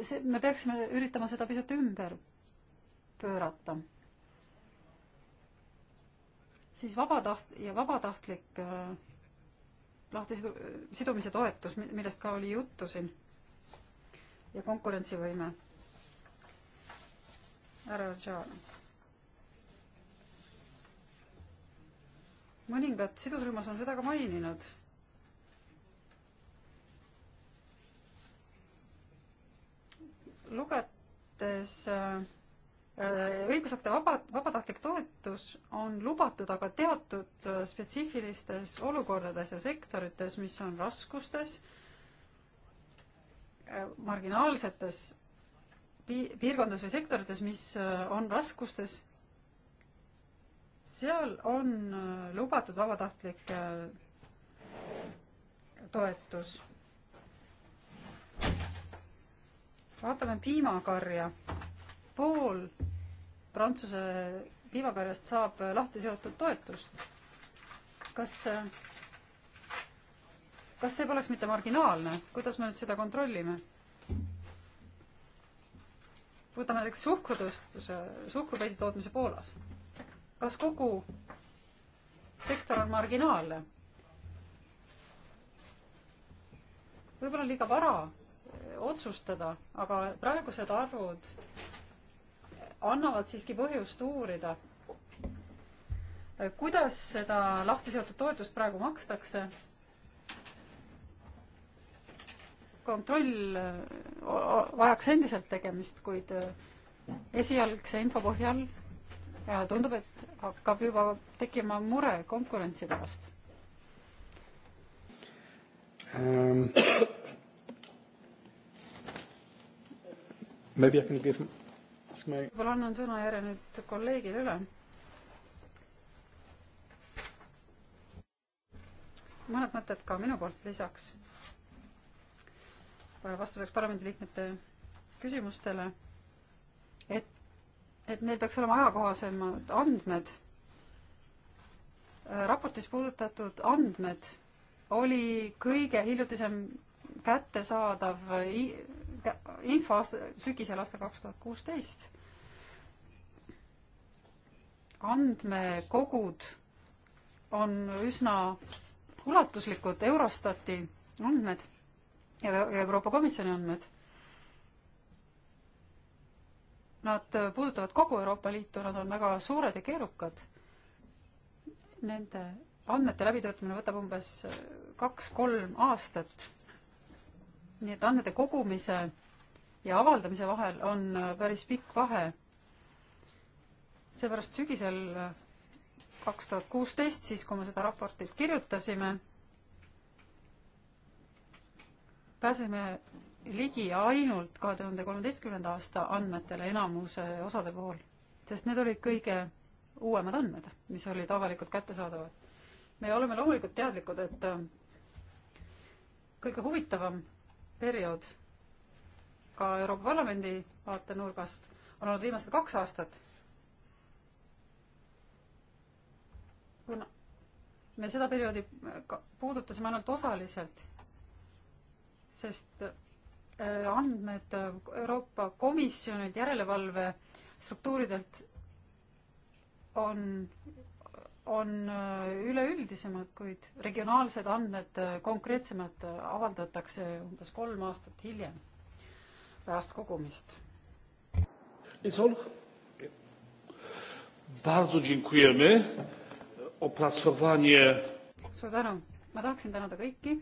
see, me peaksime üritama seda pisut ümber pöörata siis vabataht- ja vabatahtlik äh, lahtisidu-, sidumise toetus, millest ka oli juttu siin, ja konkurentsivõime. härra Tšaan. mõningad sidusrühmas on seda ka maininud lugetes äh, Äh, õigusakte vaba, vabatahtlik toetus on lubatud aga teatud äh, spetsiifilistes olukordades ja sektorites, mis on raskustes, äh, marginaalsetes pi-, piirkondades või sektorites, mis on raskustes, seal on lubatud vabatahtlik toetus. vaatame piimakarja pool Prantsuse piimakarjast saab lahti seotud toetust. kas, kas see poleks mitte marginaalne, kuidas me nüüd seda kontrollime? võtame näiteks suhkrutööstuse, suhkrupeidi tootmise Poolas. kas kogu sektor on marginaalne? võib-olla on liiga vara otsustada, aga praegused arvud annavad siiski põhjust uurida, kuidas seda lahti seotud toetust praegu makstakse. kontroll vajaks endiselt tegemist, kuid äh, esialgse info põhjal tundub, et hakkab juba tekkima mure konkurentsi pärast um,. Maybe I can give võib-olla annan sõna järje nüüd kolleegile üle. mõned mõtted ka minu poolt lisaks vastuseks parlamendiliikmete küsimustele, et, et meil peaks olema ajakohasemad andmed. Äh, raportis puudutatud andmed oli kõige hiljutisem kättesaadav info aasta, sügisel aastal kaks tuhat kuusteist. andmekogud on üsna ulatuslikud, Eurostati andmed ja Euroopa Komisjoni andmed. Nad puudutavad kogu Euroopa Liitu, nad on väga suured ja keerukad. Nende andmete läbitöötamine võtab umbes kaks-kolm aastat nii et andmete kogumise ja avaldamise vahel on äh, päris pikk vahe. seepärast sügisel äh, kaks tuhat kuusteist, siis kui me seda raportit kirjutasime, pääsesime ligi ainult kahe tuhande kolmeteistkümnenda aasta andmetele enamuse osade puhul, sest need olid kõige uuemad andmed, mis olid avalikult kättesaadavad. me oleme loomulikult teadlikud, et äh, kõige huvitavam periood ka Euroopa Parlamendi vaatenurgast on olnud viimased kaks aastat. kuna me seda perioodi puudutasime ainult osaliselt, sest äh, andmed Euroopa Komisjonilt, järelevalvestruktuuridelt on on äh, üleüldisemad, kuid regionaalsed andmed äh, konkreetsemad äh, avaldatakse umbes kolm aastat hiljem pärast kogumist. suur tänu, ma tahaksin tänada kõiki.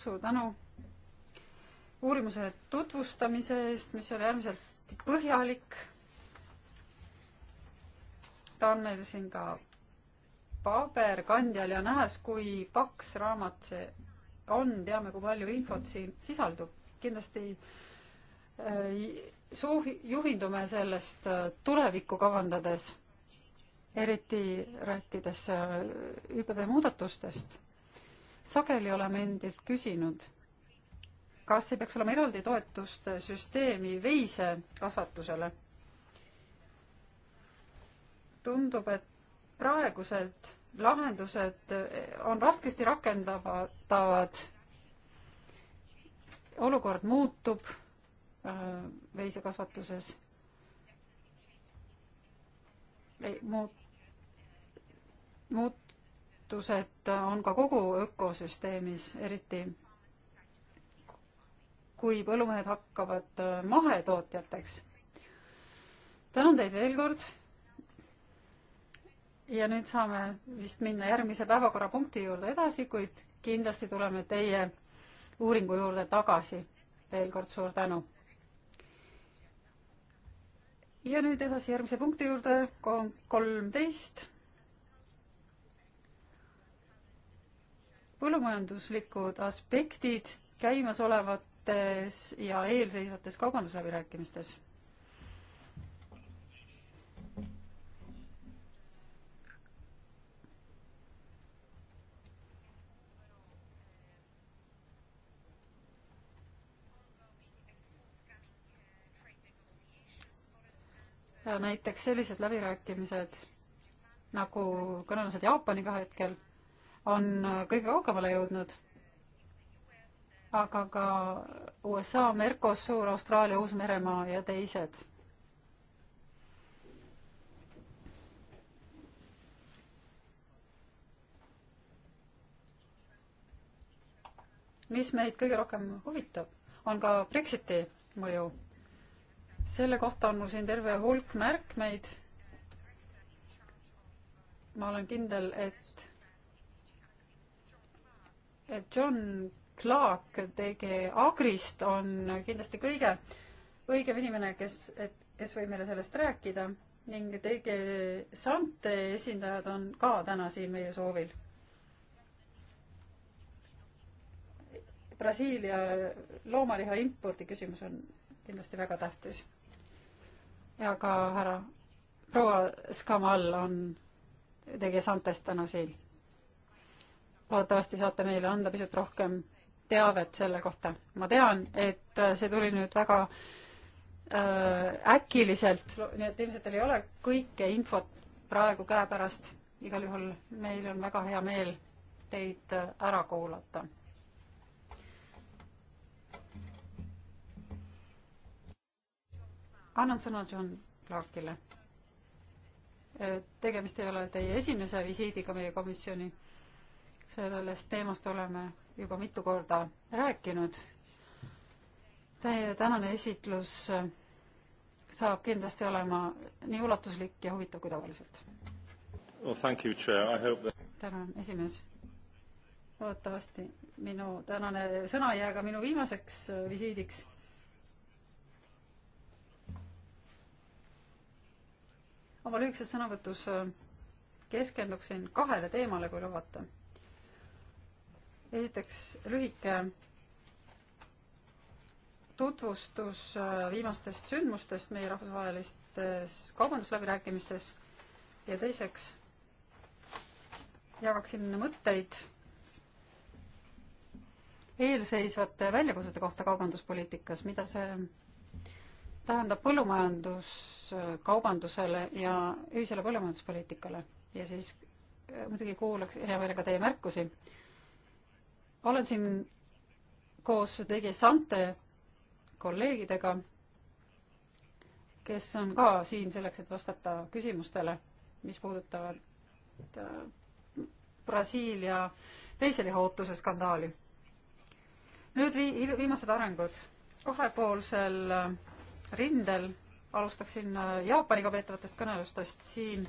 suur tänu uurimuse tutvustamise eest, mis oli äärmiselt põhjalik ta on meil siin ka paberkandjal ja nähes, kui paks raamat see on, teame, kui palju infot siin sisaldub. kindlasti äh, suh-, juhindume sellest äh, tulevikku kavandades, eriti rääkides äh, ÜPP muudatustest. sageli oleme endilt küsinud, kas ei peaks olema eraldi toetuste süsteemi veisekasvatusele tundub, et praegused lahendused eh, on raskesti rakendatavad. olukord muutub äh, veisekasvatuses. muut-, muutused on ka kogu ökosüsteemis, eriti kui põllumehed hakkavad äh, mahetootjateks. tänan teid veel kord ja nüüd saame vist minna järgmise päevakorrapunkti juurde edasi, kuid kindlasti tuleme teie uuringu juurde tagasi. veel kord suur tänu. ja nüüd edasi järgmise punkti juurde, kolmteist. põllumajanduslikud aspektid käimasolevates ja eelseisvates kaubandusläbirääkimistes näiteks sellised läbirääkimised nagu kõnelused Jaapaniga hetkel on kõige kaugemale jõudnud, aga ka USA, Mercosur, Austraalia, Uus-Meremaa ja teised. mis meid kõige rohkem huvitab, on ka Brexiti mõju selle kohta on mul siin terve hulk märkmeid. ma olen kindel, et, et John Clark tegi Agrist on kindlasti kõige õigem inimene, kes, et, kes võib meile sellest rääkida ning tege Sante esindajad on ka täna siin meie soovil. Brasiilia loomaliha impordi küsimus on kindlasti väga tähtis. ja ka härra proua Skamal on, tegi Santes täna siin. loodetavasti saate meile anda pisut rohkem teavet selle kohta. ma tean, et see tuli nüüd väga äh, äkiliselt, nii et ilmselt teil ei ole kõike infot praegu käepärast. igal juhul meil on väga hea meel teid äh, ära kuulata annan sõna John Clarkile. Äh, tegemist ei ole teie esimese visiidiga meie komisjoni. sellest teemast oleme juba mitu korda rääkinud. Teie tänane esitlus äh, saab kindlasti olema nii ulatuslik ja huvitav kui tavaliselt well,. That... tänan, esimees. loodetavasti minu tänane sõna ei jää ka minu viimaseks äh, visiidiks oma lühikeses sõnavõtus äh, keskenduksin kahele teemale, kui lubate. esiteks lühike tutvustus äh, viimastest sündmustest meie rahvusvahelistes kaubandusläbirääkimistes ja teiseks jagaksin mõtteid eelseisvate väljakutsete kohta kaubanduspoliitikas, mida see tähendab põllumajanduskaubandusele ja ühisele põllumajanduspoliitikale ja siis äh, muidugi kuulaks hea meelega teie märkusi. olen siin koos Digi Sante kolleegidega, kes on ka siin selleks, et vastata küsimustele, mis puudutavad äh, Brasiilia veiselihaootuse skandaali. nüüd vii-, viimased arengud. kahepoolsel äh, rindel. alustaksin äh, Jaapaniga peetavatest kõnelustest. siin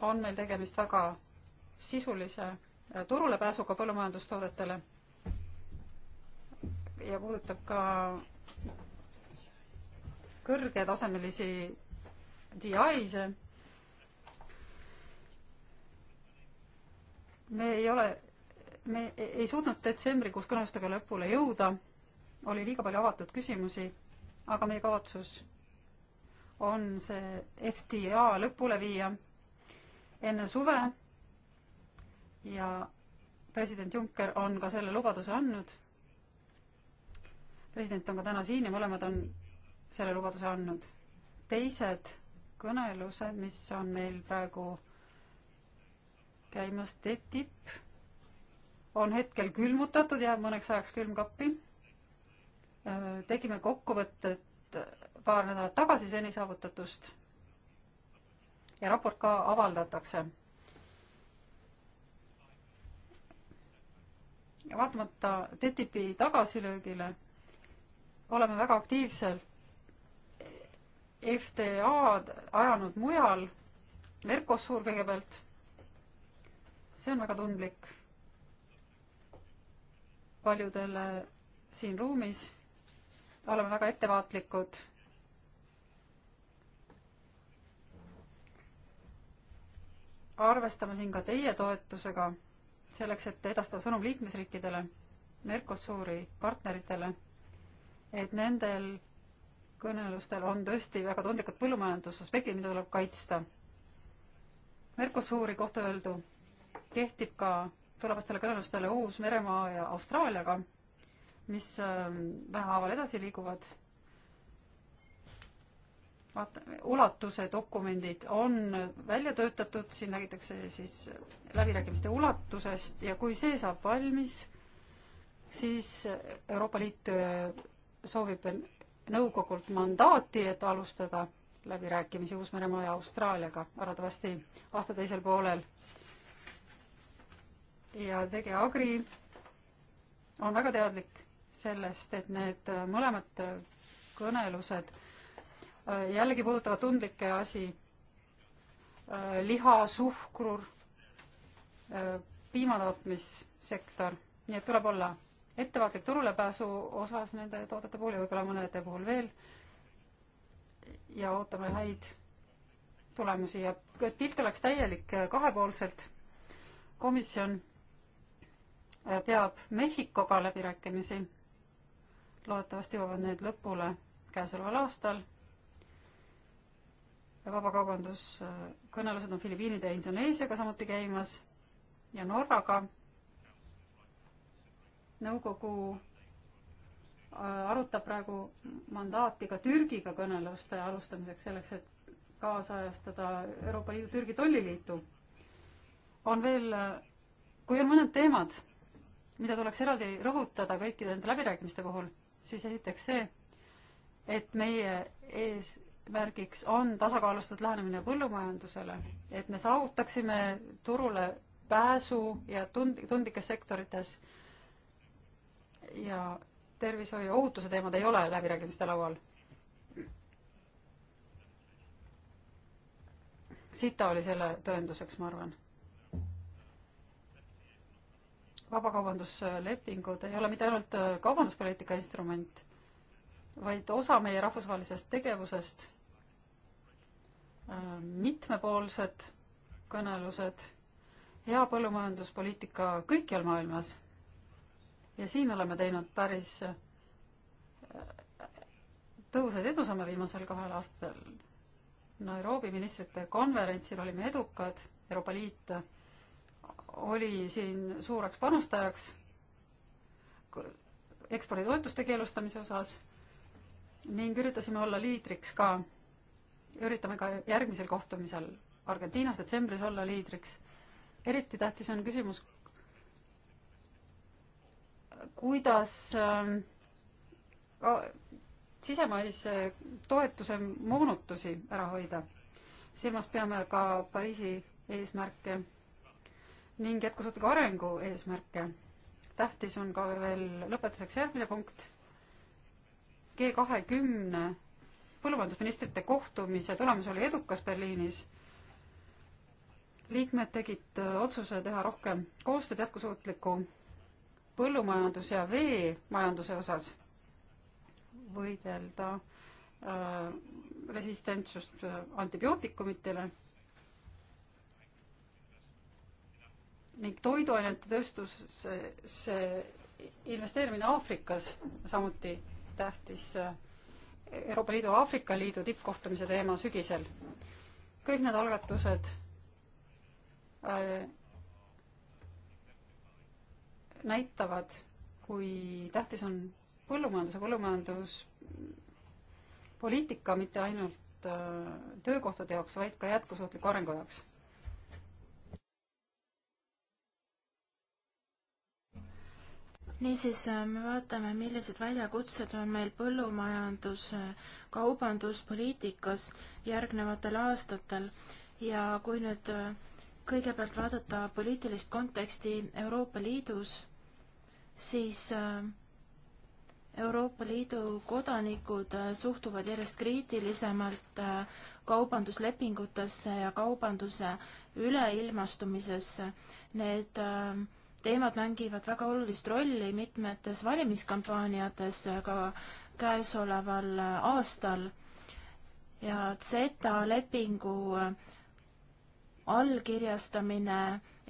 on meil tegemist väga sisulise äh, turulepääsuga põllumajandustoodetele ja puudutab ka kõrgetasemelisi GI-se. me ei ole, me ei suutnud detsembrikuus kõnelustega lõpule jõuda oli liiga palju avatud küsimusi, aga meie kavatsus on see FTA lõpule viia enne suve ja president Juncker on ka selle lubaduse andnud. president on ka täna siin ja mõlemad on selle lubaduse andnud. teised kõnelused, mis on meil praegu käimas, TTIP on hetkel külmutatud, jääb mõneks ajaks külmkappi tegime kokkuvõtted paar nädalat tagasi seni saavutatust ja raport ka avaldatakse. vaatamata TTIP-i tagasilöögile oleme väga aktiivselt FTA-d ajanud mujal, Mercosur kõigepealt, see on väga tundlik paljudele siin ruumis oleme väga ettevaatlikud. arvestame siin ka teie toetusega selleks, et edastada sõnum liikmesriikidele, Mercosuri partneritele, et nendel kõnelustel on tõesti väga tundlikud põllumajandusaspektid, mida tuleb kaitsta. Mercosuri kohta öeldu kehtib ka tulevastele kõnelustele Uus-Meremaa ja Austraaliaga mis ähm, vähehaaval edasi liiguvad. vaata, ulatuse dokumendid on välja töötatud, siin räägitakse siis läbirääkimiste ulatusest ja kui see saab valmis, siis Euroopa Liit äh, soovib nõukogult mandaati, et alustada läbirääkimisi Uus-Meremaa ja Austraaliaga, arvatavasti aasta teisel poolel. ja Tege Agri on väga teadlik sellest, et need äh, mõlemad äh, kõnelused äh, jällegi puudutavad tundlikke asi, liha, suhkur, piimatootmissektor, nii et tuleb olla ettevaatlik turulepääsu osas nende toodete puhul ja võib-olla mõnede puhul veel. ja ootame häid tulemusi ja pilt oleks täielik kahepoolselt. komisjon peab Mehhikoga läbirääkimisi loodetavasti jõuavad need lõpule käesoleval aastal. vabakaubanduskõnelused on Filipiinide ja Indoneesiaga samuti käimas ja Norraga. nõukogu äh, arutab praegu mandaati ka Türgiga kõneluste alustamiseks, selleks et kaasajastada Euroopa Liidu Türgi tolliliitu. on veel, äh, kui on mõned teemad, mida tuleks eraldi rõhutada kõikide nende läbirääkimiste puhul siis esiteks see, et meie eesmärgiks on tasakaalustatud lähenemine põllumajandusele, et me saavutaksime turule pääsu ja tund-, tundlikes sektorites ja tervishoiu ja ohutuse teemad ei ole läbirääkimiste laual. sita oli selle tõenduseks, ma arvan vabakaubanduslepingud ei ole mitte ainult äh, kaubanduspoliitika instrument, vaid osa meie rahvusvahelisest tegevusest, äh, mitmepoolsed kõnelused, hea põllumajanduspoliitika kõikjal maailmas. ja siin oleme teinud päris äh, tõhusaid edusamme viimasel kahel aastal. Nairobi ministrite konverentsil olime edukad, Euroopa Liit oli siin suureks panustajaks eksporditoetuste keelustamise osas ning üritasime olla liidriks ka, üritame ka järgmisel kohtumisel Argentiinas detsembris olla liidriks. eriti tähtis on küsimus, kuidas äh, sisemaise toetuse moonutusi ära hoida. silmas peame ka Pariisi eesmärke ning jätkusuutliku arengu eesmärke. tähtis on ka veel lõpetuseks järgmine punkt. G kahekümne põllumajandusministrite kohtumise tulemus oli edukas Berliinis. liikmed tegid äh, otsuse teha rohkem koostööd jätkusuutliku põllumajanduse ja veemajanduse osas võidelda äh, resistentsust äh, antibiootikumitele ning toiduainete tööstusse investeerimine Aafrikas samuti tähtis äh, Euroopa Liidu Aafrika Liidu tippkohtumise teema sügisel. kõik need algatused äh, näitavad, kui tähtis on põllumajandus ja põllumajanduspoliitika mitte ainult äh, töökohtade jaoks, vaid ka jätkusuutliku arengu jaoks niisiis, äh, me vaatame, millised väljakutsed on meil põllumajandus, äh, kaubanduspoliitikas järgnevatel aastatel ja kui nüüd äh, kõigepealt vaadata poliitilist konteksti Euroopa Liidus, siis Euroopa Liidu kodanikud suhtuvad järjest kriitilisemalt kaubanduslepingutesse ja kaubanduse üleilmastumisesse. Need äh, teemad mängivad väga olulist rolli mitmetes valimiskampaaniates ka käesoleval aastal ja Zeta lepingu allkirjastamine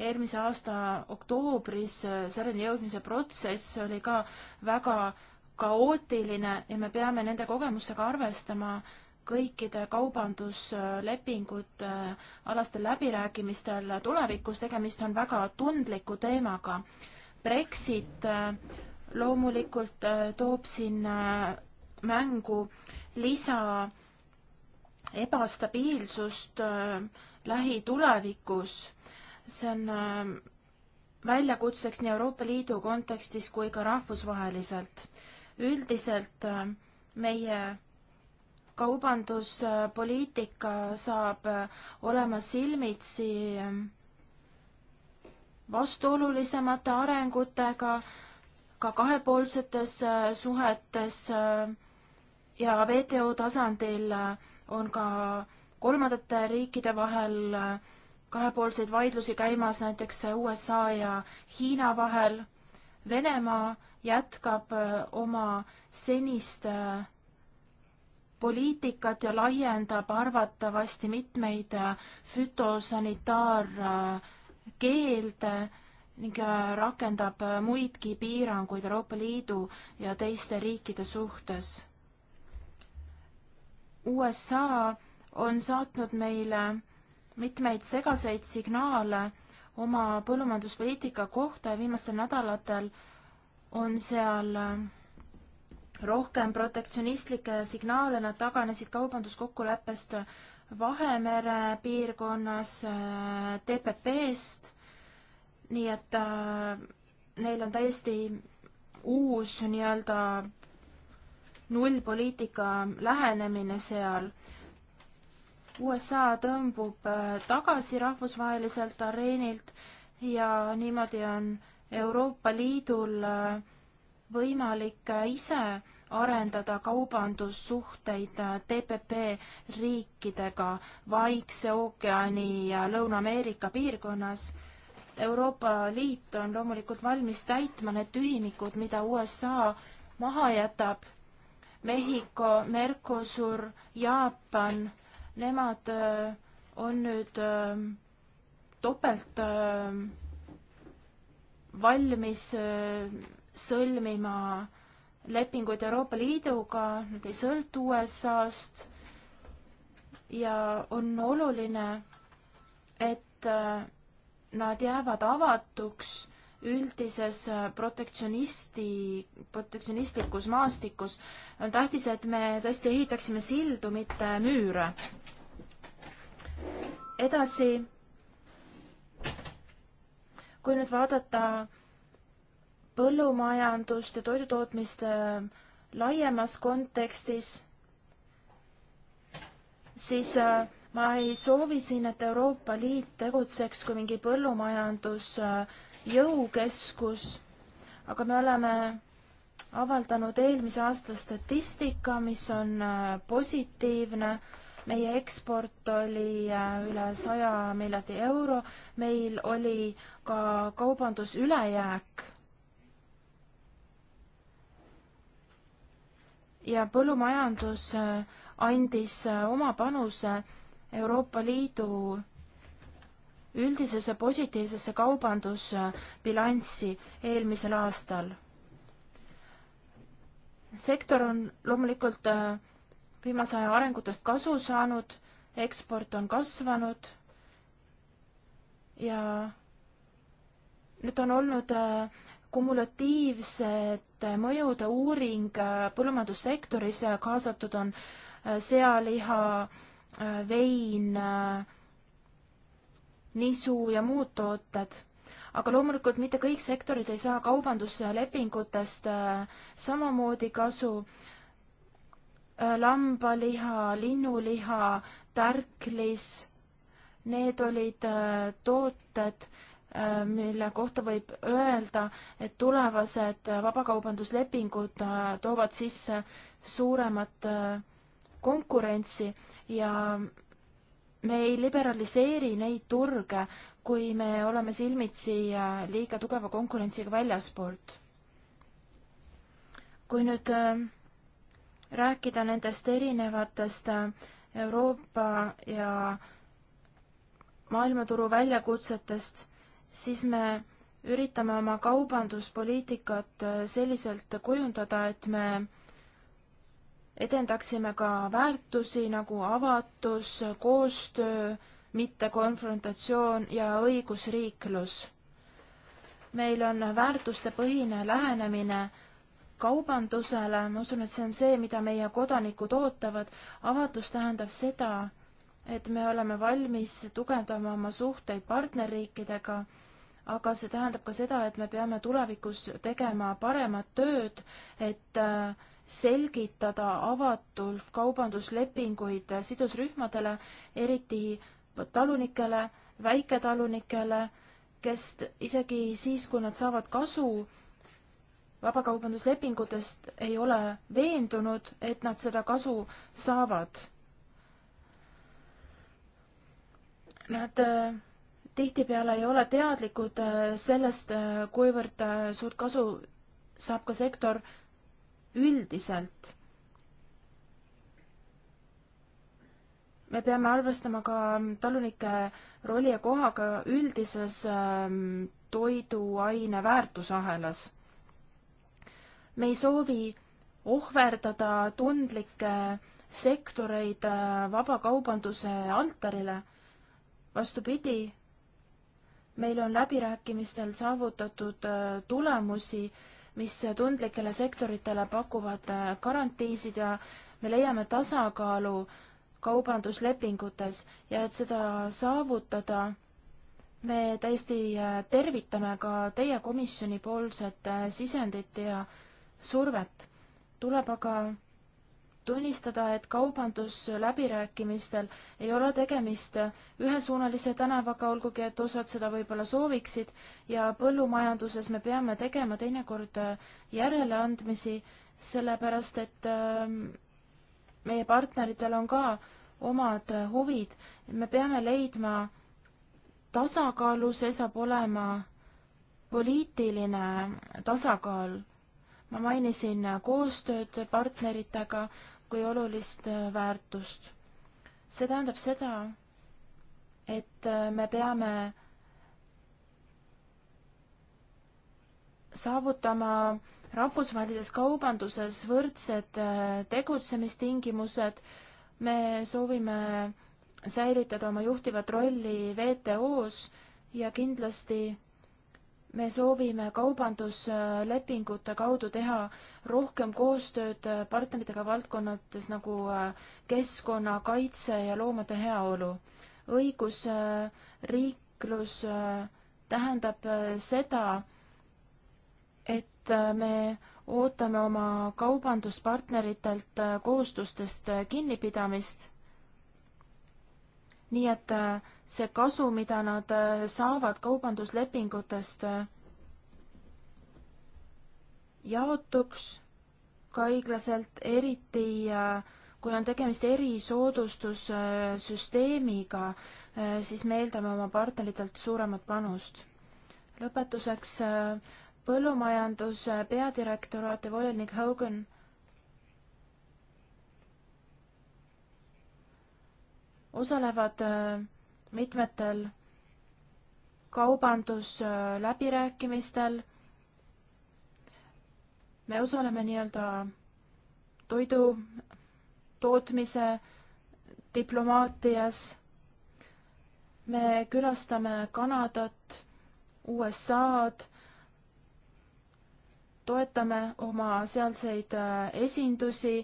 eelmise aasta oktoobris selleni jõudmise protsess oli ka väga kaootiline ja me peame nende kogemustega arvestama kõikide kaubanduslepingute äh, alastel läbirääkimistel tulevikus, tegemist on väga tundliku teemaga. Brexit äh, loomulikult äh, toob siin mängu lisa ebastabiilsust lähitulevikus. see on väljakutseks nii Euroopa Liidu kontekstis kui ka rahvusvaheliselt. üldiselt meie kaubanduspoliitika saab äh, olema silmitsi ähm, vastuolulisemate arengutega ka kahepoolsetes äh, suhetes äh, ja WTO tasandil on ka kolmandate riikide vahel kahepoolseid vaidlusi käimas näiteks USA ja Hiina vahel. Venemaa jätkab oma senist poliitikat ja laiendab arvatavasti mitmeid äh, fütosanitaarkeelde ning äh, rakendab äh, muidki piiranguid Euroopa Liidu ja teiste riikide suhtes. USA on saatnud meile mitmeid segaseid signaale oma põllumajanduspoliitika kohta ja viimastel nädalatel on seal äh, rohkem protektsionistlikke signaale, nad taganesid kaubanduskokkuleppest Vahemere piirkonnas äh, TPP-st, nii et äh, neil on täiesti uus nii-öelda nullpoliitika lähenemine seal. USA tõmbub äh, tagasi rahvusvaheliselt areenilt ja niimoodi on Euroopa Liidul äh, võimalik äh, ise arendada kaubandussuhteid äh, TPP riikidega Vaikse ookeani ja Lõuna-Ameerika piirkonnas. Euroopa Liit on loomulikult valmis täitma need tühimikud, mida USA maha jätab. Mehhiko, Mercosur, Jaapan, nemad äh, on nüüd topelt valmis sõlmima lepinguid Euroopa Liiduga, nad ei sõltu USA-st ja on oluline, et äh, nad jäävad avatuks üldises äh, protektsioonisti, protektsionistlikus maastikus. on tähtis, et me tõesti ehitaksime sildu, mitte müüre. edasi, kui nüüd vaadata põllumajandust ja toidutootmist äh, laiemas kontekstis, siis äh, ma ei soovi siin, et Euroopa Liit tegutseks kui mingi põllumajandusjõukeskus, aga me oleme avaldanud eelmise aasta statistika, mis on äh, positiivne. meie eksport oli üle saja miljardi euro, meil oli ka kaubandusülejääk ja põllumajandus äh, andis äh, oma panuse Euroopa Liidu üldisesse positiivsesse kaubandusbilanssi eelmisel aastal. sektor on loomulikult äh, viimase aja arengutest kasu saanud, eksport on kasvanud ja nüüd on olnud kumulatiivsete mõjude uuring äh, põllumajandussektoris äh, kaasatud on äh, sealiha, vein, nisu ja muud tooted. aga loomulikult mitte kõik sektorid ei saa kaubanduslepingutest samamoodi kasu. lambaliha, linnuliha, tärklis, need olid tooted, Äh, mille kohta võib öelda, et tulevased vabakaubanduslepingud äh, toovad sisse suuremat äh, konkurentsi ja me ei liberaliseeri neid turge, kui me oleme silmitsi liiga tugeva konkurentsiga väljaspoolt. kui nüüd rääkida nendest erinevatest Euroopa ja maailmaturu väljakutsetest siis me üritame oma kaubanduspoliitikat äh, selliselt kujundada, et me edendaksime ka väärtusi nagu avatus, koostöö, mittekonfrontatsioon ja õigusriiklus. meil on väärtustepõhine lähenemine kaubandusele, ma usun, et see on see, mida meie kodanikud ootavad. avatus tähendab seda, et me oleme valmis tugevdama oma suhteid partnerriikidega, aga see tähendab ka seda, et me peame tulevikus tegema paremat tööd, et äh, selgitada avatult kaubanduslepinguid sidusrühmadele, eriti talunikele, väiketalunikele, kes isegi siis, kui nad saavad kasu vabakaubanduslepingutest, ei ole veendunud, et nad seda kasu saavad nad äh, tihtipeale ei ole teadlikud äh, sellest, äh, kuivõrd suurt kasu saab ka sektor üldiselt. me peame arvestama ka ähm, talunike rolli ja kohaga üldises ähm, toiduaine väärtusahelas. me ei soovi ohverdada tundlikke sektoreid vabakaubanduse altarile vastupidi, meil on läbirääkimistel saavutatud äh, tulemusi, mis tundlikele sektoritele pakuvad äh, garantiisid ja me leiame tasakaalu kaubanduslepingutes ja et seda saavutada, me täiesti äh, tervitame ka teie komisjoni poolset sisendit ja survet. tuleb aga tunnistada, et kaubandusläbirääkimistel ei ole tegemist ühesuunalise tänavaga, olgugi et osad seda võib-olla sooviksid, ja põllumajanduses me peame tegema teinekord järeleandmisi, sellepärast et ähm, meie partneritel on ka omad huvid. me peame leidma tasakaalu, see saab olema poliitiline tasakaal ma mainisin koostööd partneritega, kui olulist äh, väärtust. see tähendab seda, et äh, me peame saavutama rahvusvahelises kaubanduses võrdsed äh, tegutsemistingimused, me soovime säilitada oma juhtivat rolli WTO-s ja kindlasti me soovime kaubanduslepingute kaudu teha rohkem koostööd partneritega valdkonnades nagu äh, keskkonnakaitse ja loomade heaolu. õigusriiklus äh, äh, tähendab seda, et me ootame oma kaubanduspartneritelt kohustustest kinnipidamist. nii et äh, see kasu, mida nad äh, saavad kaubanduslepingutest, äh, jaotuks ka õiglaselt, eriti äh, kui on tegemist erisoodustussüsteemiga, siis me eeldame oma partneritelt suuremat panust. lõpetuseks põllumajanduse peadirektoraati volinik Hogan osalevad äh, mitmetel kaubandusläbirääkimistel me osaleme nii-öelda toidu tootmise diplomaatias. me külastame Kanadat, USA-d, toetame oma sealseid äh, esindusi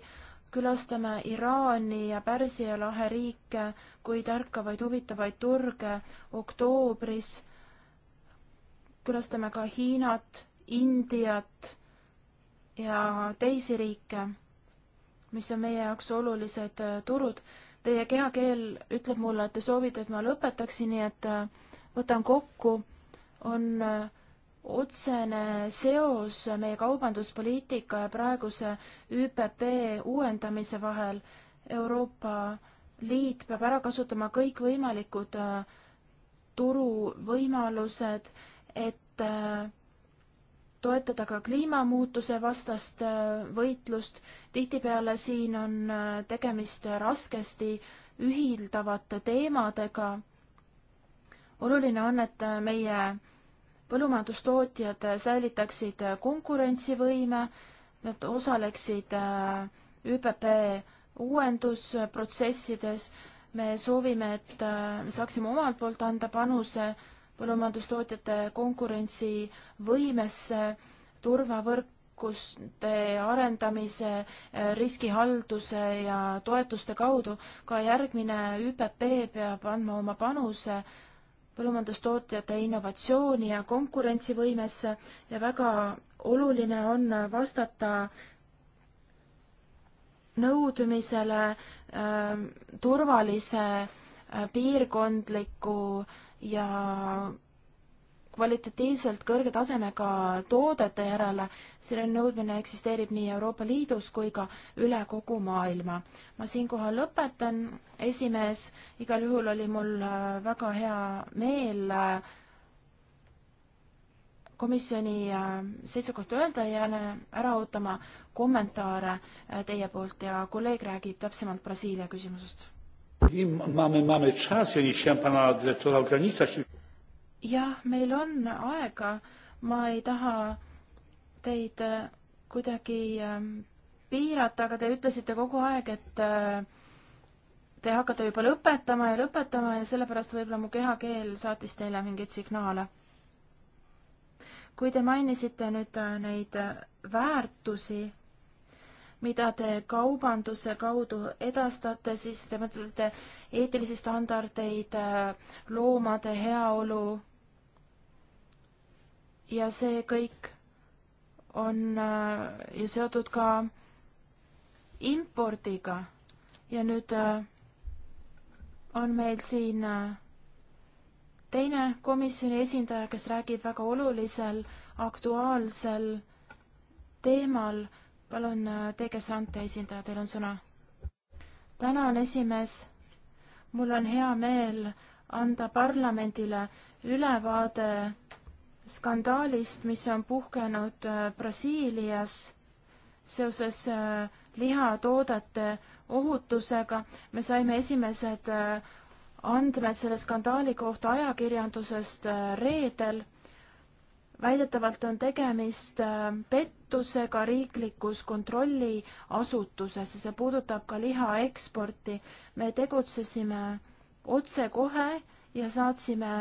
külastame Iraani ja Pärsia lahe riike, kuid ärkavaid huvitavaid turge oktoobris. külastame ka Hiinat, Indiat ja teisi riike, mis on meie jaoks olulised äh, turud. Teie kehakeel ütleb mulle, et te soovite, et ma lõpetaksin, nii et äh, võtan kokku, on äh, otsene seos meie kaubanduspoliitika ja praeguse ÜPP uuendamise vahel. Euroopa Liit peab ära kasutama kõikvõimalikud äh, turuvõimalused, et äh, toetada ka kliimamuutuse vastast äh, võitlust. tihtipeale siin on tegemist raskesti ühildavate teemadega. oluline on, et meie põllumajandustootjad säilitaksid konkurentsivõime, nad osaleksid äh, ÜPP uuendusprotsessides, me soovime, et äh, me saaksime omalt poolt anda panuse põllumajandustootjate konkurentsivõimesse, turvavõrkuste arendamise, äh, riskihalduse ja toetuste kaudu. ka järgmine ÜPP peab andma oma panuse põllumajandustootjate innovatsiooni ja konkurentsivõimesse ja väga oluline on vastata nõudmisele äh, turvalise äh, piirkondliku ja kvalitatiivselt kõrge tasemega toodete järele, selline nõudmine eksisteerib nii Euroopa Liidus kui ka üle kogu maailma. ma siinkohal lõpetan, esimees, igal juhul oli mul äh, väga hea meel äh, komisjoni äh, seisukohta öelda ja ära ootama kommentaare teie poolt ja kolleeg räägib täpsemalt Brasiilia küsimusest. mamy, mamy czas, ja nie chciałem pana dyrektora ograniczać jah, meil on aega, ma ei taha teid äh, kuidagi ähm, piirata, aga te ütlesite kogu aeg, et äh, te hakkate juba lõpetama ja lõpetama ja sellepärast võib-olla mu kehakeel saatis teile mingeid signaale. kui te mainisite nüüd äh, neid väärtusi, mida te kaubanduse kaudu edastate, siis te mõtlesite eetilisi standardeid, loomade heaolu ja see kõik on äh, ju seotud ka impordiga ja nüüd äh, on meil siin äh, teine komisjoni esindaja, kes räägib väga olulisel aktuaalsel teemal. palun, Tege Sante esindaja, teil on sõna. tänan, esimees. mul on hea meel anda parlamendile ülevaade skandaalist, mis on puhkenud äh, Brasiilias seoses äh, lihatoodete ohutusega. me saime esimesed äh, andmed selle skandaali kohta ajakirjandusest reedel. väidetavalt on tegemist pettusega riiklikus kontrolliasutuses ja see puudutab ka liha eksporti. me tegutsesime otsekohe ja saatsime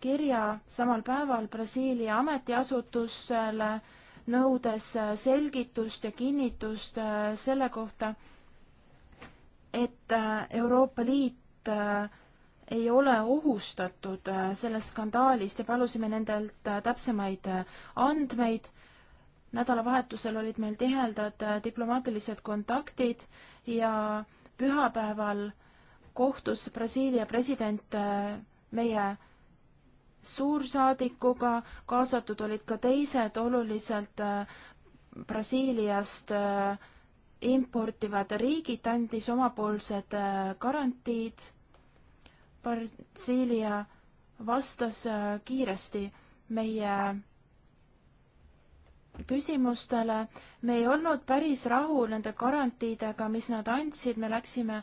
kirja samal päeval Brasiilia ametiasutusele, nõudes äh, selgitust ja kinnitust äh, selle kohta, et äh, Euroopa Liit ei ole ohustatud sellest skandaalist ja palusime nendelt täpsemaid andmeid. nädalavahetusel olid meil tihedad diplomaatilised kontaktid ja pühapäeval kohtus Brasiilia president meie suursaadikuga, kaasatud olid ka teised oluliselt äh, Brasiiliast äh, importivad riigid, andis omapoolsed äh, garantiid. Brasiilia vastas kiiresti meie küsimustele. me ei olnud päris rahul nende garantiidega, mis nad andsid, me läksime,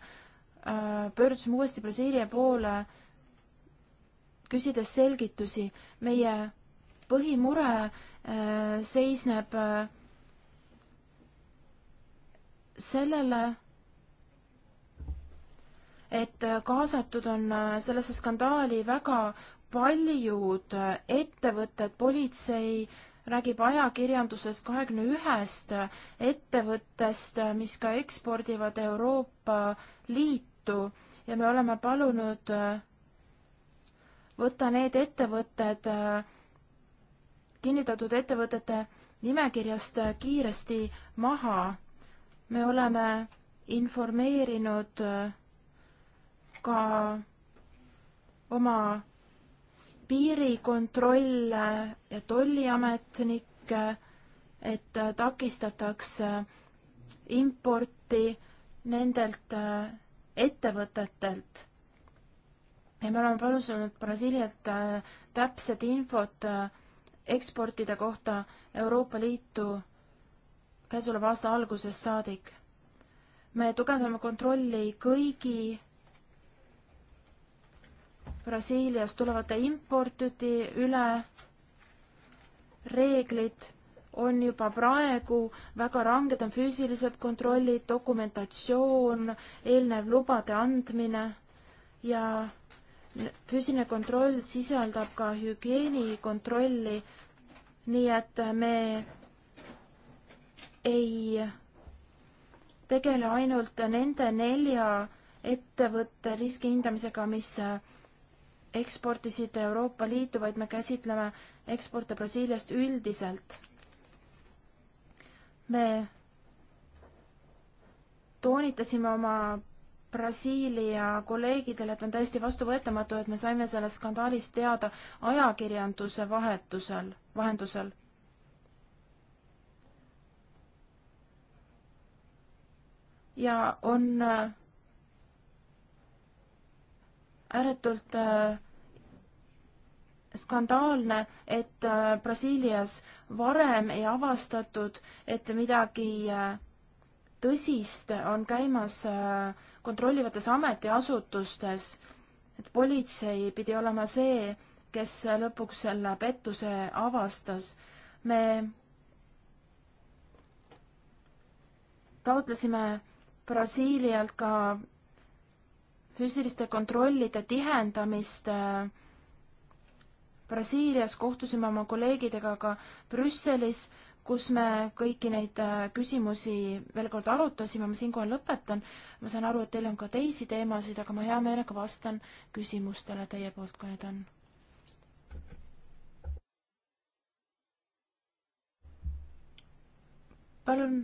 pöördusime uuesti Brasiilia poole äh, küsides selgitusi, meie põhimure äh, seisneb äh, sellele, et kaasatud on äh, sellesse skandaali väga paljud ettevõtted, politsei räägib ajakirjanduses kahekümne ühest ettevõttest, mis ka ekspordivad Euroopa Liitu ja me oleme palunud äh, võtta need ettevõtted äh, kinnitatud ettevõtete nimekirjast äh, kiiresti maha. me oleme informeerinud äh, ka oma piirikontrolle ja tolliametnikke, et takistataks importi nendelt ettevõtetelt ja me oleme palunud Brasiilialt äh, täpset infot äh, eksportide kohta Euroopa Liitu käesoleva aasta algusest saadik. me tugevdame kontrolli kõigi Brasiiliast tulevate importide üle. reeglid on juba praegu väga ranged, on füüsilised kontrollid, dokumentatsioon, eelnev lubade andmine ja füüsiline kontroll sisaldab ka hügieenikontrolli, nii et me ei tegele ainult nende nelja ettevõtte riski hindamisega, mis eksportisid Euroopa Liitu, vaid me käsitleme eksporte Brasiiliast üldiselt. me toonitasime oma Brasiilia kolleegidele, et on täiesti vastuvõetamatu, et me saime sellest skandaalist teada ajakirjanduse vahetusel, vahendusel. ja on äh, ääretult äh, skandaalne, et äh, Brasiilias varem ei avastatud, et midagi tõsist on käimas äh, kontrollivates ametiasutustes, et politsei pidi olema see, kes lõpuks selle pettuse avastas. me taotlesime Brasiilialt ka füüsiliste kontrollide tihendamist äh, Brasiilias, kohtusime oma kolleegidega ka Brüsselis kus me kõiki neid äh, küsimusi veel kord arutasime, ma siinkohal lõpetan. ma saan aru, et teil on ka teisi teemasid, aga ma hea meelega vastan küsimustele teie poolt, kui need on. palun,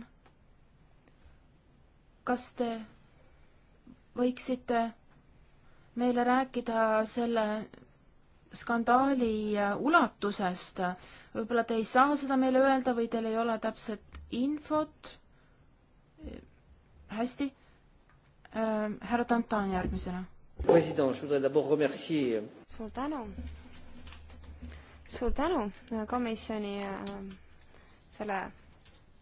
kas te võiksite meile rääkida selle skandaali äh, ulatusest, võib-olla te ei saa seda meile öelda või teil ei ole täpset infot. hästi äh,, härra Tantan järgmisena. president, ma tahan kõigepealt remercier. Euh, suur tänu. suur tänu äh, komisjoni äh, selle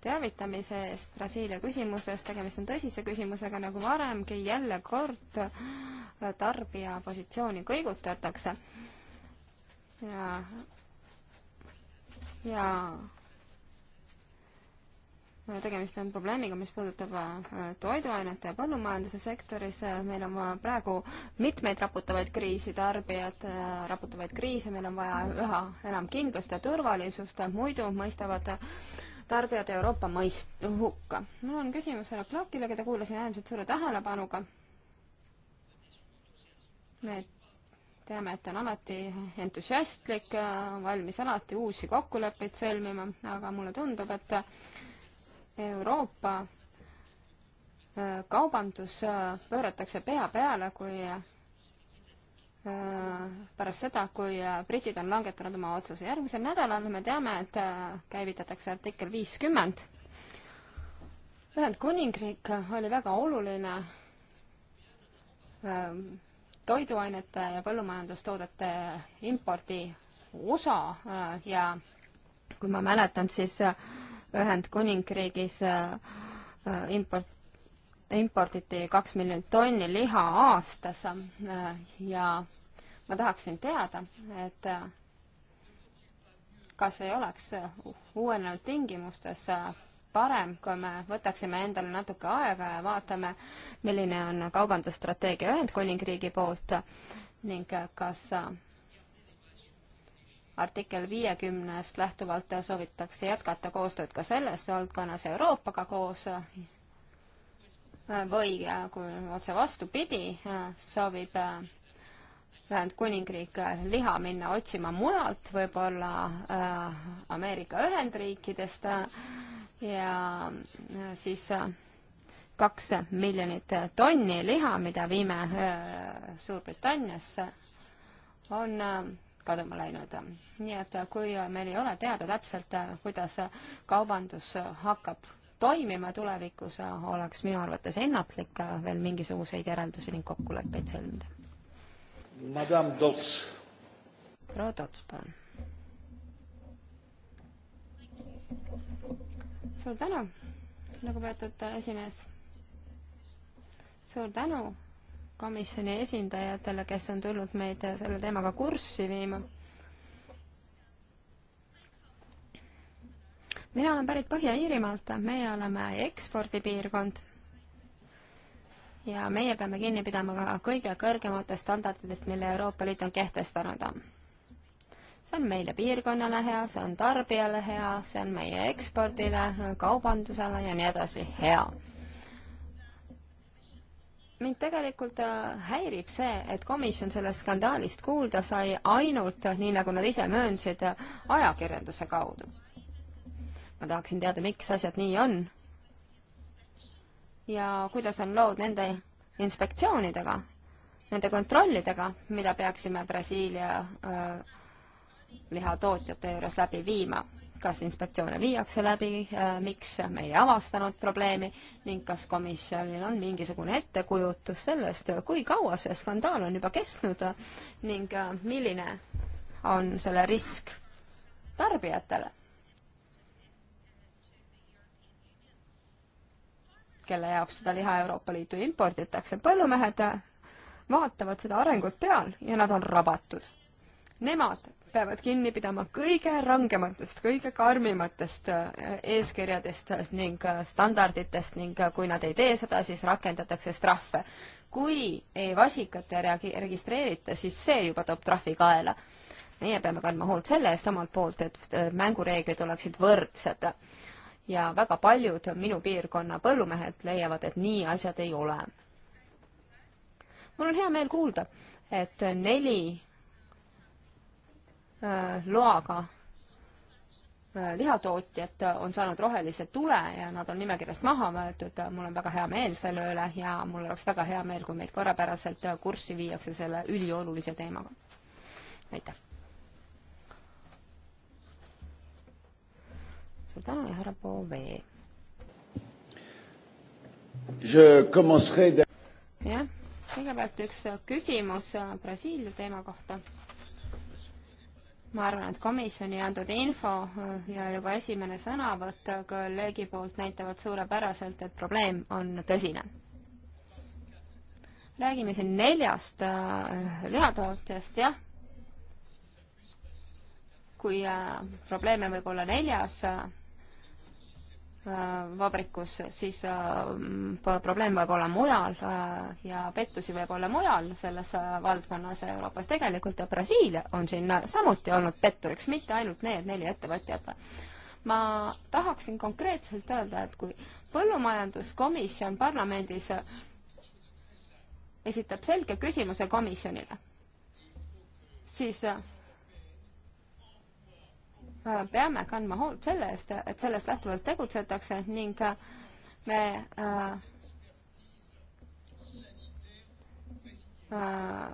teavitamise eest Brasiilia küsimuses, tegemist on tõsise küsimusega nagu varemgi, jälle kord äh, tarbija positsiooni kõigutatakse. ja ja äh, tegemist on probleemiga, mis puudutab äh, toiduainete ja põllumajanduse sektoris. Äh, meil on praegu mitmeid raputavaid kriisi, tarbijad raputavaid kriise, meil on vaja üha enam kindlust ja turvalisust, muidu mõistavad tarbijad Euroopa mõist-, hukka. mul on küsimus härra Klokile, keda kuulasin äärmiselt suure tähelepanuga. Need teame, et ta on alati entusiastlik, valmis alati uusi kokkuleppeid sõlmima, aga mulle tundub, et Euroopa äh, kaubandus äh, pööratakse pea peale, kui äh, pärast seda, kui britid on langetanud oma otsuse. järgmisel nädalal me teame, et käivitatakse artikkel viiskümmend. Ühendkuningriik oli väga oluline toiduainete ja põllumajandustoodete impordi osa äh, ja kui ma mäletan, siis äh, Ühendkuningriigis äh, import, imporditi kaks miljonit tonni liha aastas ja ma tahaksin teada, et kas ei oleks uuenenud tingimustes parem, kui me võtaksime endale natuke aega ja vaatame, milline on kaubandusstrateegia Ühendkuningriigi poolt ning kas artikkel viiekümnest lähtuvalt soovitakse jätkata koostööd ka selles valdkonnas Euroopaga koos või kui otse vastupidi, soovib Ühendkuningriik liha minna otsima mujalt, võib-olla äh, Ameerika Ühendriikidest ja äh, siis äh, kaks miljonit tonni liha, mida viime äh, Suurbritanniasse, on kaduma läinud. nii et kui meil ei ole teada täpselt, kuidas kaubandus hakkab toimima tulevikus, oleks minu arvates ennatlik veel mingisuguseid järeldusi ning kokkuleppeid sõlmida. Madame Dots. proua Dots, palun suur tänu, lugupeetud esimees. suur tänu komisjoni esindajatele, kes on tulnud meid selle teemaga kurssi viima. mina olen pärit Põhja-Iirimaalt, meie oleme ekspordipiirkond ja meie peame kinni pidama ka kõige kõrgematest standarditest, mille Euroopa Liit on kehtestanud see on meile piirkonnale hea, see on tarbijale hea, see on meie ekspordile, kaubandusele ja nii edasi hea. mind tegelikult äh, häirib see, et komisjon sellest skandaalist kuulda sai ainult, nii nagu nad ise möönsid, ajakirjanduse kaudu. ma tahaksin teada, miks asjad nii on ja kuidas on lood nende inspektsioonidega, nende kontrollidega, mida peaksime Brasiilia öö, äh, lihatootjate juures läbi viima. kas inspektsioone viiakse läbi, äh, miks me ei avastanud probleemi ning kas komisjonil on mingisugune ettekujutus sellest, kui kaua see skandaal on juba kestnud ning äh, milline on selle risk tarbijatele? kelle jaoks seda liha Euroopa Liitu imporditakse, põllumehed äh, vaatavad seda arengut peal ja nad on rabatud. Nemad peavad kinni pidama kõige rangematest, kõige karmimatest äh, eeskirjadest äh, ning äh, standarditest ning kui nad ei tee seda, siis rakendatakse trahve. kui ei vasikat reagi-, registreerita, siis see juba toob trahvi kaela. meie peame kandma hoolt selle eest omalt poolt, et mängureeglid oleksid võrdsed. ja väga paljud minu piirkonna põllumehed leiavad, et nii asjad ei ole. mul on hea meel kuulda, et neli Äh, loaga äh, lihatootjad on saanud rohelise tule ja nad on nimekirjast maha võetud. mul on väga hea meel selle üle ja mul oleks väga hea meel, kui meid korrapäraselt kurssi viiakse selle üliolulise teemaga. aitäh. suur tänu ja härra Poovee. jah, kõigepealt üks küsimus Brasiilia teema kohta ma arvan, et komisjoni antud info äh, ja juba esimene sõnavõtt äh, kolleegi poolt näitavad suurepäraselt, et probleem on tõsine. räägime siin neljast äh, lihatootjast, jah. kui probleeme võib olla neljas Äh, vabrikus, siis äh, probleem võib olla mujal äh, ja pettusi võib olla mujal selles valdkonnas Euroopas tegelikult ja Brasiilia on siin samuti olnud petturiks, mitte ainult need neli ettevõtjat ma tahaksin konkreetselt öelda, et kui põllumajanduskomisjon parlamendis esitab selge küsimuse komisjonile, siis Äh, peame kandma hoolt selle eest, et sellest lähtuvalt tegutsetakse ning äh, me äh, äh,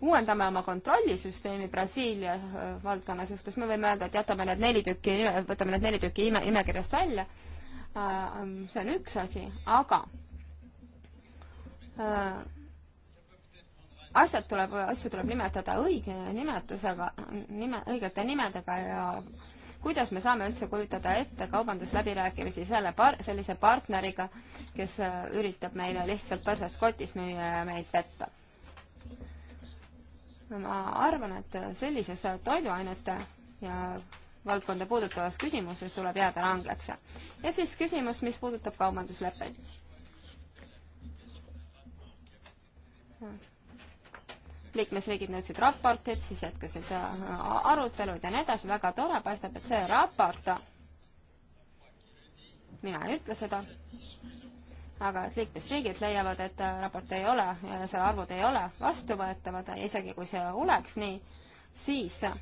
uuendame oma kontrollisüsteemi Brasiilia äh, valdkonna suhtes, me võime öelda, et jätame need neli tükki, võtame need neli tükki ime, nimekirjast välja, see on üks asi, aga asjad tuleb, asju tuleb nimetada õige nimetusega, nime, õigete nimedega ja kuidas me saame üldse kujutada ette kaubandusläbirääkimisi selle par-, sellise partneriga, kes äh, üritab meile lihtsalt põrsast kotis müüa ja meid petta? ma arvan, et sellises toiduainete ja valdkonda puudutavas küsimuses tuleb jääda rangeks. ja siis küsimus, mis puudutab kaubandusleppeid liikmesriigid nõudsid raportit, siis jätkasid äh, arutelud ja nii edasi, väga tore, paistab, et see raport, mina ei ütle seda, aga et liikmesriigid leiavad, et äh, raport ei ole, selle arvud ei ole vastuvõetavad ja isegi kui see oleks nii, siis äh,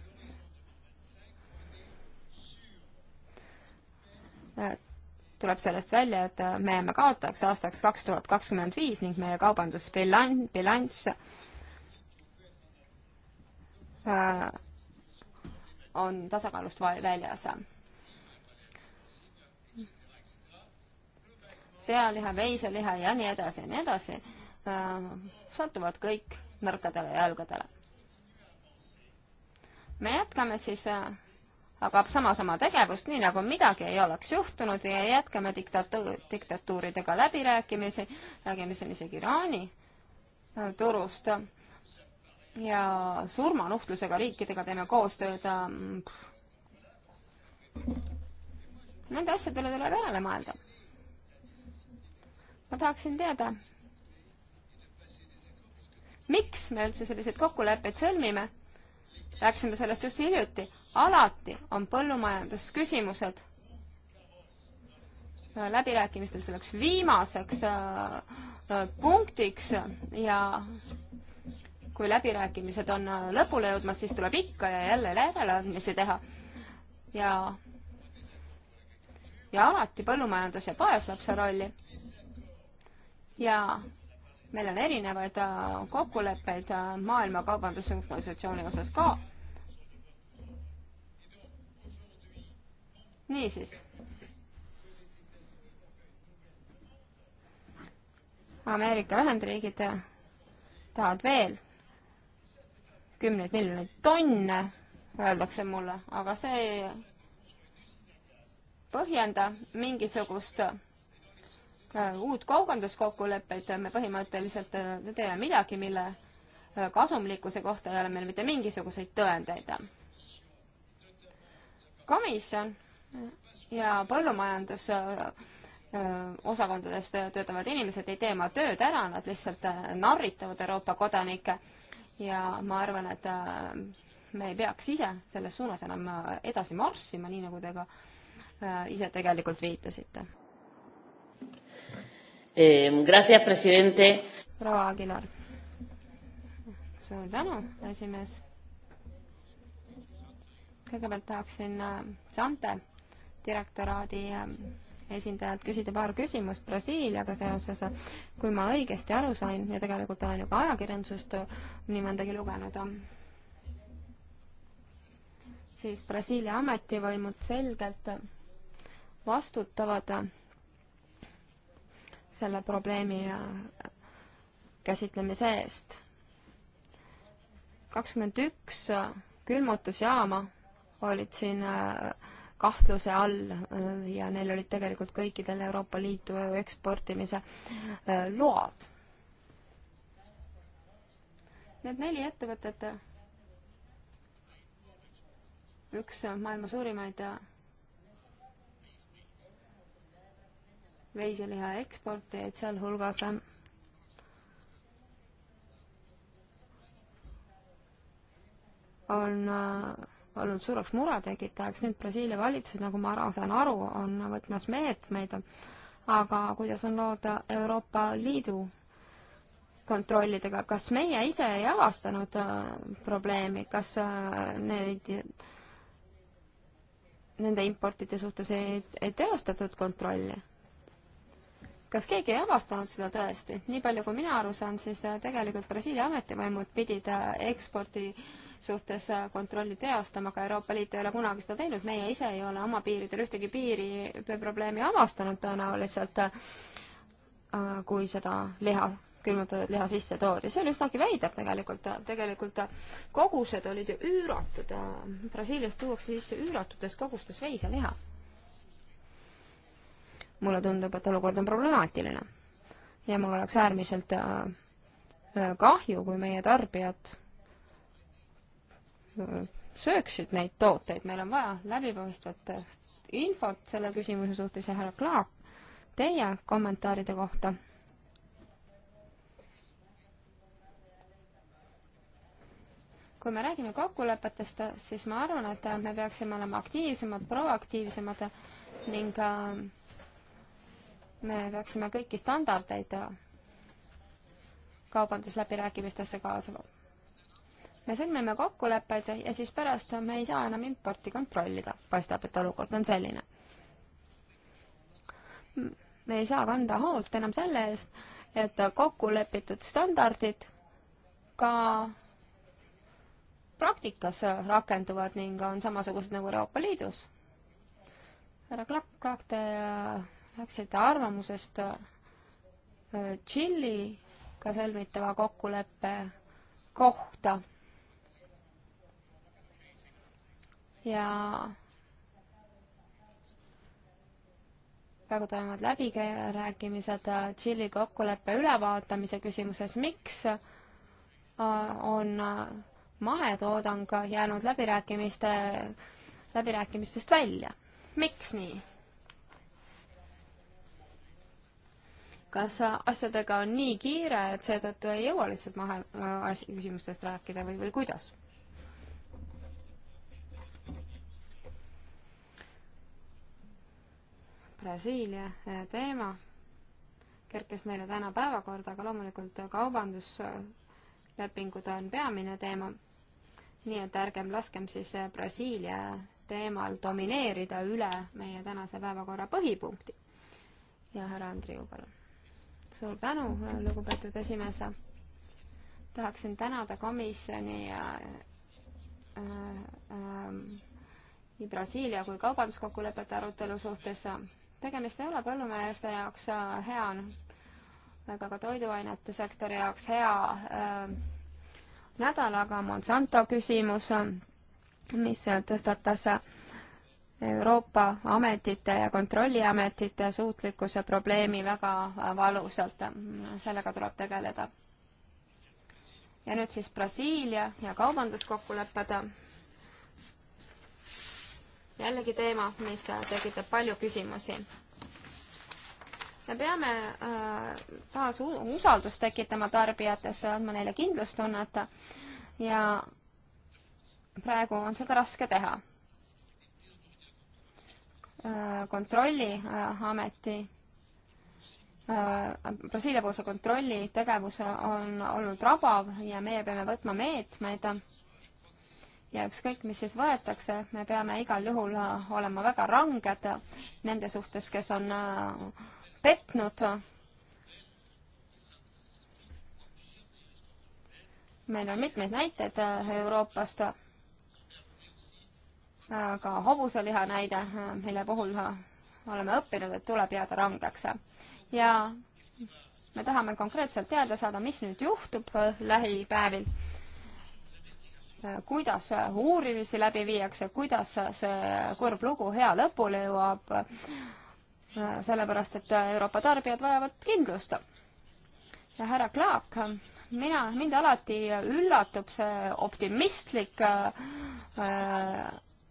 tuleb sellest välja, et me jääme kaotajaks aastaks kaks tuhat kakskümmend viis ning meie kaubandusbilanss bilanss Äh, on tasakaalust väljas. sealiha, veiseliha ja nii edasi ja nii edasi äh, satuvad kõik nõrkadele jalgadele. me jätkame siis äh, aga samas oma tegevust, nii nagu midagi ei oleks juhtunud ja jätkame diktatu-, diktatuuridega läbirääkimisi, räägime siin isegi Iraani turust ja surmanuhtlusega riikidega teeme koostööd. Äh, Nende asjadele tuleb järele mõelda. ma tahaksin teada, miks me üldse selliseid kokkuleppeid sõlmime? rääkisime sellest just hiljuti. alati on põllumajandusküsimused äh, läbirääkimistel selleks viimaseks äh, punktiks ja kui läbirääkimised on lõpule jõudmas, siis tuleb ikka ja jälle järeleandmisi teha. ja, ja alati põllumajandus jääb vaeslapse rolli. ja meil on erinevaid äh, kokkuleppeid äh, Maailma Kaubandusorganisatsiooni osas ka. niisiis Ameerika Ühendriigid tahavad veel kümneid miljoneid tonne, öeldakse mulle, aga see ei põhjenda mingisugust äh, uut kaubanduskokkulepet, me põhimõtteliselt äh, teeme midagi, mille äh, kasumlikkuse kohta ei ole meil mitte mingisuguseid tõendeid. komisjon ja põllumajandus osakondades töötavad inimesed ei tee oma tööd ära, nad lihtsalt narritavad Euroopa kodanikke ja ma arvan, et äh, me ei peaks ise selles suunas enam äh, edasi marssima, nii nagu te ka äh, ise tegelikult viitasite eh,. Gracias, presidente. proua Aguilar. suur tänu, esimees. kõigepealt tahaksin Sante direktoraadi esindajalt küsida paar küsimust Brasiiliaga seoses, kui ma õigesti aru sain ja tegelikult olen juba ajakirjandusest nii mõndagi lugenud, siis Brasiilia ametivõimud selgelt vastutavad selle probleemi käsitlemise eest. kakskümmend üks külmutusjaama olid siin äh, kahtluse all äh, ja neil olid tegelikult kõikidel Euroopa Liitu eksportimise äh, load. Need neli ettevõtet, üks maailma suurimaid veiseliha eksportijaid, sealhulgas äh, on äh, olnud suureks muretekitajaks, nüüd Brasiilia valitsus, nagu ma aru saan aru, on võtmas meetmeid, aga kuidas on lood Euroopa Liidu kontrollidega, kas meie ise ei avastanud äh, probleemi, kas äh, neid, nende importide suhtes ei, ei teostatud kontrolli? kas keegi ei avastanud seda tõesti? nii palju, kui mina aru saan, siis äh, tegelikult Brasiilia ametivõimud pidid ekspordi äh, suhtes äh, kontrolli teostama, aga Euroopa Liit ei ole kunagi seda teinud, meie ise ei ole oma piiridel ühtegi piiri probleemi avastanud tõenäoliselt, äh, kui seda liha külmutatud liha sisse toodi, see oli üsnagi veider tegelikult, tegelikult kogused olid ju üüratud, äh, Brasiiliast tuuakse sisse üüratutes kogustes veiseliha. mulle tundub, et olukord on problemaatiline ja mul oleks äärmiselt kahju, kui meie tarbijad sööksid neid tooteid, meil on vaja läbipaistvat infot selle küsimuse suhtes ja härra Klaak, teie kommentaaride kohta? kui me räägime kokkulepetest, siis ma arvan, et me peaksime olema aktiivsemad, proaktiivsemad ning äh, me peaksime kõiki standardeid kaubandusläbirääkimistesse kaasama me sõlmime kokkulepped ja siis pärast me ei saa enam importi kontrollida. paistab, et olukord on selline. me ei saa kanda hoolt enam selle eest, et kokkulepitud standardid ka praktikas rakenduvad ning on samasugused nagu Euroopa Liidus. härra Klak-, Klak, te rääkisite arvamusest äh, Tšilliga sõlmitava kokkuleppe kohta ja praegu toimuvad läbirääkimised äh, Tšiili kokkuleppe ülevaatamise küsimuses, miks äh, on äh, mahetoodang jäänud läbirääkimiste, läbirääkimistest välja? miks nii? kas asjadega on nii kiire, et seetõttu ei jõua lihtsalt mahe, asja, küsimustest rääkida või, või kuidas? Brasiilia eh, teema kerkis meile täna päevakorda, aga loomulikult kaubanduslepingud on peamine teema. nii et ärgem laskem siis eh, Brasiilia teemal domineerida üle meie tänase päevakorra põhipunkti. ja härra Andriu, palun. suur tänu, eh, lugupeetud esimees. tahaksin tänada komisjoni ja äh, äh, nii Brasiilia kui kaubanduskokkulepete arutelu suhtes tegemist ei ole põllumeeste jaoks äh, hea, ega ka toiduainete sektori jaoks hea äh, nädalaga Monsanto küsimus, mis tõstatas Euroopa ametite ja kontrolliametite suutlikkuse probleemi väga äh, valusalt. sellega tuleb tegeleda. ja nüüd siis Brasiilia ja kaubanduskokkulepped jällegi teema, mis tekitab palju küsimusi. me peame äh, taas usaldust tekitama tarbijates, andma neile kindlustunnet ja praegu on seda raske teha äh,. kontrolliameti äh, äh, Brasiilia poolse kontrolli tegevus on olnud rabav ja meie peame võtma meetmeid meet ja ükskõik, mis siis võetakse, me peame igal juhul äh, olema väga ranged nende suhtes, kes on äh, petnud. meil on mitmeid näiteid äh, Euroopast, ka hobuseliha näide, mille puhul oleme õppinud, et tuleb jääda rangeks. ja me tahame konkreetselt teada saada, mis nüüd juhtub lähipäevil kuidas uurimisi läbi viiakse, kuidas see kurb lugu hea lõpule jõuab, sellepärast et Euroopa tarbijad vajavad kindlust. ja härra Klaak, mina, mind alati üllatab see optimistlik äh,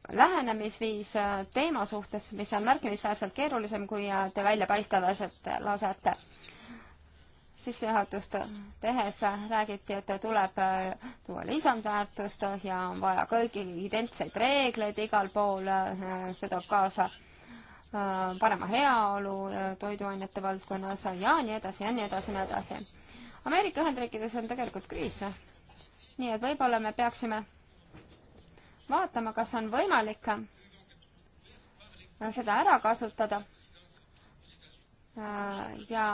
lähenemisviis äh, teema suhtes, mis on märkimisväärselt keerulisem, kui te välja paistavaselt lasete sissejuhatust tehes räägiti, et tuleb äh, tuua lisandväärtust ja on vaja kõigi identseid reegleid igal pool, äh, see toob kaasa äh, parema heaolu toiduainete valdkonnas ja nii edasi ja nii edasi ja nii edasi. Ameerika Ühendriikides on tegelikult kriis. nii et võib-olla me peaksime vaatama, kas on võimalik seda ära kasutada ja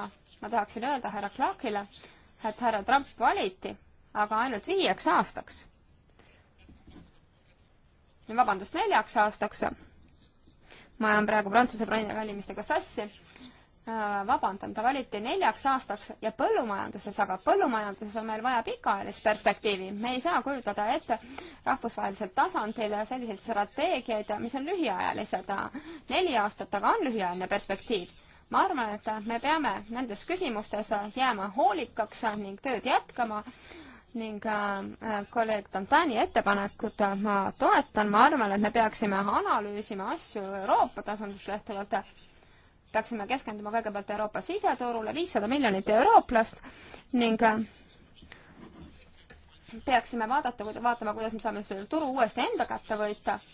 ma tahaksin öelda härra Clarkile, et härra Trump valiti, aga ainult viieks aastaks. vabandust, neljaks aastaks. ma ajan praegu Prantsuse valimistega sassi. Äh, vabandan, ta valiti neljaks aastaks ja põllumajanduses, aga põllumajanduses on meil vaja pikaajalist perspektiivi. me ei saa kujutada ette rahvusvahelisel tasandil selliseid strateegiaid, mis on lühiajalised. neli aastat aga on lühiajaline perspektiiv ma arvan, et me peame nendes küsimustes jääma hoolikaks ning tööd jätkama ning äh, kolleeg Tantani ettepanekut ma toetan, ma arvan, et me peaksime analüüsima asju Euroopa tasandist lähtuvalt peaksime keskenduma kõigepealt Euroopa siseturule, viissada miljonit eurooplast ning äh, peaksime vaadata, vaatama, kuidas me saame selle turu uuesti enda kätte võita. Äh,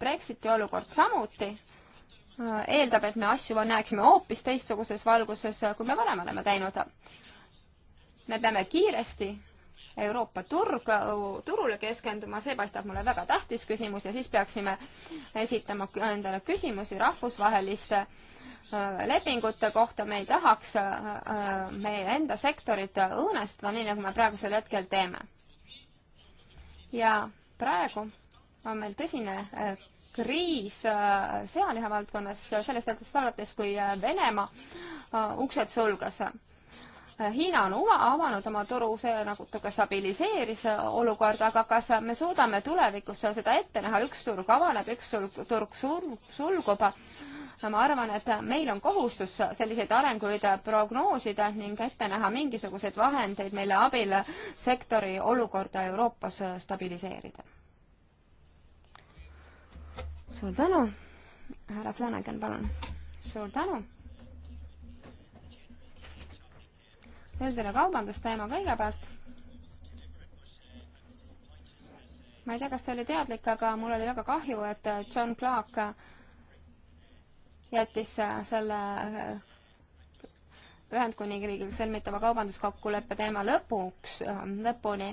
Brexiti olukord samuti, eeldab, et me asju näeksime hoopis teistsuguses valguses, kui me varem oleme teinud. me peame kiiresti Euroopa turg, turule keskenduma, see paistab mulle väga tähtis küsimus ja siis peaksime esitama endale küsimusi rahvusvaheliste äh, lepingute kohta, me ei tahaks äh, meie enda sektorit õõnestada, nii nagu me praegusel hetkel teeme. ja praegu on meil tõsine äh, kriis äh, sealiha valdkonnas sellest hetkest alates, kui äh, Venemaa uksed sulges. Hiina on uva, avanud oma turu, see nagu natuke stabiliseeris olukorda, aga kas me suudame tulevikus seda ette näha, üks turg avaneb, üks sulg, turg sul, sulgub. ma arvan, et meil on kohustus selliseid arenguid prognoosida ning ette näha mingisuguseid vahendeid, mille abil sektori olukorda Euroopas stabiliseerida suur tänu, härra Flanagan, palun. suur tänu. üldine kaubandusteema kõigepealt. ma ei tea, kas see oli teadlik, aga mul oli väga kahju, et John Clark jättis selle Ühendkuningriigiga sõlmitava kaubanduskokkuleppe teema lõpuks, lõpuni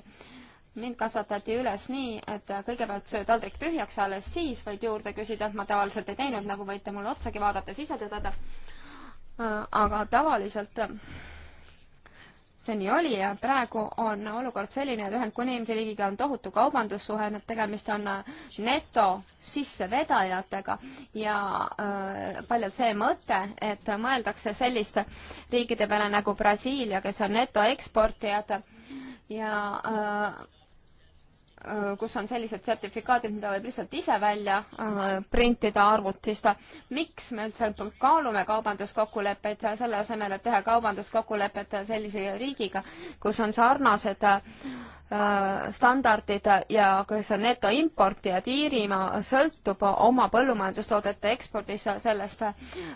mind kasvatati üles nii, et kõigepealt söö taldrik tühjaks, alles siis võid juurde küsida, ma tavaliselt ei teinud, nagu võite mulle otsagi vaadates ise tõdeda. aga tavaliselt see nii oli ja praegu on olukord selline, et Ühendkuningriigiga on tohutu kaubandussuhe, need tegemist on neto sissevedajatega ja äh, paljalt see mõte, et mõeldakse selliste riikide peale nagu Brasiilia, kes on netoeksportijad ja äh, Äh, kus on sellised sertifikaadid, mida võib lihtsalt ise välja äh, printida arvutist. miks me üldse kaalume kaubanduskokkuleppeid selle asemel, et teha kaubanduskokkulepet sellise riigiga, kus on sarnased äh, Äh, standardid ja kes on netoimportijad, Iirimaa sõltub oma põllumajandustoodete ekspordis sellest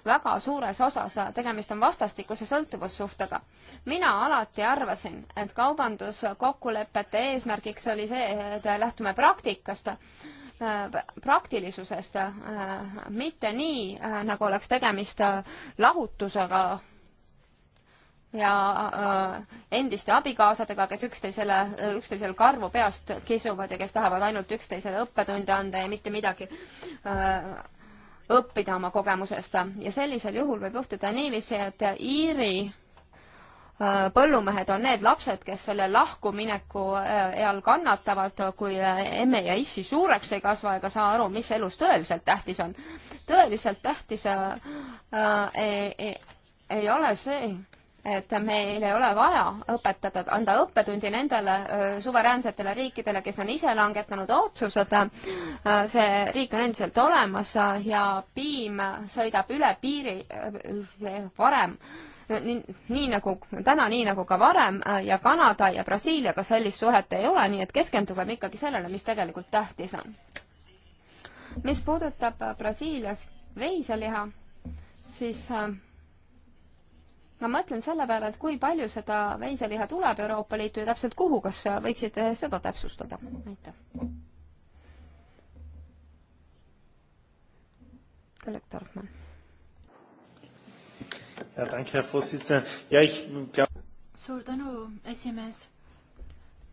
väga suures osas, tegemist on vastastikuse sõltuvussuhtega. mina alati arvasin, et kaubanduskokkulepete eesmärgiks oli see, et lähtume praktikast, äh, praktilisusest, äh, mitte nii, nagu oleks tegemist lahutusega ja äh, endiste abikaasadega, kes üksteisele, äh, üksteisele karvu peast kisuvad ja kes tahavad ainult üksteisele õppetunde anda ja mitte midagi äh, õppida oma kogemusest. ja sellisel juhul võib juhtuda niiviisi, et Iiri põllumehed on need lapsed, kes selle lahkumineku eal kannatavad, kui emme ja issi suureks ei kasva ega saa aru, mis elus tõeliselt tähtis on. tõeliselt tähtis äh, ei, ei, ei ole see, et meil ei ole vaja õpetada, anda õppetundi nendele suveräänsetele riikidele, kes on ise langetanud otsused. see riik on endiselt olemas ja piim sõidab üle piiri varem nii, nii nagu täna, nii nagu ka varem ja Kanada ja Brasiiliaga sellist suhet ei ole, nii et keskendugem ikkagi sellele, mis tegelikult tähtis on. mis puudutab Brasiilias veiseliha, siis äh, ma mõtlen selle peale, et kui palju seda veiseliha tuleb Euroopa Liitu ja täpselt kuhu, kas võiksite eh, seda täpsustada? aitäh. kolleeg Tarkmann. suur tänu, esimees.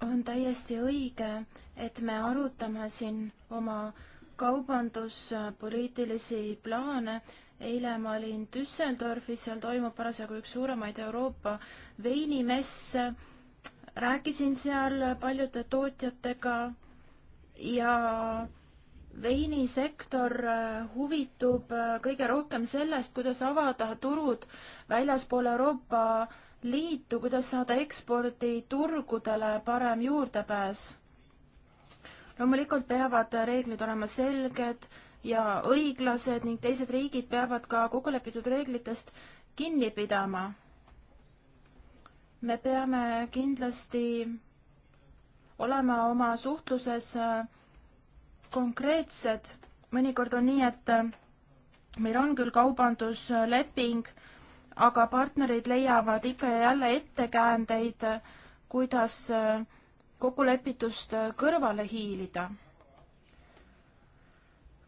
on täiesti õige, et me arutame siin oma kaubanduspoliitilisi plaane eile ma olin Düsseldorfis, seal toimub parasjagu üks suuremaid Euroopa veinimesse. rääkisin seal paljude tootjatega ja veinisektor äh, huvitub äh, kõige rohkem sellest, kuidas avada turud väljaspool Euroopa Liitu, kuidas saada eksporditurgudele parem juurdepääs. loomulikult peavad reeglid olema selged ja õiglased ning teised riigid peavad ka kokkulepitud reeglitest kinni pidama. me peame kindlasti olema oma suhtluses äh, konkreetsed. mõnikord on nii, et äh, meil on küll kaubandusleping, aga partnerid leiavad ikka ja jälle ettekäändeid, äh, kuidas kokkulepitust kõrvale hiilida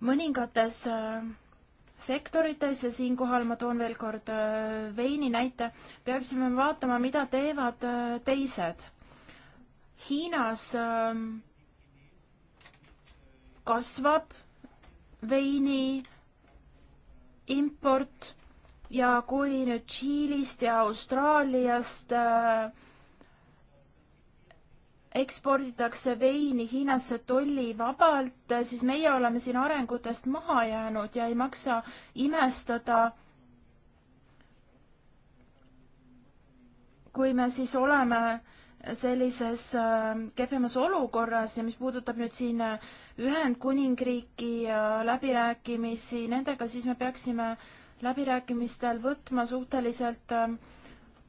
mõningates äh, sektorites ja siinkohal ma toon veel kord äh, veini näite, peaksime vaatama, mida teevad äh, teised. Hiinas kasvab veini import ja kui nüüd Tšiilist ja Austraaliast äh, eksporditakse veini Hiinasse tollivabalt, siis meie oleme siin arengutest maha jäänud ja ei maksa imestada, kui me siis oleme sellises äh, kehvemas olukorras ja mis puudutab nüüd siin äh, Ühendkuningriiki ja läbirääkimisi nendega, siis me peaksime läbirääkimistel võtma suhteliselt äh,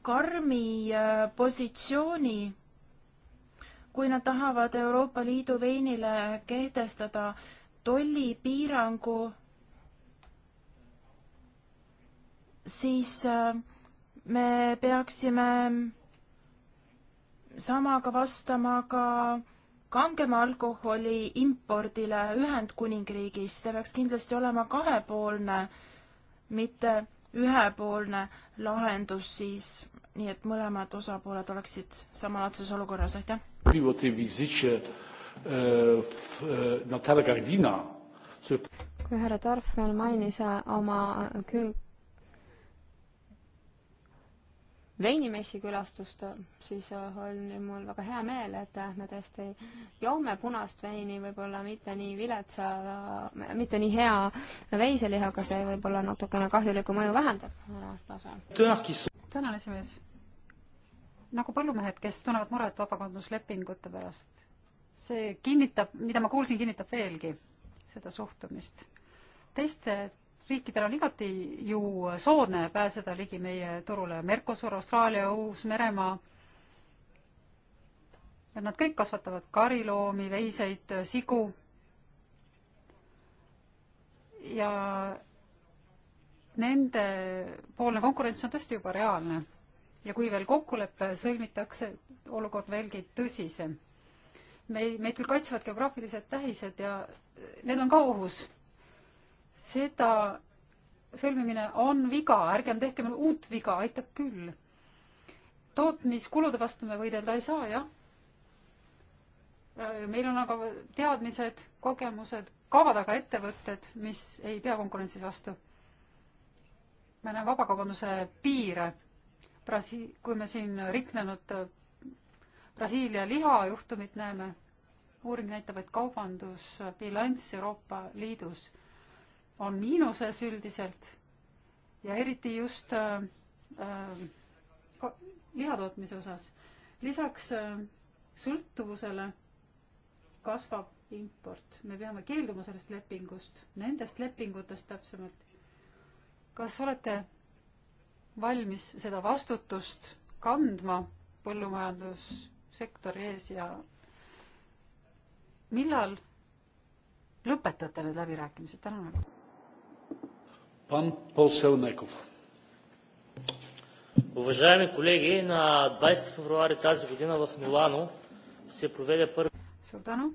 karmi positsiooni kui nad tahavad Euroopa Liidu veinile kehtestada tollipiirangu, siis äh, me peaksime samaga vastama ka kangema alkoholi impordile Ühendkuningriigis, see peaks kindlasti olema kahepoolne, mitte ühepoolne lahendus siis nii et mõlemad osapooled oleksid samalaadses olukorras, aitäh. Äh, äh, kui härra Tarfmann mainis äh, oma veinimessi külastust, siis äh, oli mul väga hea meel, et äh, me tõesti joome punast veini, võib-olla mitte nii viletsa, äh, mitte nii hea veiselihaga, see võib-olla natukene kahjulikku mõju vähendab, härra Lase. tänan, esimees. nagu põllumehed, kes tunnevad muret vabakondluslepingute pärast, see kinnitab, mida ma kuulsin, kinnitab veelgi seda suhtumist. teiste riikidel on igati ju soodne pääseda ligi meie turule, Mercosur, Austraalia, Uus-Meremaa. ja nad kõik kasvatavad kariloomi, veiseid, sigu. ja nende poolne konkurents on tõesti juba reaalne. ja kui veel kokkulepe sõlmitakse, olukord veelgi tõsisem. meil, meid küll kaitsevad geograafilised tähised ja need on ka ohus seda sõlmimine on viga, ärgem tehkem uut viga, aitab küll. tootmiskulude vastu me võidelda ei saa, jah. Äh, meil on aga teadmised, kogemused, kaovad aga ettevõtted, mis ei pea konkurentsis vastu. ma näen vabakaubanduse piire. Brasi-, kui me siin riknenud äh, Brasiilia lihajuhtumit näeme, uuring näitab, et kaubandusbilanss Euroopa Liidus on miinuses üldiselt ja eriti just äh, äh, lihatootmise osas. lisaks äh, sõltuvusele kasvab import, me peame keelduma sellest lepingust, nendest lepingutest täpsemalt. kas olete valmis seda vastutust kandma põllumajandussektori ees ja millal lõpetate need läbirääkimised, tänan väga. Pan poseł Nekow. Уважаеми колеги, на 20 февруари тази година в Милано се проведе първа... Султано?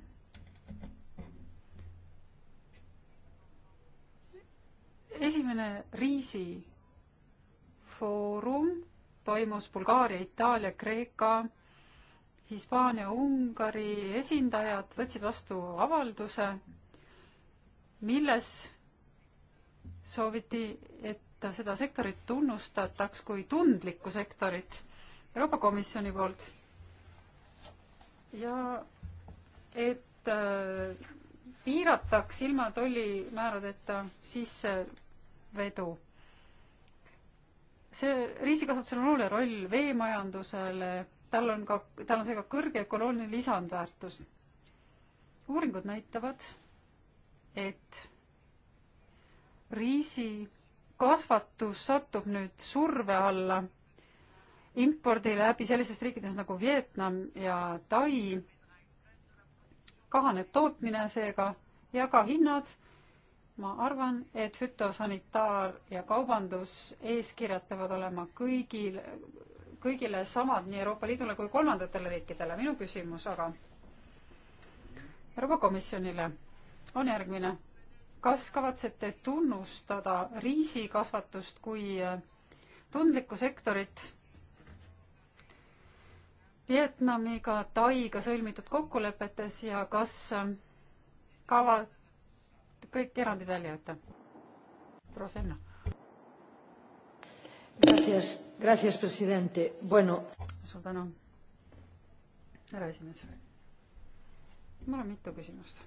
esimene riisifoorum toimus Bulgaaria, Itaalia, Kreeka, Hispaania, Ungari esindajad võtsid vastu avalduse, milles sooviti, et seda sektorit tunnustataks kui tundlikku sektorit Euroopa Komisjoni poolt. ja et äh, piirataks ilma tollimääradeta sissevedu. see riisikasutusel on oluline roll veemajandusele, tal on ka, tal on seega kõrge ökoloogiline lisandväärtus. uuringud näitavad, et riisikasvatus satub nüüd surve alla impordile läbi sellisest riikidest nagu Vietnam ja Tai. kahaneb tootmine seega ja ka hinnad. ma arvan, et fütosanitaar- ja kaubanduseeskirjad peavad olema kõigil, kõigile samad nii Euroopa Liidule kui kolmandatele riikidele. minu küsimus aga Euroopa Komisjonile on järgmine kas kavatsete tunnustada riisikasvatust kui äh, tundlikku sektorit? Vietnamiga, Taiga sõlmitud kokkulepetes ja kas äh, kava, kõik erandid välja jätta? proua Senna. Gracias, gracias, presidente. Bueno. suur tänu, härra esimees. mul on mitu küsimust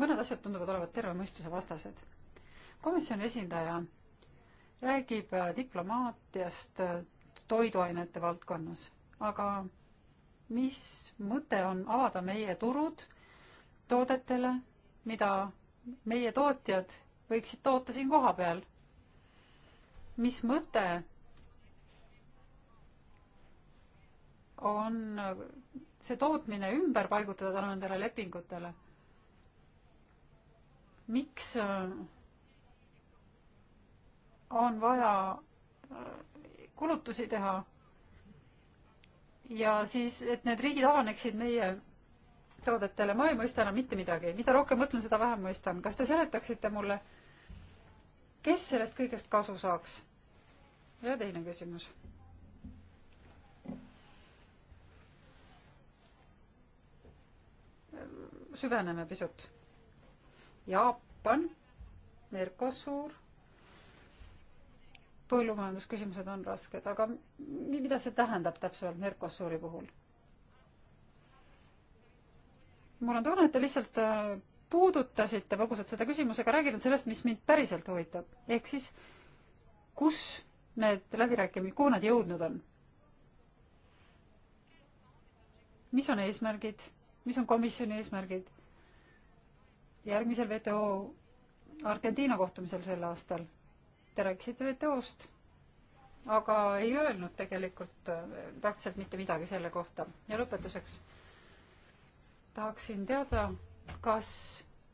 mõned asjad tunduvad olevat terve mõistuse vastased. komisjoni esindaja räägib äh, diplomaatiast äh, toiduainete valdkonnas, aga mis mõte on avada meie turud toodetele, mida meie tootjad võiksid toota siin kohapeal? mis mõte on äh, see tootmine ümber paigutada tänu nendele lepingutele? miks äh, on vaja äh, kulutusi teha ja siis, et need riigid avaneksid meie toodetele, ma ei mõista enam mitte midagi, mida rohkem mõtlen, seda vähem mõistan. kas te seletaksite mulle, kes sellest kõigest kasu saaks? ja teine küsimus. süveneme pisut Jaapan, Mercosur, põllumajandusküsimused on rasked, aga mida see tähendab täpsemalt Mercosuri puhul? mul on tunne, et te lihtsalt äh, puudutasite põgusalt seda küsimusega, rääginud sellest, mis mind päriselt huvitab, ehk siis kus need läbirääkimised, kuhu nad jõudnud on? mis on eesmärgid, mis on komisjoni eesmärgid? järgmisel WTO Argentiina kohtumisel sel aastal. Te rääkisite WTO-st, aga ei öelnud tegelikult äh, praktiliselt mitte midagi selle kohta. ja lõpetuseks tahaksin teada, kas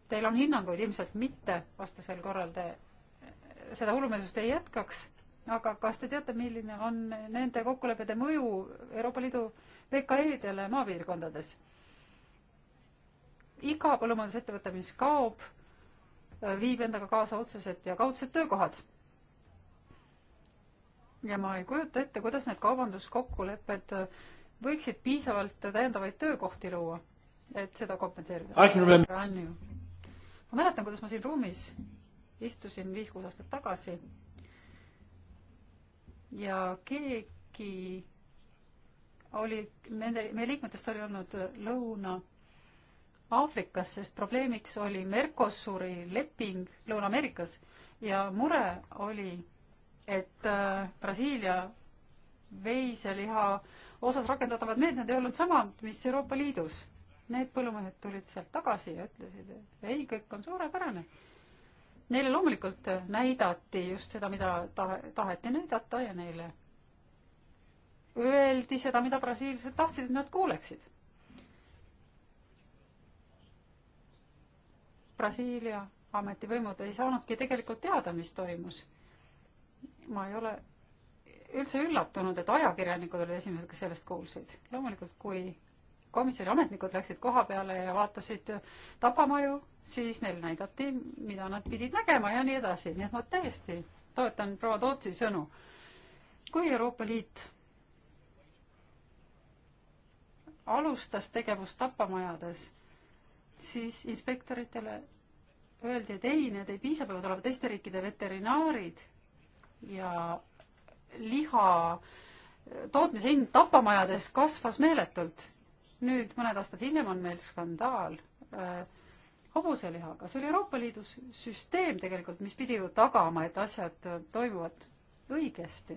teil on hinnanguid, ilmselt mitte, vastasel korral te äh, seda hullumeelsust ei jätkaks, aga kas te teate, milline on nende kokkulepete mõju Euroopa Liidu VKE-dele maapiirkondades? iga põllumajandusettevõte, mis kaob, äh, viib endaga kaasa otsesed ja kaudsed töökohad. ja ma ei kujuta ette, kuidas need kaubanduskokkulepped äh, võiksid piisavalt täiendavaid töökohti luua, et seda kompenseerida. ma mäletan, kuidas ma siin ruumis istusin viis-kuus aastat tagasi ja keegi oli, nende, meie liikmetest oli olnud äh, Lõuna Aafrikas, sest probleemiks oli Mercosuri leping Lõuna-Ameerikas ja mure oli, et äh, Brasiilia veiseliha osas rakendatavad meetmed ei olnud samad, mis Euroopa Liidus. Need põllumehed tulid sealt tagasi ja ütlesid, et ei, kõik on suurepärane. Neile loomulikult näidati just seda, mida tahe, taheti näidata ja neile öeldi seda, mida brasiilsed tahtsid, et nad kuuleksid Brasiilia ametivõimud ei saanudki tegelikult teada, mis toimus. ma ei ole üldse üllatunud, et ajakirjanikud olid esimesed, kes sellest kuulsid. loomulikult, kui komisjoni ametnikud läksid koha peale ja vaatasid tapamaju, siis neil näidati, mida nad pidid nägema ja nii edasi, nii et ma täiesti toetan proua Tootsi sõnu. kui Euroopa Liit alustas tegevust tapamajades siis inspektoritele öeldi, et ei, need ei piisa, peavad olema teiste riikide veterinaarid ja liha tootmise hind tapamajades kasvas meeletult. nüüd mõned aastad hiljem on meil skandaal äh, hobuselihaga, see oli Euroopa Liidu süsteem tegelikult, mis pidi ju tagama, et asjad toimuvad õigesti.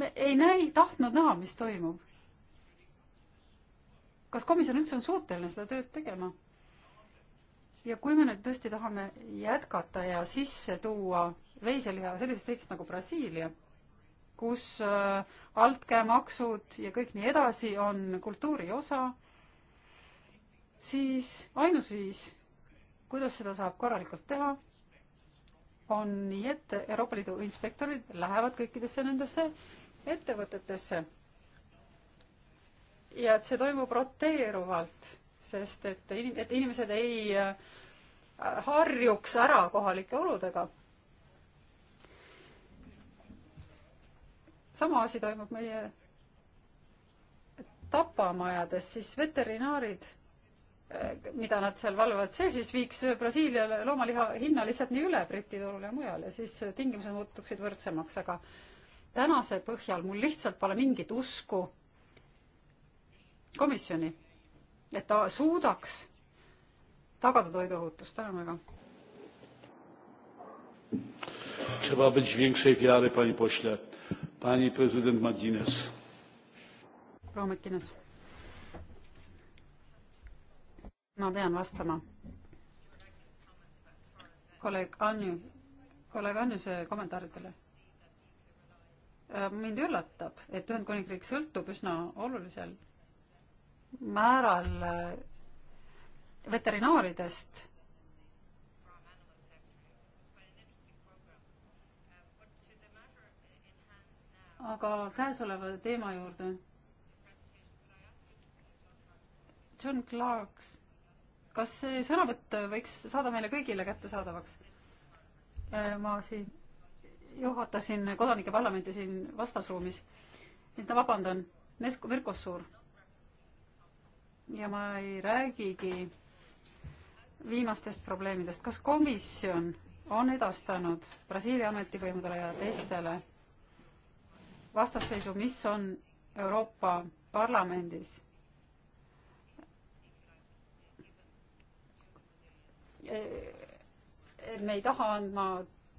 me ei näi-, tahtnud näha, mis toimub kas komisjon üldse on suuteline seda tööd tegema? ja kui me nüüd tõesti tahame jätkata ja sisse tuua veiseliha sellisest riigist nagu Brasiilia, kus äh, altkäemaksud ja kõik nii edasi on kultuuri osa, siis ainus viis, kuidas seda saab korralikult teha, on nii, et Euroopa Liidu inspektorid lähevad kõikidesse nendesse ettevõtetesse ja et see toimub roteeruvalt, sest et, et inimesed ei äh, harjuks ära kohalike oludega. sama asi toimub meie tapamajades, siis veterinaarid, äh, mida nad seal valvavad, see siis viiks Brasiiliale loomaliha hinna lihtsalt nii üle Briti turul ja mujal ja siis tingimused muutuksid võrdsemaks, aga tänase põhjal mul lihtsalt pole mingit usku komisjoni, et ta suudaks tagada toiduohutust, tänan väga. Trzeba być większej wiary, panie pośle. Pani prezydent Madines. proua Madines. ma pean vastama. kolleeg Anju, kolleeg Anjuse kommentaaridele. mind üllatab, et Ühendkuningriik sõltub üsna olulisel määral äh, veterinaaridest. aga käesoleva teema juurde. John Clarks, kas see sõnavõtt võiks saada meile kõigile kättesaadavaks? Äh, ma siin juhatasin kodanike parlamenti siin vastasruumis, et ma vabandan, Mercosur ja ma ei räägigi viimastest probleemidest. kas komisjon on edastanud Brasiilia ametivõimudele ja teistele vastasseisu, mis on Euroopa Parlamendis et me ei taha andma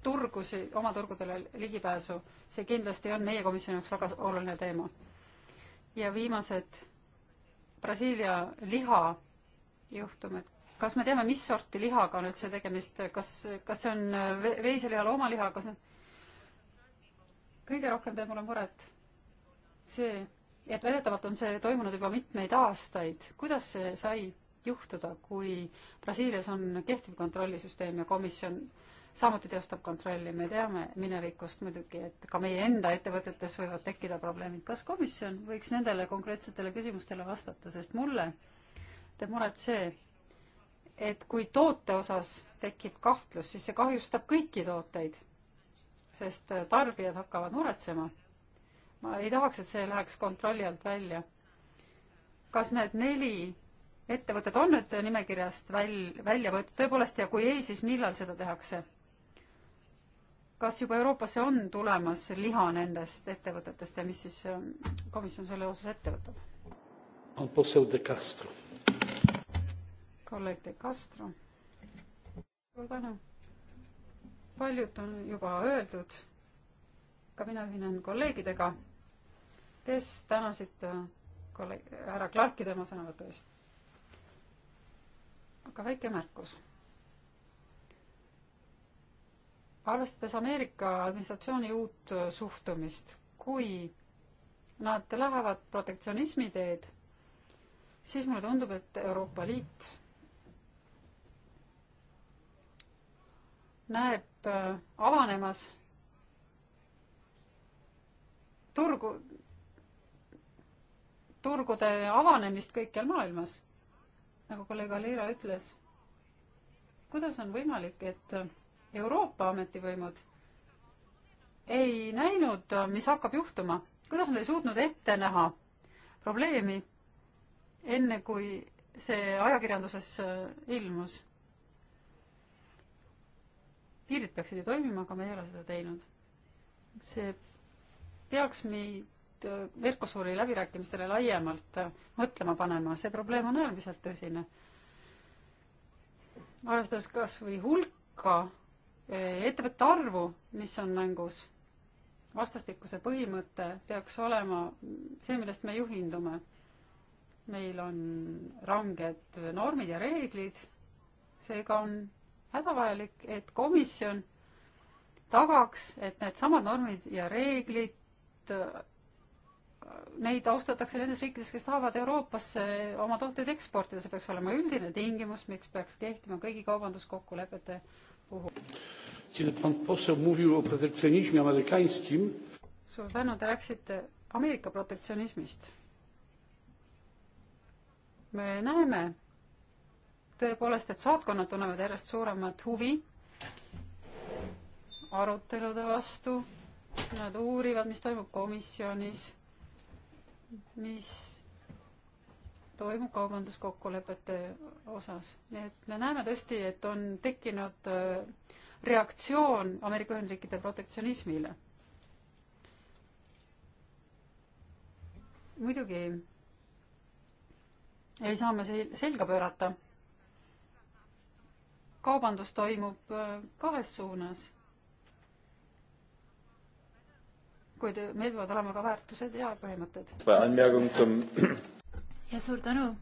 turgusi, oma turgudele ligipääsu, see kindlasti on meie komisjoni jaoks väga oluline teema. ja viimased Brasiilia liha juhtum, et kas me teame, mis sorti lihaga on üldse tegemist, kas, kas see on veiseliha, loomaliha, kas on... kõige rohkem teeb mulle muret see, et väidetavalt on see toimunud juba mitmeid aastaid, kuidas see sai juhtuda, kui Brasiilias on kehtiv kontrollisüsteem ja komisjon samuti teostab kontrolli, me teame minevikust muidugi, et ka meie enda ettevõtetes võivad tekkida probleemid. kas komisjon võiks nendele konkreetsetele küsimustele vastata, sest mulle teeb muret see, et kui toote osas tekib kahtlus, siis see kahjustab kõiki tooteid, sest tarbijad hakkavad muretsema. ma ei tahaks, et see läheks kontrolli alt välja. kas need neli ettevõtted on nüüd nimekirjast väl-, välja võetud tõepoolest ja kui ei, siis millal seda tehakse? kas juba Euroopasse on tulemas liha nendest ettevõtetest ja mis siis ähm, komisjon selle osas ette võtab? kolleeg De Castro. suur tänu. paljud on juba öeldud, ka mina ühinen kolleegidega, kes tänasid äh, kolleeg härra Clarki tema sõnavõtu eest. aga väike märkus arvestades Ameerika administratsiooni uut äh, suhtumist, kui nad lähevad protektsionismi teed, siis mulle tundub, et Euroopa Liit näeb äh, avanemas turgu, turgude avanemist kõikjal maailmas, nagu kolleeg Alira ütles. kuidas on võimalik, et Euroopa ametivõimud ei näinud, mis hakkab juhtuma. kuidas nad ei suutnud ette näha probleemi, enne kui see ajakirjanduses äh, ilmus? piirid peaksid ju toimima, aga me ei ole seda teinud. see peaks meid äh, Mercosuri läbirääkimistele laiemalt äh, mõtlema panema, see probleem on äärmiselt tõsine. arvestades kas või hulka Eh, ettevõtte arvu, mis on mängus. vastastikuse põhimõte peaks olema see, millest me juhindume. meil on ranged normid ja reeglid, seega on hädavajalik, et komisjon tagaks, et needsamad normid ja reeglid, äh, neid austatakse nendes riikides, kes tahavad Euroopasse oma tooteid eksportida, see peaks olema üldine tingimus, miks peaks kehtima kõigi kaubanduskokkulepete äh, suur tänu, te rääkisite Ameerika protektsionismist. me näeme tõepoolest, et saatkonnad tunnevad järjest suuremat huvi arutelude vastu, nad uurivad, mis toimub komisjonis, mis toimub kaubanduskokkulepete osas. nii et me näeme tõesti, et on tekkinud äh, reaktsioon Ameerika Ühendriikide protektsionismile. muidugi ei saa me sel-, selga pöörata. kaubandus toimub äh, kahes suunas. kuid meil peavad olema ka väärtused ja põhimõtted ja suur tänu.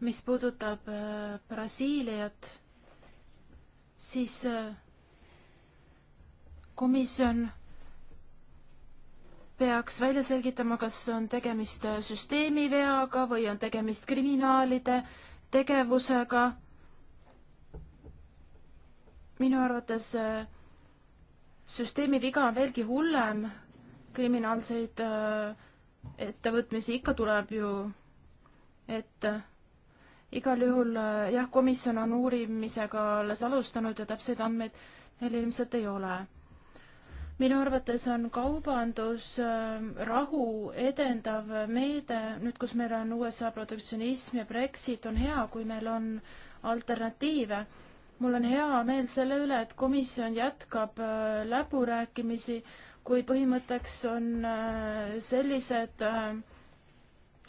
mis puudutab äh, Brasiiliat, siis äh, komisjon peaks välja selgitama, kas on tegemist äh, süsteemi veaga või on tegemist kriminaalide tegevusega. minu arvates süsteemi viga on veelgi hullem kriminaalseid äh, ettevõtmisi ikka tuleb ju ette. Äh, igal juhul äh, jah, komisjon on uurimisega alles alustanud ja täpseid andmeid neil ilmselt ei ole. minu arvates on kaubandus rahu edendav meede, nüüd kus meil on USA protektsionism ja Brexit, on hea, kui meil on alternatiive mul on hea meel selle üle, et komisjon jätkab läbirääkimisi kui põhimõtteks on äh, sellised äh,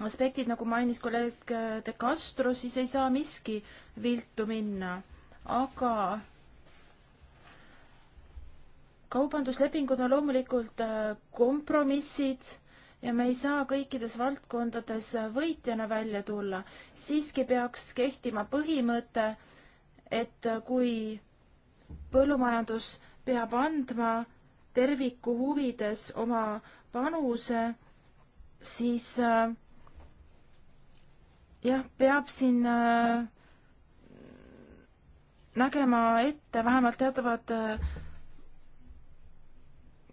aspektid, nagu mainis kolleeg äh, De Castro, siis ei saa miski viltu minna, aga kaubanduslepingud on loomulikult kompromissid ja me ei saa kõikides valdkondades võitjana välja tulla. siiski peaks kehtima põhimõte, et kui põllumajandus peab andma terviku huvides oma panuse, siis äh, jah, peab siin äh, nägema ette vähemalt teatavad äh,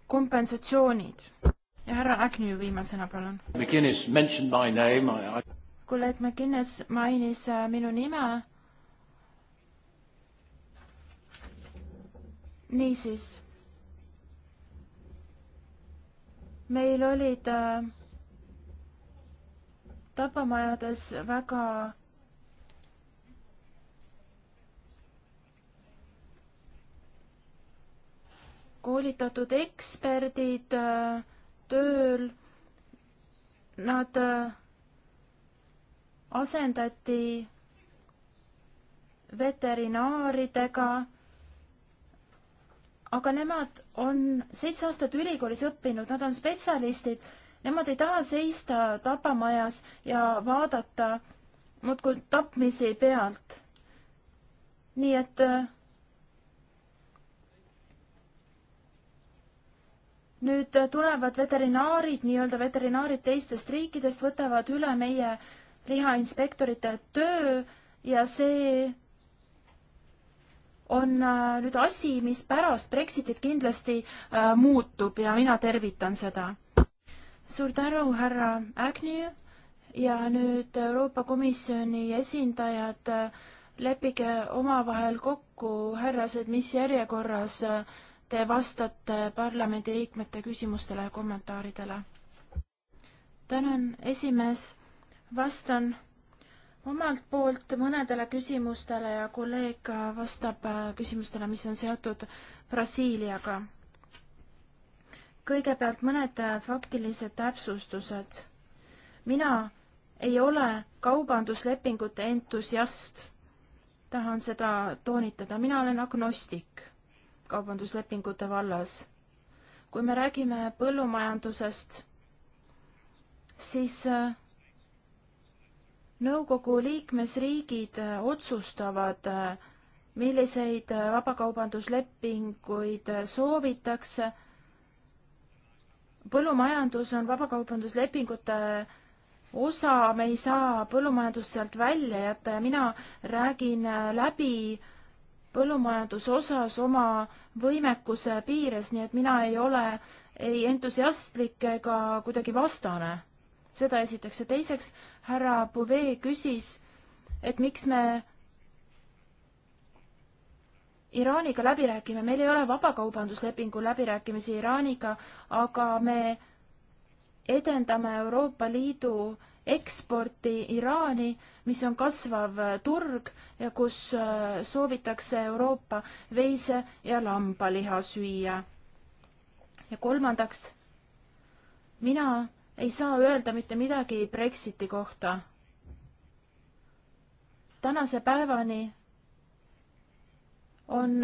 kompensatsioonid. ja härra Agnew viimasena, palun. kolleeg McGuinness mainis äh, minu nime. niisiis meil olid äh, tapamajades väga koolitatud eksperdid äh, tööl, nad äh, asendati veterinaaridega, aga nemad on seitse aastat ülikoolis õppinud, nad on spetsialistid, nemad ei taha seista tapamajas ja vaadata muudkui tapmisi pealt. nii et äh, nüüd tulevad veterinaarid, nii-öelda veterinaarid teistest riikidest, võtavad üle meie lihainspektorite töö ja see on äh, nüüd asi, mis pärast Brexitit kindlasti äh, muutub ja mina tervitan seda. suur tänu, härra Agnew ja nüüd Euroopa Komisjoni esindajad äh,, leppige omavahel kokku, härrased, mis järjekorras äh, te vastate parlamendiliikmete küsimustele ja kommentaaridele. tänan, esimees, vastan omalt poolt mõnedele küsimustele ja kolleeg vastab äh, küsimustele, mis on seotud Brasiiliaga. kõigepealt mõned äh, faktilised täpsustused. mina ei ole kaubanduslepingute entusiast. tahan seda toonitada, mina olen agnostik kaubanduslepingute vallas. kui me räägime põllumajandusest, siis äh, nõukogu liikmesriigid äh, otsustavad, äh, milliseid äh, vabakaubanduslepinguid soovitakse. põllumajandus on vabakaubanduslepingute osa, me ei saa põllumajandust sealt välja jätta ja mina räägin läbi põllumajandusosas oma võimekuse piires, nii et mina ei ole ei entusiastlik ega kuidagi vastane. seda esiteks ja teiseks härra Bouvet küsis, et miks me Iraaniga läbi räägime, meil ei ole vabakaubanduslepingu läbirääkimisi Iraaniga, aga me edendame Euroopa Liidu eksporti Iraani, mis on kasvav turg ja kus äh, soovitakse Euroopa veise- ja lambaliha süüa. ja kolmandaks, mina ei saa öelda mitte midagi Brexiti kohta. tänase päevani on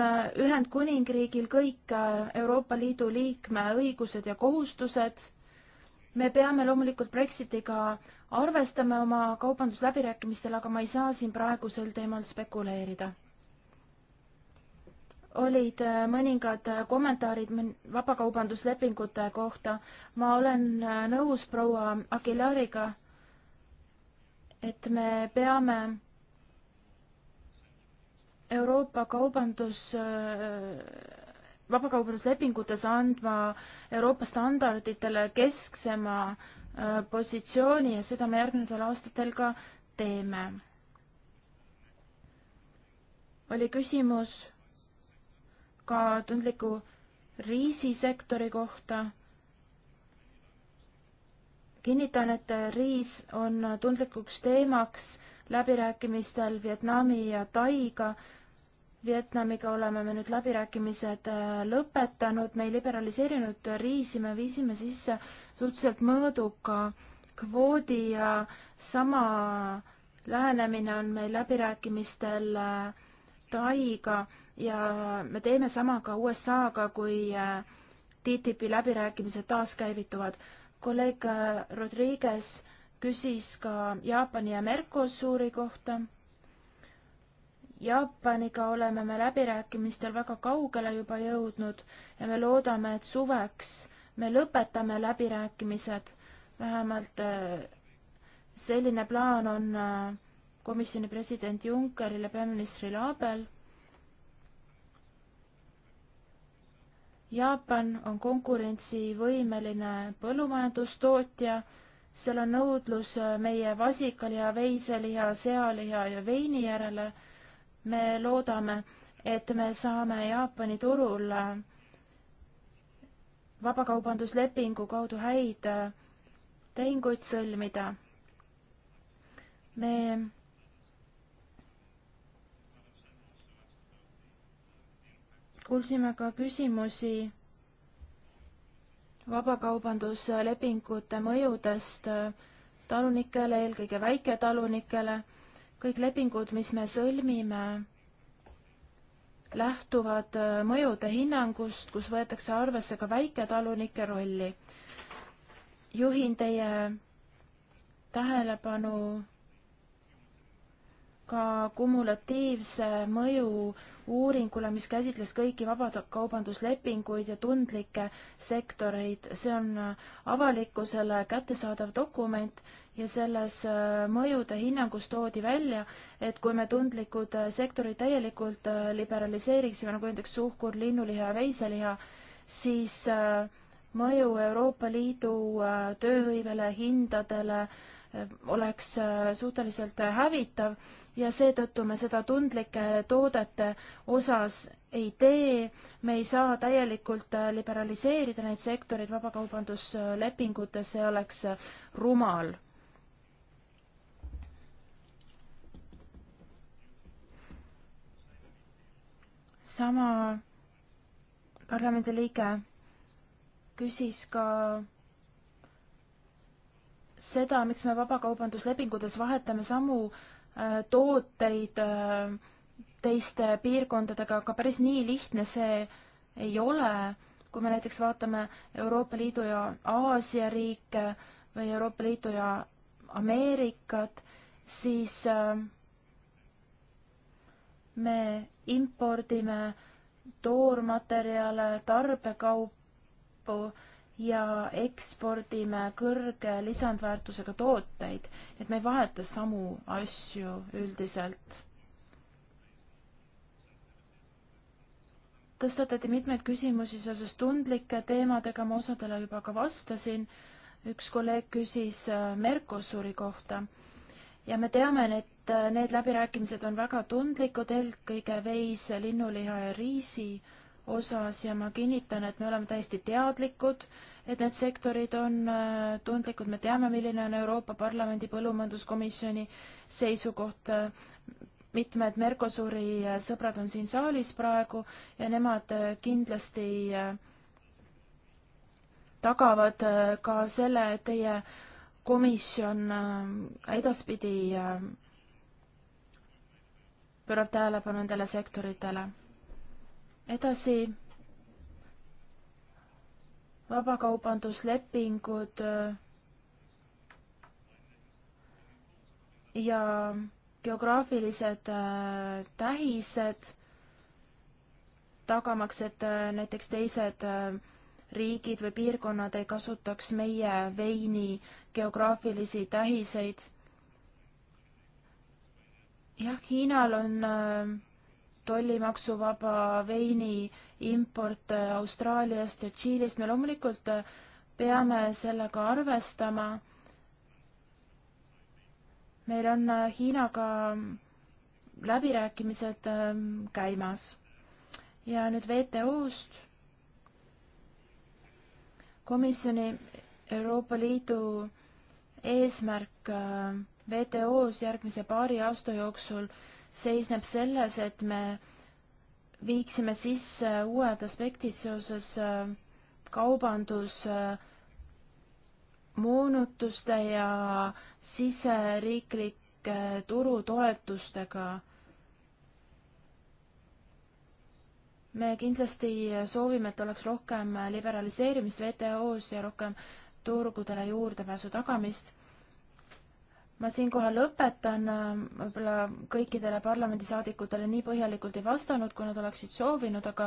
Ühendkuningriigil kõik Euroopa Liidu liikme õigused ja kohustused. me peame loomulikult Brexitiga arvestame oma kaubandusläbirääkimistel, aga ma ei saa siin praegu sel teemal spekuleerida olid äh, mõningad äh, kommentaarid vabakaubanduslepingute kohta. ma olen äh, nõus proua Aguilariga, et me peame Euroopa kaubandus, vabakaubanduslepingutes andma Euroopa standarditele kesksema positsiooni ja seda me järgnevatel aastatel ka teeme. oli küsimus ka tundliku riisisektori kohta. kinnitan, et riis on tundlikuks teemaks läbirääkimistel Vietnami ja Taiga. Vietnamiga oleme me nüüd läbirääkimised äh, lõpetanud, me ei liberaliseerinud riisi, me viisime sisse suhteliselt mõõduka kvoodi ja sama lähenemine on meil läbirääkimistel äh, Taiga ja me teeme sama ka USA-ga, kui äh, TTIP-i läbirääkimised taaskäivituvad. kolleeg äh, Rodriguez küsis ka Jaapani ja Mercosuri kohta. Jaapaniga oleme me läbirääkimistel väga kaugele juba jõudnud ja me loodame, et suveks me lõpetame läbirääkimised. vähemalt äh, selline plaan on komisjoni president Junckerile, peaministrile Abel. Jaapan on konkurentsivõimeline põllumajandustootja, seal on nõudlus äh, meie vasikaliha, veiseliha, sealiha ja veini järele. me loodame, et me saame Jaapani turul äh, vabakaubanduslepingu kaudu häid äh, tehinguid sõlmida. me kuulsime ka küsimusi vabakaubanduslepingute mõjudest talunikele, eelkõige väiketalunikele. kõik lepingud, mis me sõlmime, lähtuvad mõjude hinnangust, kus võetakse arvesse ka väiketalunike rolli. juhin teie tähelepanu ka kumulatiivse mõju uuringule, mis käsitles kõiki vabakaubanduslepinguid ja tundlikke sektoreid. see on avalikkusele kättesaadav dokument ja selles äh, mõjude hinnangus toodi välja, et kui me tundlikud äh, sektorid täielikult äh, liberaliseeriksime, nagu näiteks suhkur, linnuliha ja veiseliha, siis mõju Euroopa Liidu tööhõivele, hindadele oleks suhteliselt hävitav ja seetõttu me seda tundlike toodete osas ei tee, me ei saa täielikult äh, liberaliseerida neid sektoreid vabakaubanduslepingutes, see oleks äh, rumal. sama parlamendiliige küsis ka seda, miks me vabakaubanduslepingutes vahetame samu Äh, tooteid äh, teiste piirkondadega, aga päris nii lihtne see ei ole. kui me näiteks vaatame Euroopa Liidu ja Aasia riike või Euroopa Liidu ja Ameerikat, siis äh, me impordime toormaterjale, tarbekaupu ja ekspordime kõrge lisandväärtusega tooteid, et me ei vaheta samu asju üldiselt. tõstatati mitmeid küsimusi seoses tundlike teemadega, ma osadele juba ka vastasin. üks kolleeg küsis äh, Mercosuri kohta ja me teame, et äh, need läbirääkimised on väga tundlikud, eelkõige veis, linnuliha ja riisi osas ja ma kinnitan, et me oleme täiesti teadlikud äh, et need sektorid on äh, tundlikud, me teame, milline on Euroopa Parlamendi põllumajanduskomisjoni seisukoht. mitmed Mercosuri äh, sõbrad on siin saalis praegu ja nemad äh, kindlasti tagavad ka selle, et teie komisjon edaspidi pöörab tähelepanu nendele sektoritele. edasi vabakaubanduslepingud äh, ja geograafilised äh, tähised, tagamaks, et äh, näiteks teised riigid või piirkonnad ei kasutaks meie veini geograafilisi tähiseid. jah, Hiinal on äh, tollimaksuvaba veini import äh, Austraaliast ja Tšiilist, me loomulikult äh, peame sellega arvestama. meil on äh, Hiinaga läbirääkimised ähm, käimas ja nüüd WTO-st. komisjoni Euroopa Liidu eesmärk WTO-s järgmise paari aasta jooksul seisneb selles, et me viiksime sisse uued aspektid seoses äh, kaubandusmoonutuste äh, ja siseriiklike äh, turutoetustega. me kindlasti soovime, et oleks rohkem liberaliseerimist WTO-s ja rohkem turgudele juurdepääsu tagamist ma siinkohal lõpetan, võib-olla kõikidele parlamendisaadikutele nii põhjalikult ei vastanud, kui nad oleksid soovinud, aga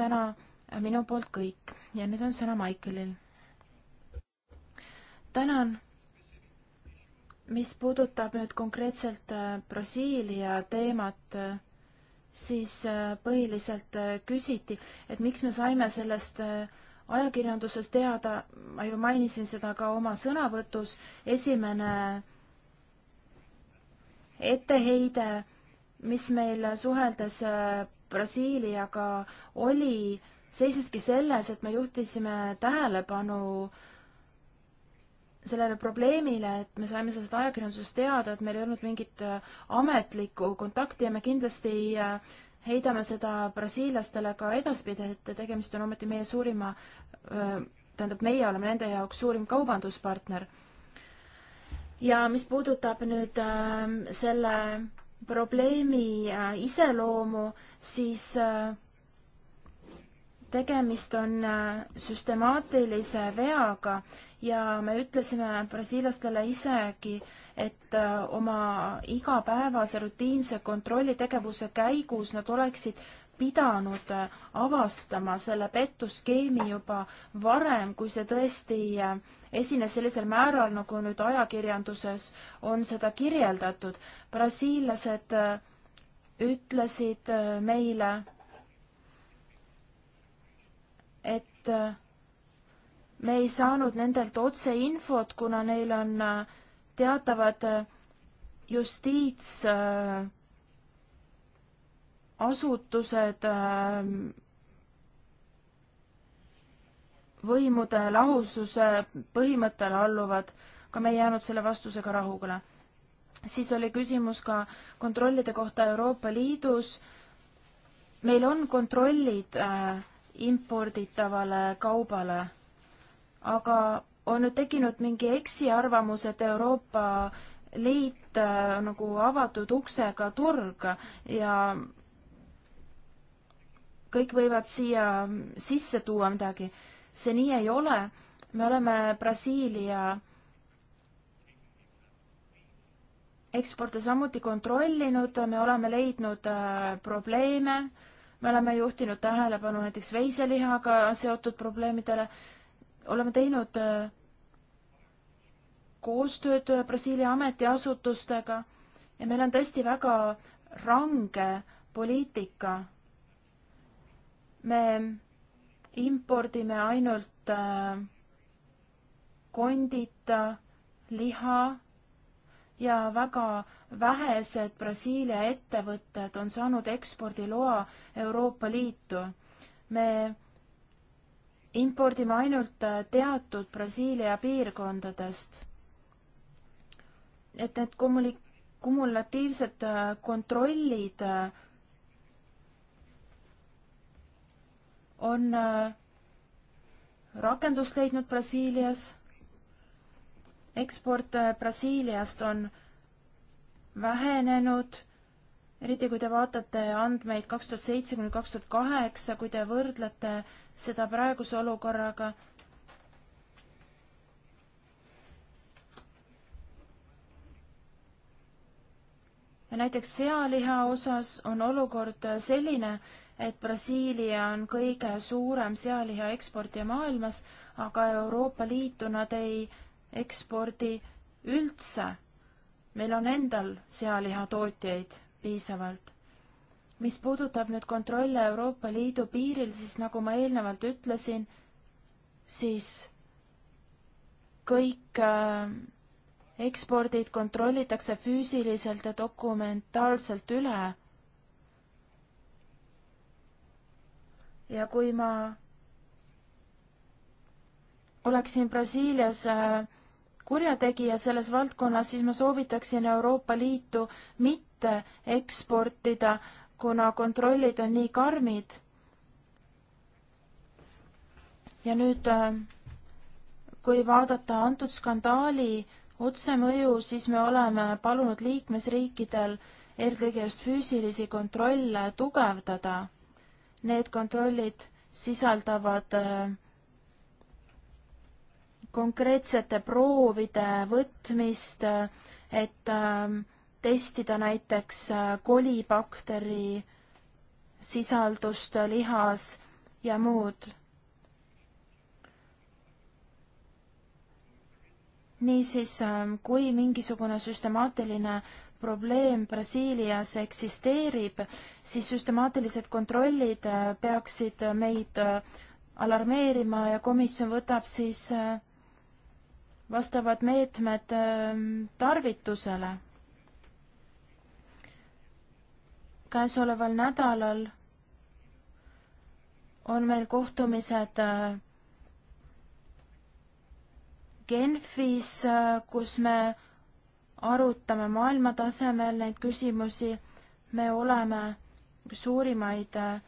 täna minu poolt kõik ja nüüd on sõna Maikelil. tänan. mis puudutab nüüd konkreetselt äh, Brasiilia teemat, äh, siis äh, põhiliselt küsiti, et miks me saime sellest ajakirjanduses teada, ma ju mainisin seda ka oma sõnavõtus, esimene etteheide, mis meil suheldes äh, Brasiiliaga oli, seisneski selles, et me juhtisime tähelepanu sellele probleemile, et me saime sellest ajakirjandusest teada, et meil ei olnud mingit äh, ametlikku kontakti ja me kindlasti äh, heidame seda brasiillastele ka edaspidi, et tegemist on ometi meie suurima, tähendab, meie oleme nende jaoks suurim kaubanduspartner ja mis puudutab nüüd ähm, selle probleemi äh, iseloomu, siis äh, tegemist on äh, süstemaatilise veaga ja me ütlesime brasiillastele isegi, et oma igapäevase rutiinse kontrollitegevuse käigus nad oleksid pidanud äh, avastama selle pettuskeemi juba varem, kui see tõesti äh, esines sellisel määral, nagu nüüd ajakirjanduses on seda kirjeldatud. brasiillased äh, ütlesid meile, et me ei saanud nendelt otseinfot, kuna neil on teatavad justiits äh, asutused ähm, võimude lahususe põhimõttele alluvad, aga me ei jäänud selle vastusega rahule. siis oli küsimus ka kontrollide kohta Euroopa Liidus. meil on kontrollid äh, imporditavale kaubale, aga on nüüd tekkinud mingi eksiarvamus, et Euroopa Liit äh, nagu avatud uksega turg ja kõik võivad siia sisse tuua midagi. see nii ei ole. me oleme Brasiilia eksporte samuti kontrollinud, me oleme leidnud äh, probleeme, me oleme juhtinud tähelepanu näiteks veiselihaga seotud probleemidele, oleme teinud äh, koostööd Brasiilia ametiasutustega ja meil on tõesti väga range poliitika me impordime ainult äh, kondita liha ja väga vähesed Brasiilia ettevõtted on saanud ekspordiloa Euroopa Liitu. me impordime ainult äh, teatud Brasiilia piirkondadest. et need kommuni-, kumulatiivsed äh, kontrollid äh, on äh, rakendust leidnud Brasiilias. eksport äh, Brasiiliast on vähenenud, eriti kui te vaatate andmeid kaks tuhat seitse kuni kaks tuhat kaheksa, kui te võrdlete seda praeguse olukorraga ja näiteks sealiha osas on olukord äh, selline, et Brasiilia on kõige suurem sealiha eksportija maailmas, aga Euroopa Liitu nad ei ekspordi üldse. meil on endal sealihatootjaid piisavalt. mis puudutab nüüd kontrolle Euroopa Liidu piiril, siis nagu ma eelnevalt ütlesin, siis kõik äh, ekspordid kontrollitakse füüsiliselt ja dokumentaalselt üle ja kui ma oleksin Brasiilias äh, kurjategija selles valdkonnas, siis ma soovitaksin Euroopa Liitu mitte eksportida, kuna kontrollid on nii karmid. ja nüüd, äh, kui vaadata antud skandaali otsemõju, siis me oleme palunud liikmesriikidel eelkõige just füüsilisi kontrolle tugevdada Need kontrollid sisaldavad äh, konkreetsete proovide võtmist, äh, et äh, testida näiteks kolibakteri sisaldust lihas ja muud. niisiis, kui mingisugune süstemaatiline probleem Brasiilias eksisteerib, siis süstemaatilised kontrollid äh, peaksid äh, meid äh, alarmeerima ja komisjon võtab siis vastavad meetmed ähm, tarvitusele. käesoleval nädalal on meil kohtumised Genfis, kus me arutame maailma tasemel neid küsimusi, me oleme suurimaid äh,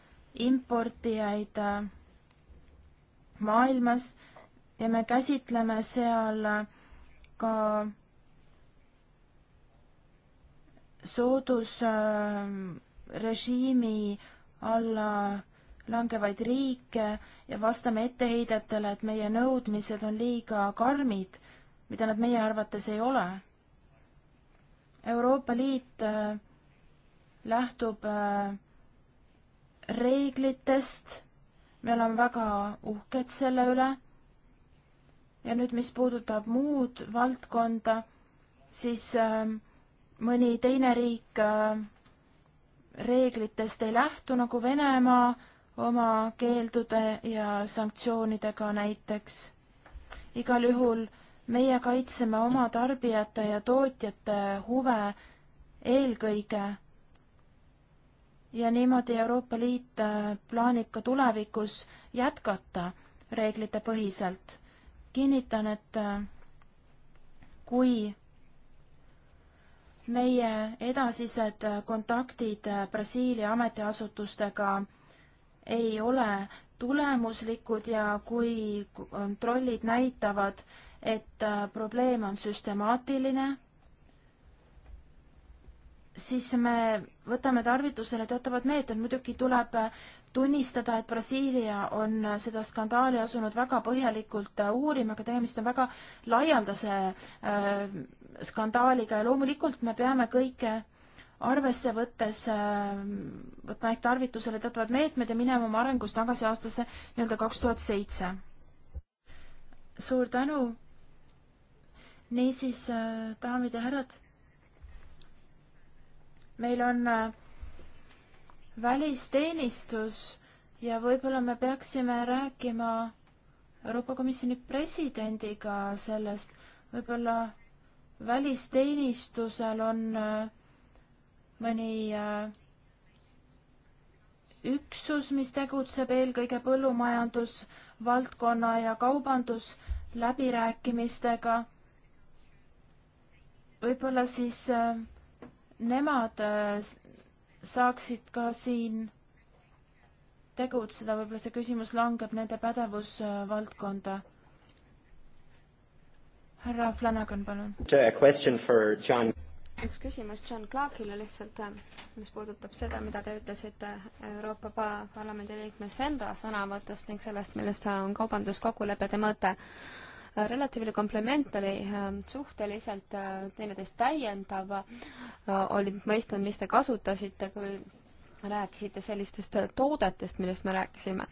importijaid äh, maailmas ja me käsitleme seal äh, ka soodusrežiimi alla langevaid riike ja vastame etteheidetele, et meie nõudmised on liiga karmid, mida nad meie arvates ei ole Euroopa Liit äh, lähtub äh, reeglitest, me oleme väga uhked selle üle. ja nüüd, mis puudutab muud valdkonda, siis ähm, mõni teine riik äh, reeglitest ei lähtu, nagu Venemaa oma keeldude ja sanktsioonidega näiteks. igal juhul meie kaitseme oma tarbijate ja tootjate huve eelkõige ja niimoodi Euroopa Liit äh, plaanib ka tulevikus jätkata reeglite põhiselt. kinnitan, et äh, kui meie edasised äh, kontaktid Brasiilia ametiasutustega ei ole tulemuslikud ja kui kontrollid näitavad, et äh, probleem on süstemaatiline, siis me võtame tarvitusele teatavad meetmed, muidugi tuleb äh, tunnistada, et Brasiilia on äh, seda skandaali asunud väga põhjalikult uurima, aga tegemist on väga laialdase äh, skandaaliga ja loomulikult me peame kõike arvesse võttes äh, võtma ehk tarvitusele teatavad meetmed ja minema oma arengus tagasi aastasse nii-öelda kaks tuhat seitse. suur tänu niisiis, äh, daamid ja härrad, meil on äh, välisteenistus ja võib-olla me peaksime rääkima Euroopa Komisjoni presidendiga sellest, võib-olla välisteenistusel on äh, mõni üksus, mis tegutseb eelkõige põllumajandusvaldkonna ja kaubandusläbirääkimistega võib-olla siis äh, nemad äh, saaksid ka siin tegutseda, võib-olla see küsimus langeb nende pädevusvaldkonda. härra Flanagan, palun. üks küsimus John Clarkile lihtsalt, äh, mis puudutab seda, mida te ütlesite Euroopa Parlamendi liikme Senra sõnavõtust ning sellest, millest on kaubanduskokkulepete mõte relatiivne komplementari, äh, suhteliselt äh, teineteist täiendav, äh, olid, mõistan, mis te kasutasite, kui rääkisite sellistest toodetest, millest me rääkisime.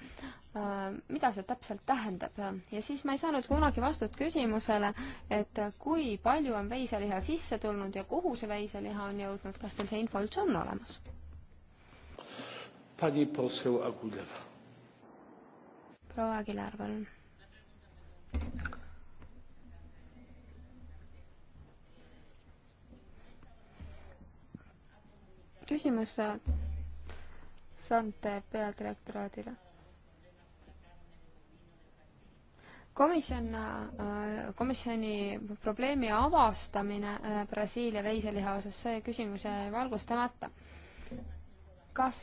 mida see täpselt tähendab? ja siis ma ei saanud kunagi vastust küsimusele, et kui palju on veiseliha sisse tulnud ja kuhu see veiseliha on jõudnud, kas teil see info üldse on olemas? proua Aguilar, palun küsimus Sante peadirektoraadile. komisjon, äh, komisjoni probleemi avastamine äh, Brasiilia veiseliha osas, see küsimus jäi valgustamata. kas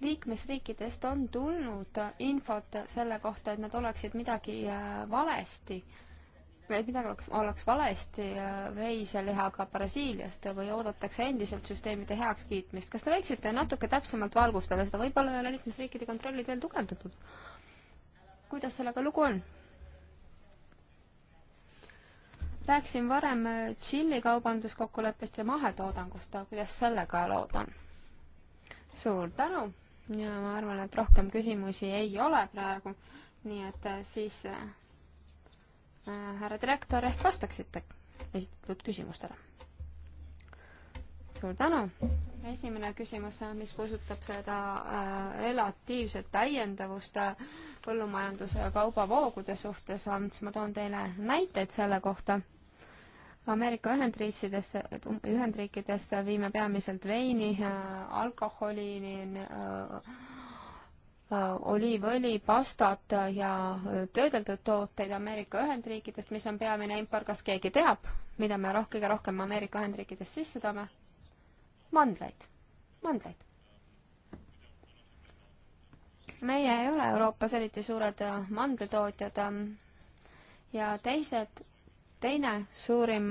liikmesriikidest on tulnud infot selle kohta, et nad oleksid midagi äh, valesti äh, või et midagi oleks, oleks valesti veiselihaga Brasiiliast või oodatakse endiselt süsteemide heakskiitmist. kas te võiksite natuke täpsemalt valgustada seda, võib-olla ei ole liikmesriikide kontrollid veel tugevdatud? kuidas sellega lugu on? rääkisin varem äh, tšilli kaubanduskokkuleppest ja mahetoodangust, aga kuidas sellega lood on? suur tänu ja ma arvan, et rohkem küsimusi ei ole praegu, nii et äh, siis äh, Äh, härra direktor, ehk vastaksite esitatud küsimustele? suur tänu! esimene küsimus, mis puudutab seda äh, relatiivset täiendavust äh, põllumajanduse ja kaubavoogude suhtes äh,, siis ma toon teile näiteid selle kohta. Ameerika Ühendriikidesse, Ühendriikidesse viime peamiselt veini, äh, alkoholi, äh, Äh, oliivõli, pastat ja äh, töödeldud tooteid Ameerika Ühendriikidest, mis on peamine import, kas keegi teab, mida me roh-, kõige rohkem Ameerika Ühendriikidest sisse toome? mandleid, mandleid. meie ei ole Euroopas eriti suured äh, mandlitootjad ähm, ja teised, teine suurim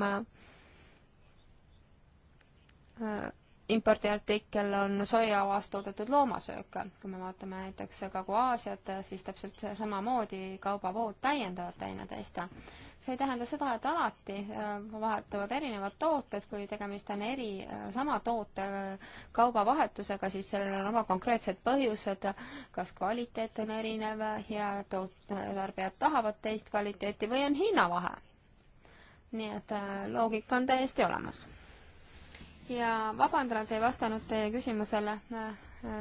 impordiartikkel on soja vastu toodetud loomasöök. kui me vaatame näiteks Kagu-Aasiat, siis täpselt samamoodi kaubavood täiendavad teineteist. see ei tähenda seda, et alati äh, vahetuvad erinevad tooted, kui tegemist on eri, äh, sama toote äh, kaubavahetusega, siis sellel on oma konkreetsed põhjused, kas kvaliteet on erinev ja toot-, tarbijad tahavad teist kvaliteeti või on hinnavahe. nii et loogika on täiesti olemas ja vabandan, et ei vastanud teie küsimusele, äh, äh,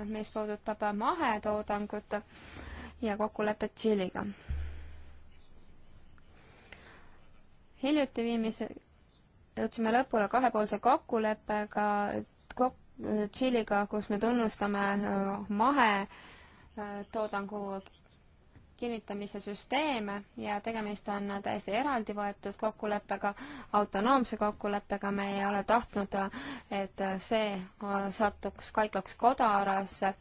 mis puudutab mahetoodangut ja kokkulepet Tšiiliga. hiljuti viimise, jõudsime lõpule kahepoolse kokkuleppega kok-, Tšiiliga, kus me tunnustame äh, mahetoodangu kinnitamise süsteeme ja tegemist on täiesti eraldivõetud kokkuleppega, autonoomse kokkuleppega, me ei ole tahtnud, et see satuks kaiklaks kodarasse.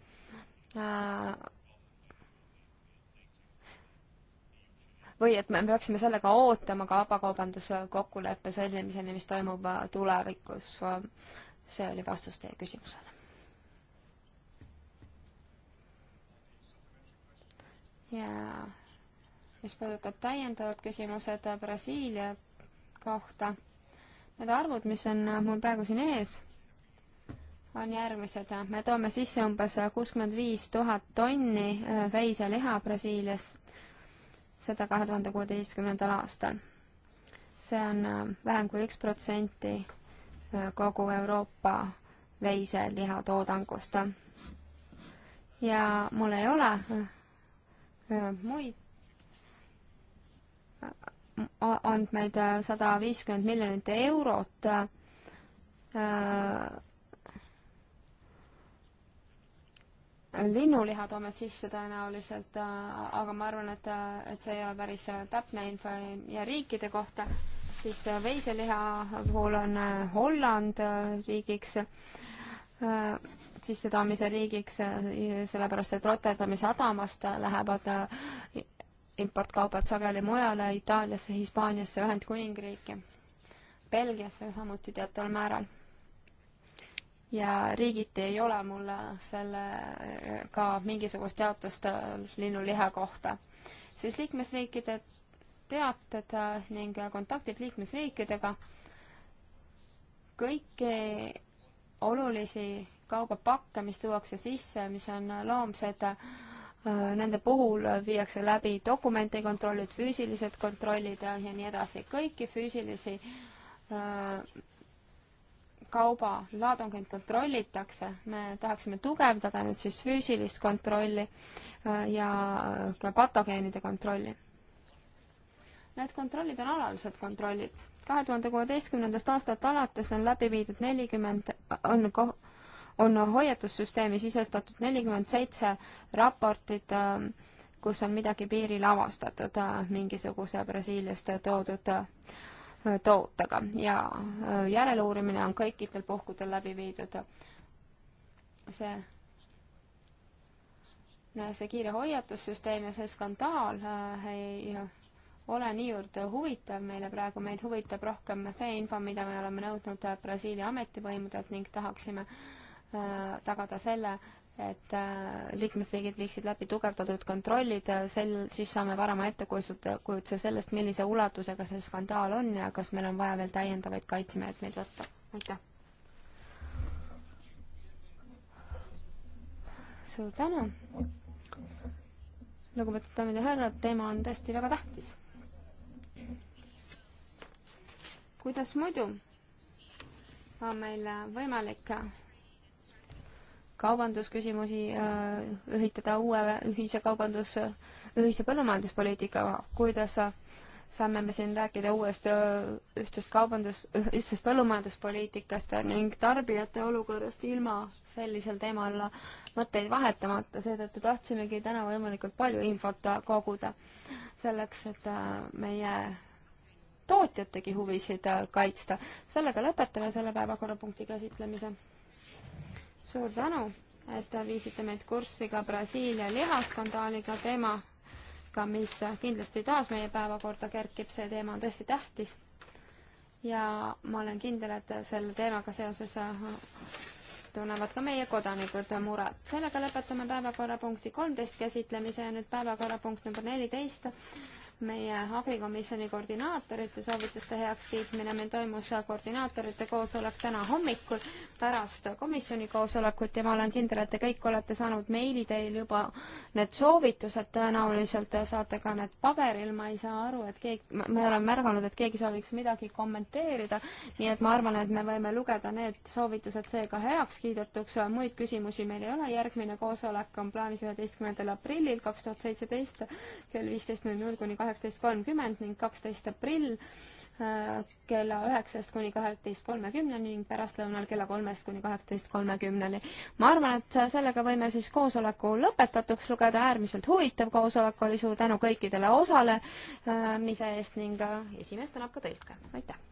või et me peaksime sellega ootama ka vabakaubanduskokkuleppe sõlmimiseni, mis toimub tulevikus. see oli vastus teie küsimusele. ja mis puudutab täiendavad küsimused Brasiilia kohta, need arvud, mis on mul praegu siin ees, on järgmised. me toome sisse umbes kuuskümmend viis tuhat tonni äh, veiseliha Brasiilias, seda kahe tuhande kuueteistkümnendal aastal. see on äh, vähem kui üks protsenti äh, kogu Euroopa veiseliha toodangust. ja mul ei ole Äh, muid äh, andmeid, äh, sada viiskümmend miljonit eurot linnuliha toome sisse tõenäoliselt, aga ma arvan, et, et see ei ole päris täpne info ja riikide kohta, siis veiseliha puhul on Holland riigiks sissetoomise riigiks, sellepärast et Rotterdami sadamast lähevad äh, importkaubad sageli mujale, Itaaliasse, Hispaaniasse, Ühendkuningriiki, Belgiasse samuti teataval määral ja riigiti ei ole mul selle äh, ka mingisugust jaotust äh, linnuliha kohta. siis liikmesriikide teated ning kontaktid liikmesriikidega, kõiki olulisi kaubapakke, mis tuuakse sisse, mis on loomsed, äh, nende puhul viiakse läbi dokumendikontrollid, füüsilised kontrollid äh, ja nii edasi, kõiki füüsilisi äh, kauba laadungeid kontrollitakse, me tahaksime tugevdada nüüd siis füüsilist kontrolli ja ka patogeenide kontrolli. Need kontrollid on alalised kontrollid. kahe tuhande kuueteistkümnendast aastast alates on läbi viidud nelikümmend, on koh-, on hoiatussüsteemi sisestatud nelikümmend seitse raportit, ähm, kus on midagi piiril avastatud äh, mingisuguse Brasiiliast toodud äh, tootega ja äh, järeluurimine on kõikidel puhkudel läbi viidud. see, see kiire hoiatussüsteem ja see skandaal ei ole niivõrd huvitav meile praegu, meid huvitab rohkem see info, mida me oleme nõudnud Brasiilia ametivõimudelt ning tahaksime äh, Äh, tagada selle, et äh, liikmesriigid viiksid läbi tugevdatud kontrollid, äh, sel, siis saame parema ettekujutuse sellest, millise ulatusega see skandaal on ja kas meil on vaja veel täiendavaid kaitsemeetmeid võtta. aitäh! suur tänu! lugupeetud daamid ja härrad, teema on tõesti väga tähtis. kuidas muidu on meil võimalik kaubandusküsimusi äh, ühitada uue ühise kaubandus, ühise põllumajanduspoliitikaga, kuidas saame me siin rääkida uuest äh, ühtsest kaubandus, ühtsest põllumajanduspoliitikast ning tarbijate olukorrast ilma sellisel teemal mõtteid vahetamata, seetõttu tahtsimegi täna võimalikult palju infot koguda. selleks, et äh, meie tootjategi huvisid kaitsta. sellega lõpetame selle päevakorrapunkti käsitlemise suur tänu, et viisite meid kurssi ka Brasiilia lihaskandaaliga teemaga, mis kindlasti taas meie päevakorda kerkib, see teema on tõesti tähtis. ja ma olen kindel, et selle teemaga seoses tunnevad ka meie kodanikud muret. sellega lõpetame päevakorrapunkti kolmteist käsitlemise ja nüüd päevakorrapunkt number neliteist meie abikomisjoni koordinaatorite soovituste heakskiitmine. meil toimus koordinaatorite koosolek täna hommikul pärast komisjoni koosolekut ja ma olen kindel, et te kõik olete saanud meili teel juba need soovitused, tõenäoliselt saate ka need paberil, ma ei saa aru, et keegi, ma ei ole märganud, et keegi sooviks midagi kommenteerida, nii et ma arvan, et me võime lugeda need soovitused seega heaks kiidetuks, muid küsimusi meil ei ole, järgmine koosolek on plaanis üheteistkümnendal aprillil kaks tuhat seitseteist kell viisteist null null kuni kaheksa kaheksateist kolmkümmend ning kaksteist aprill äh, kella üheksast kuni kaheksateist kolmekümneni ning pärastlõunal kella kolmest kuni kaheksateist kolmekümneni. ma arvan, et äh, sellega võime siis koosoleku lõpetatuks lugeda, äärmiselt huvitav koosolek oli, suur tänu kõikidele osalemise äh, eest ning esimees tänab ka tõlke, aitäh!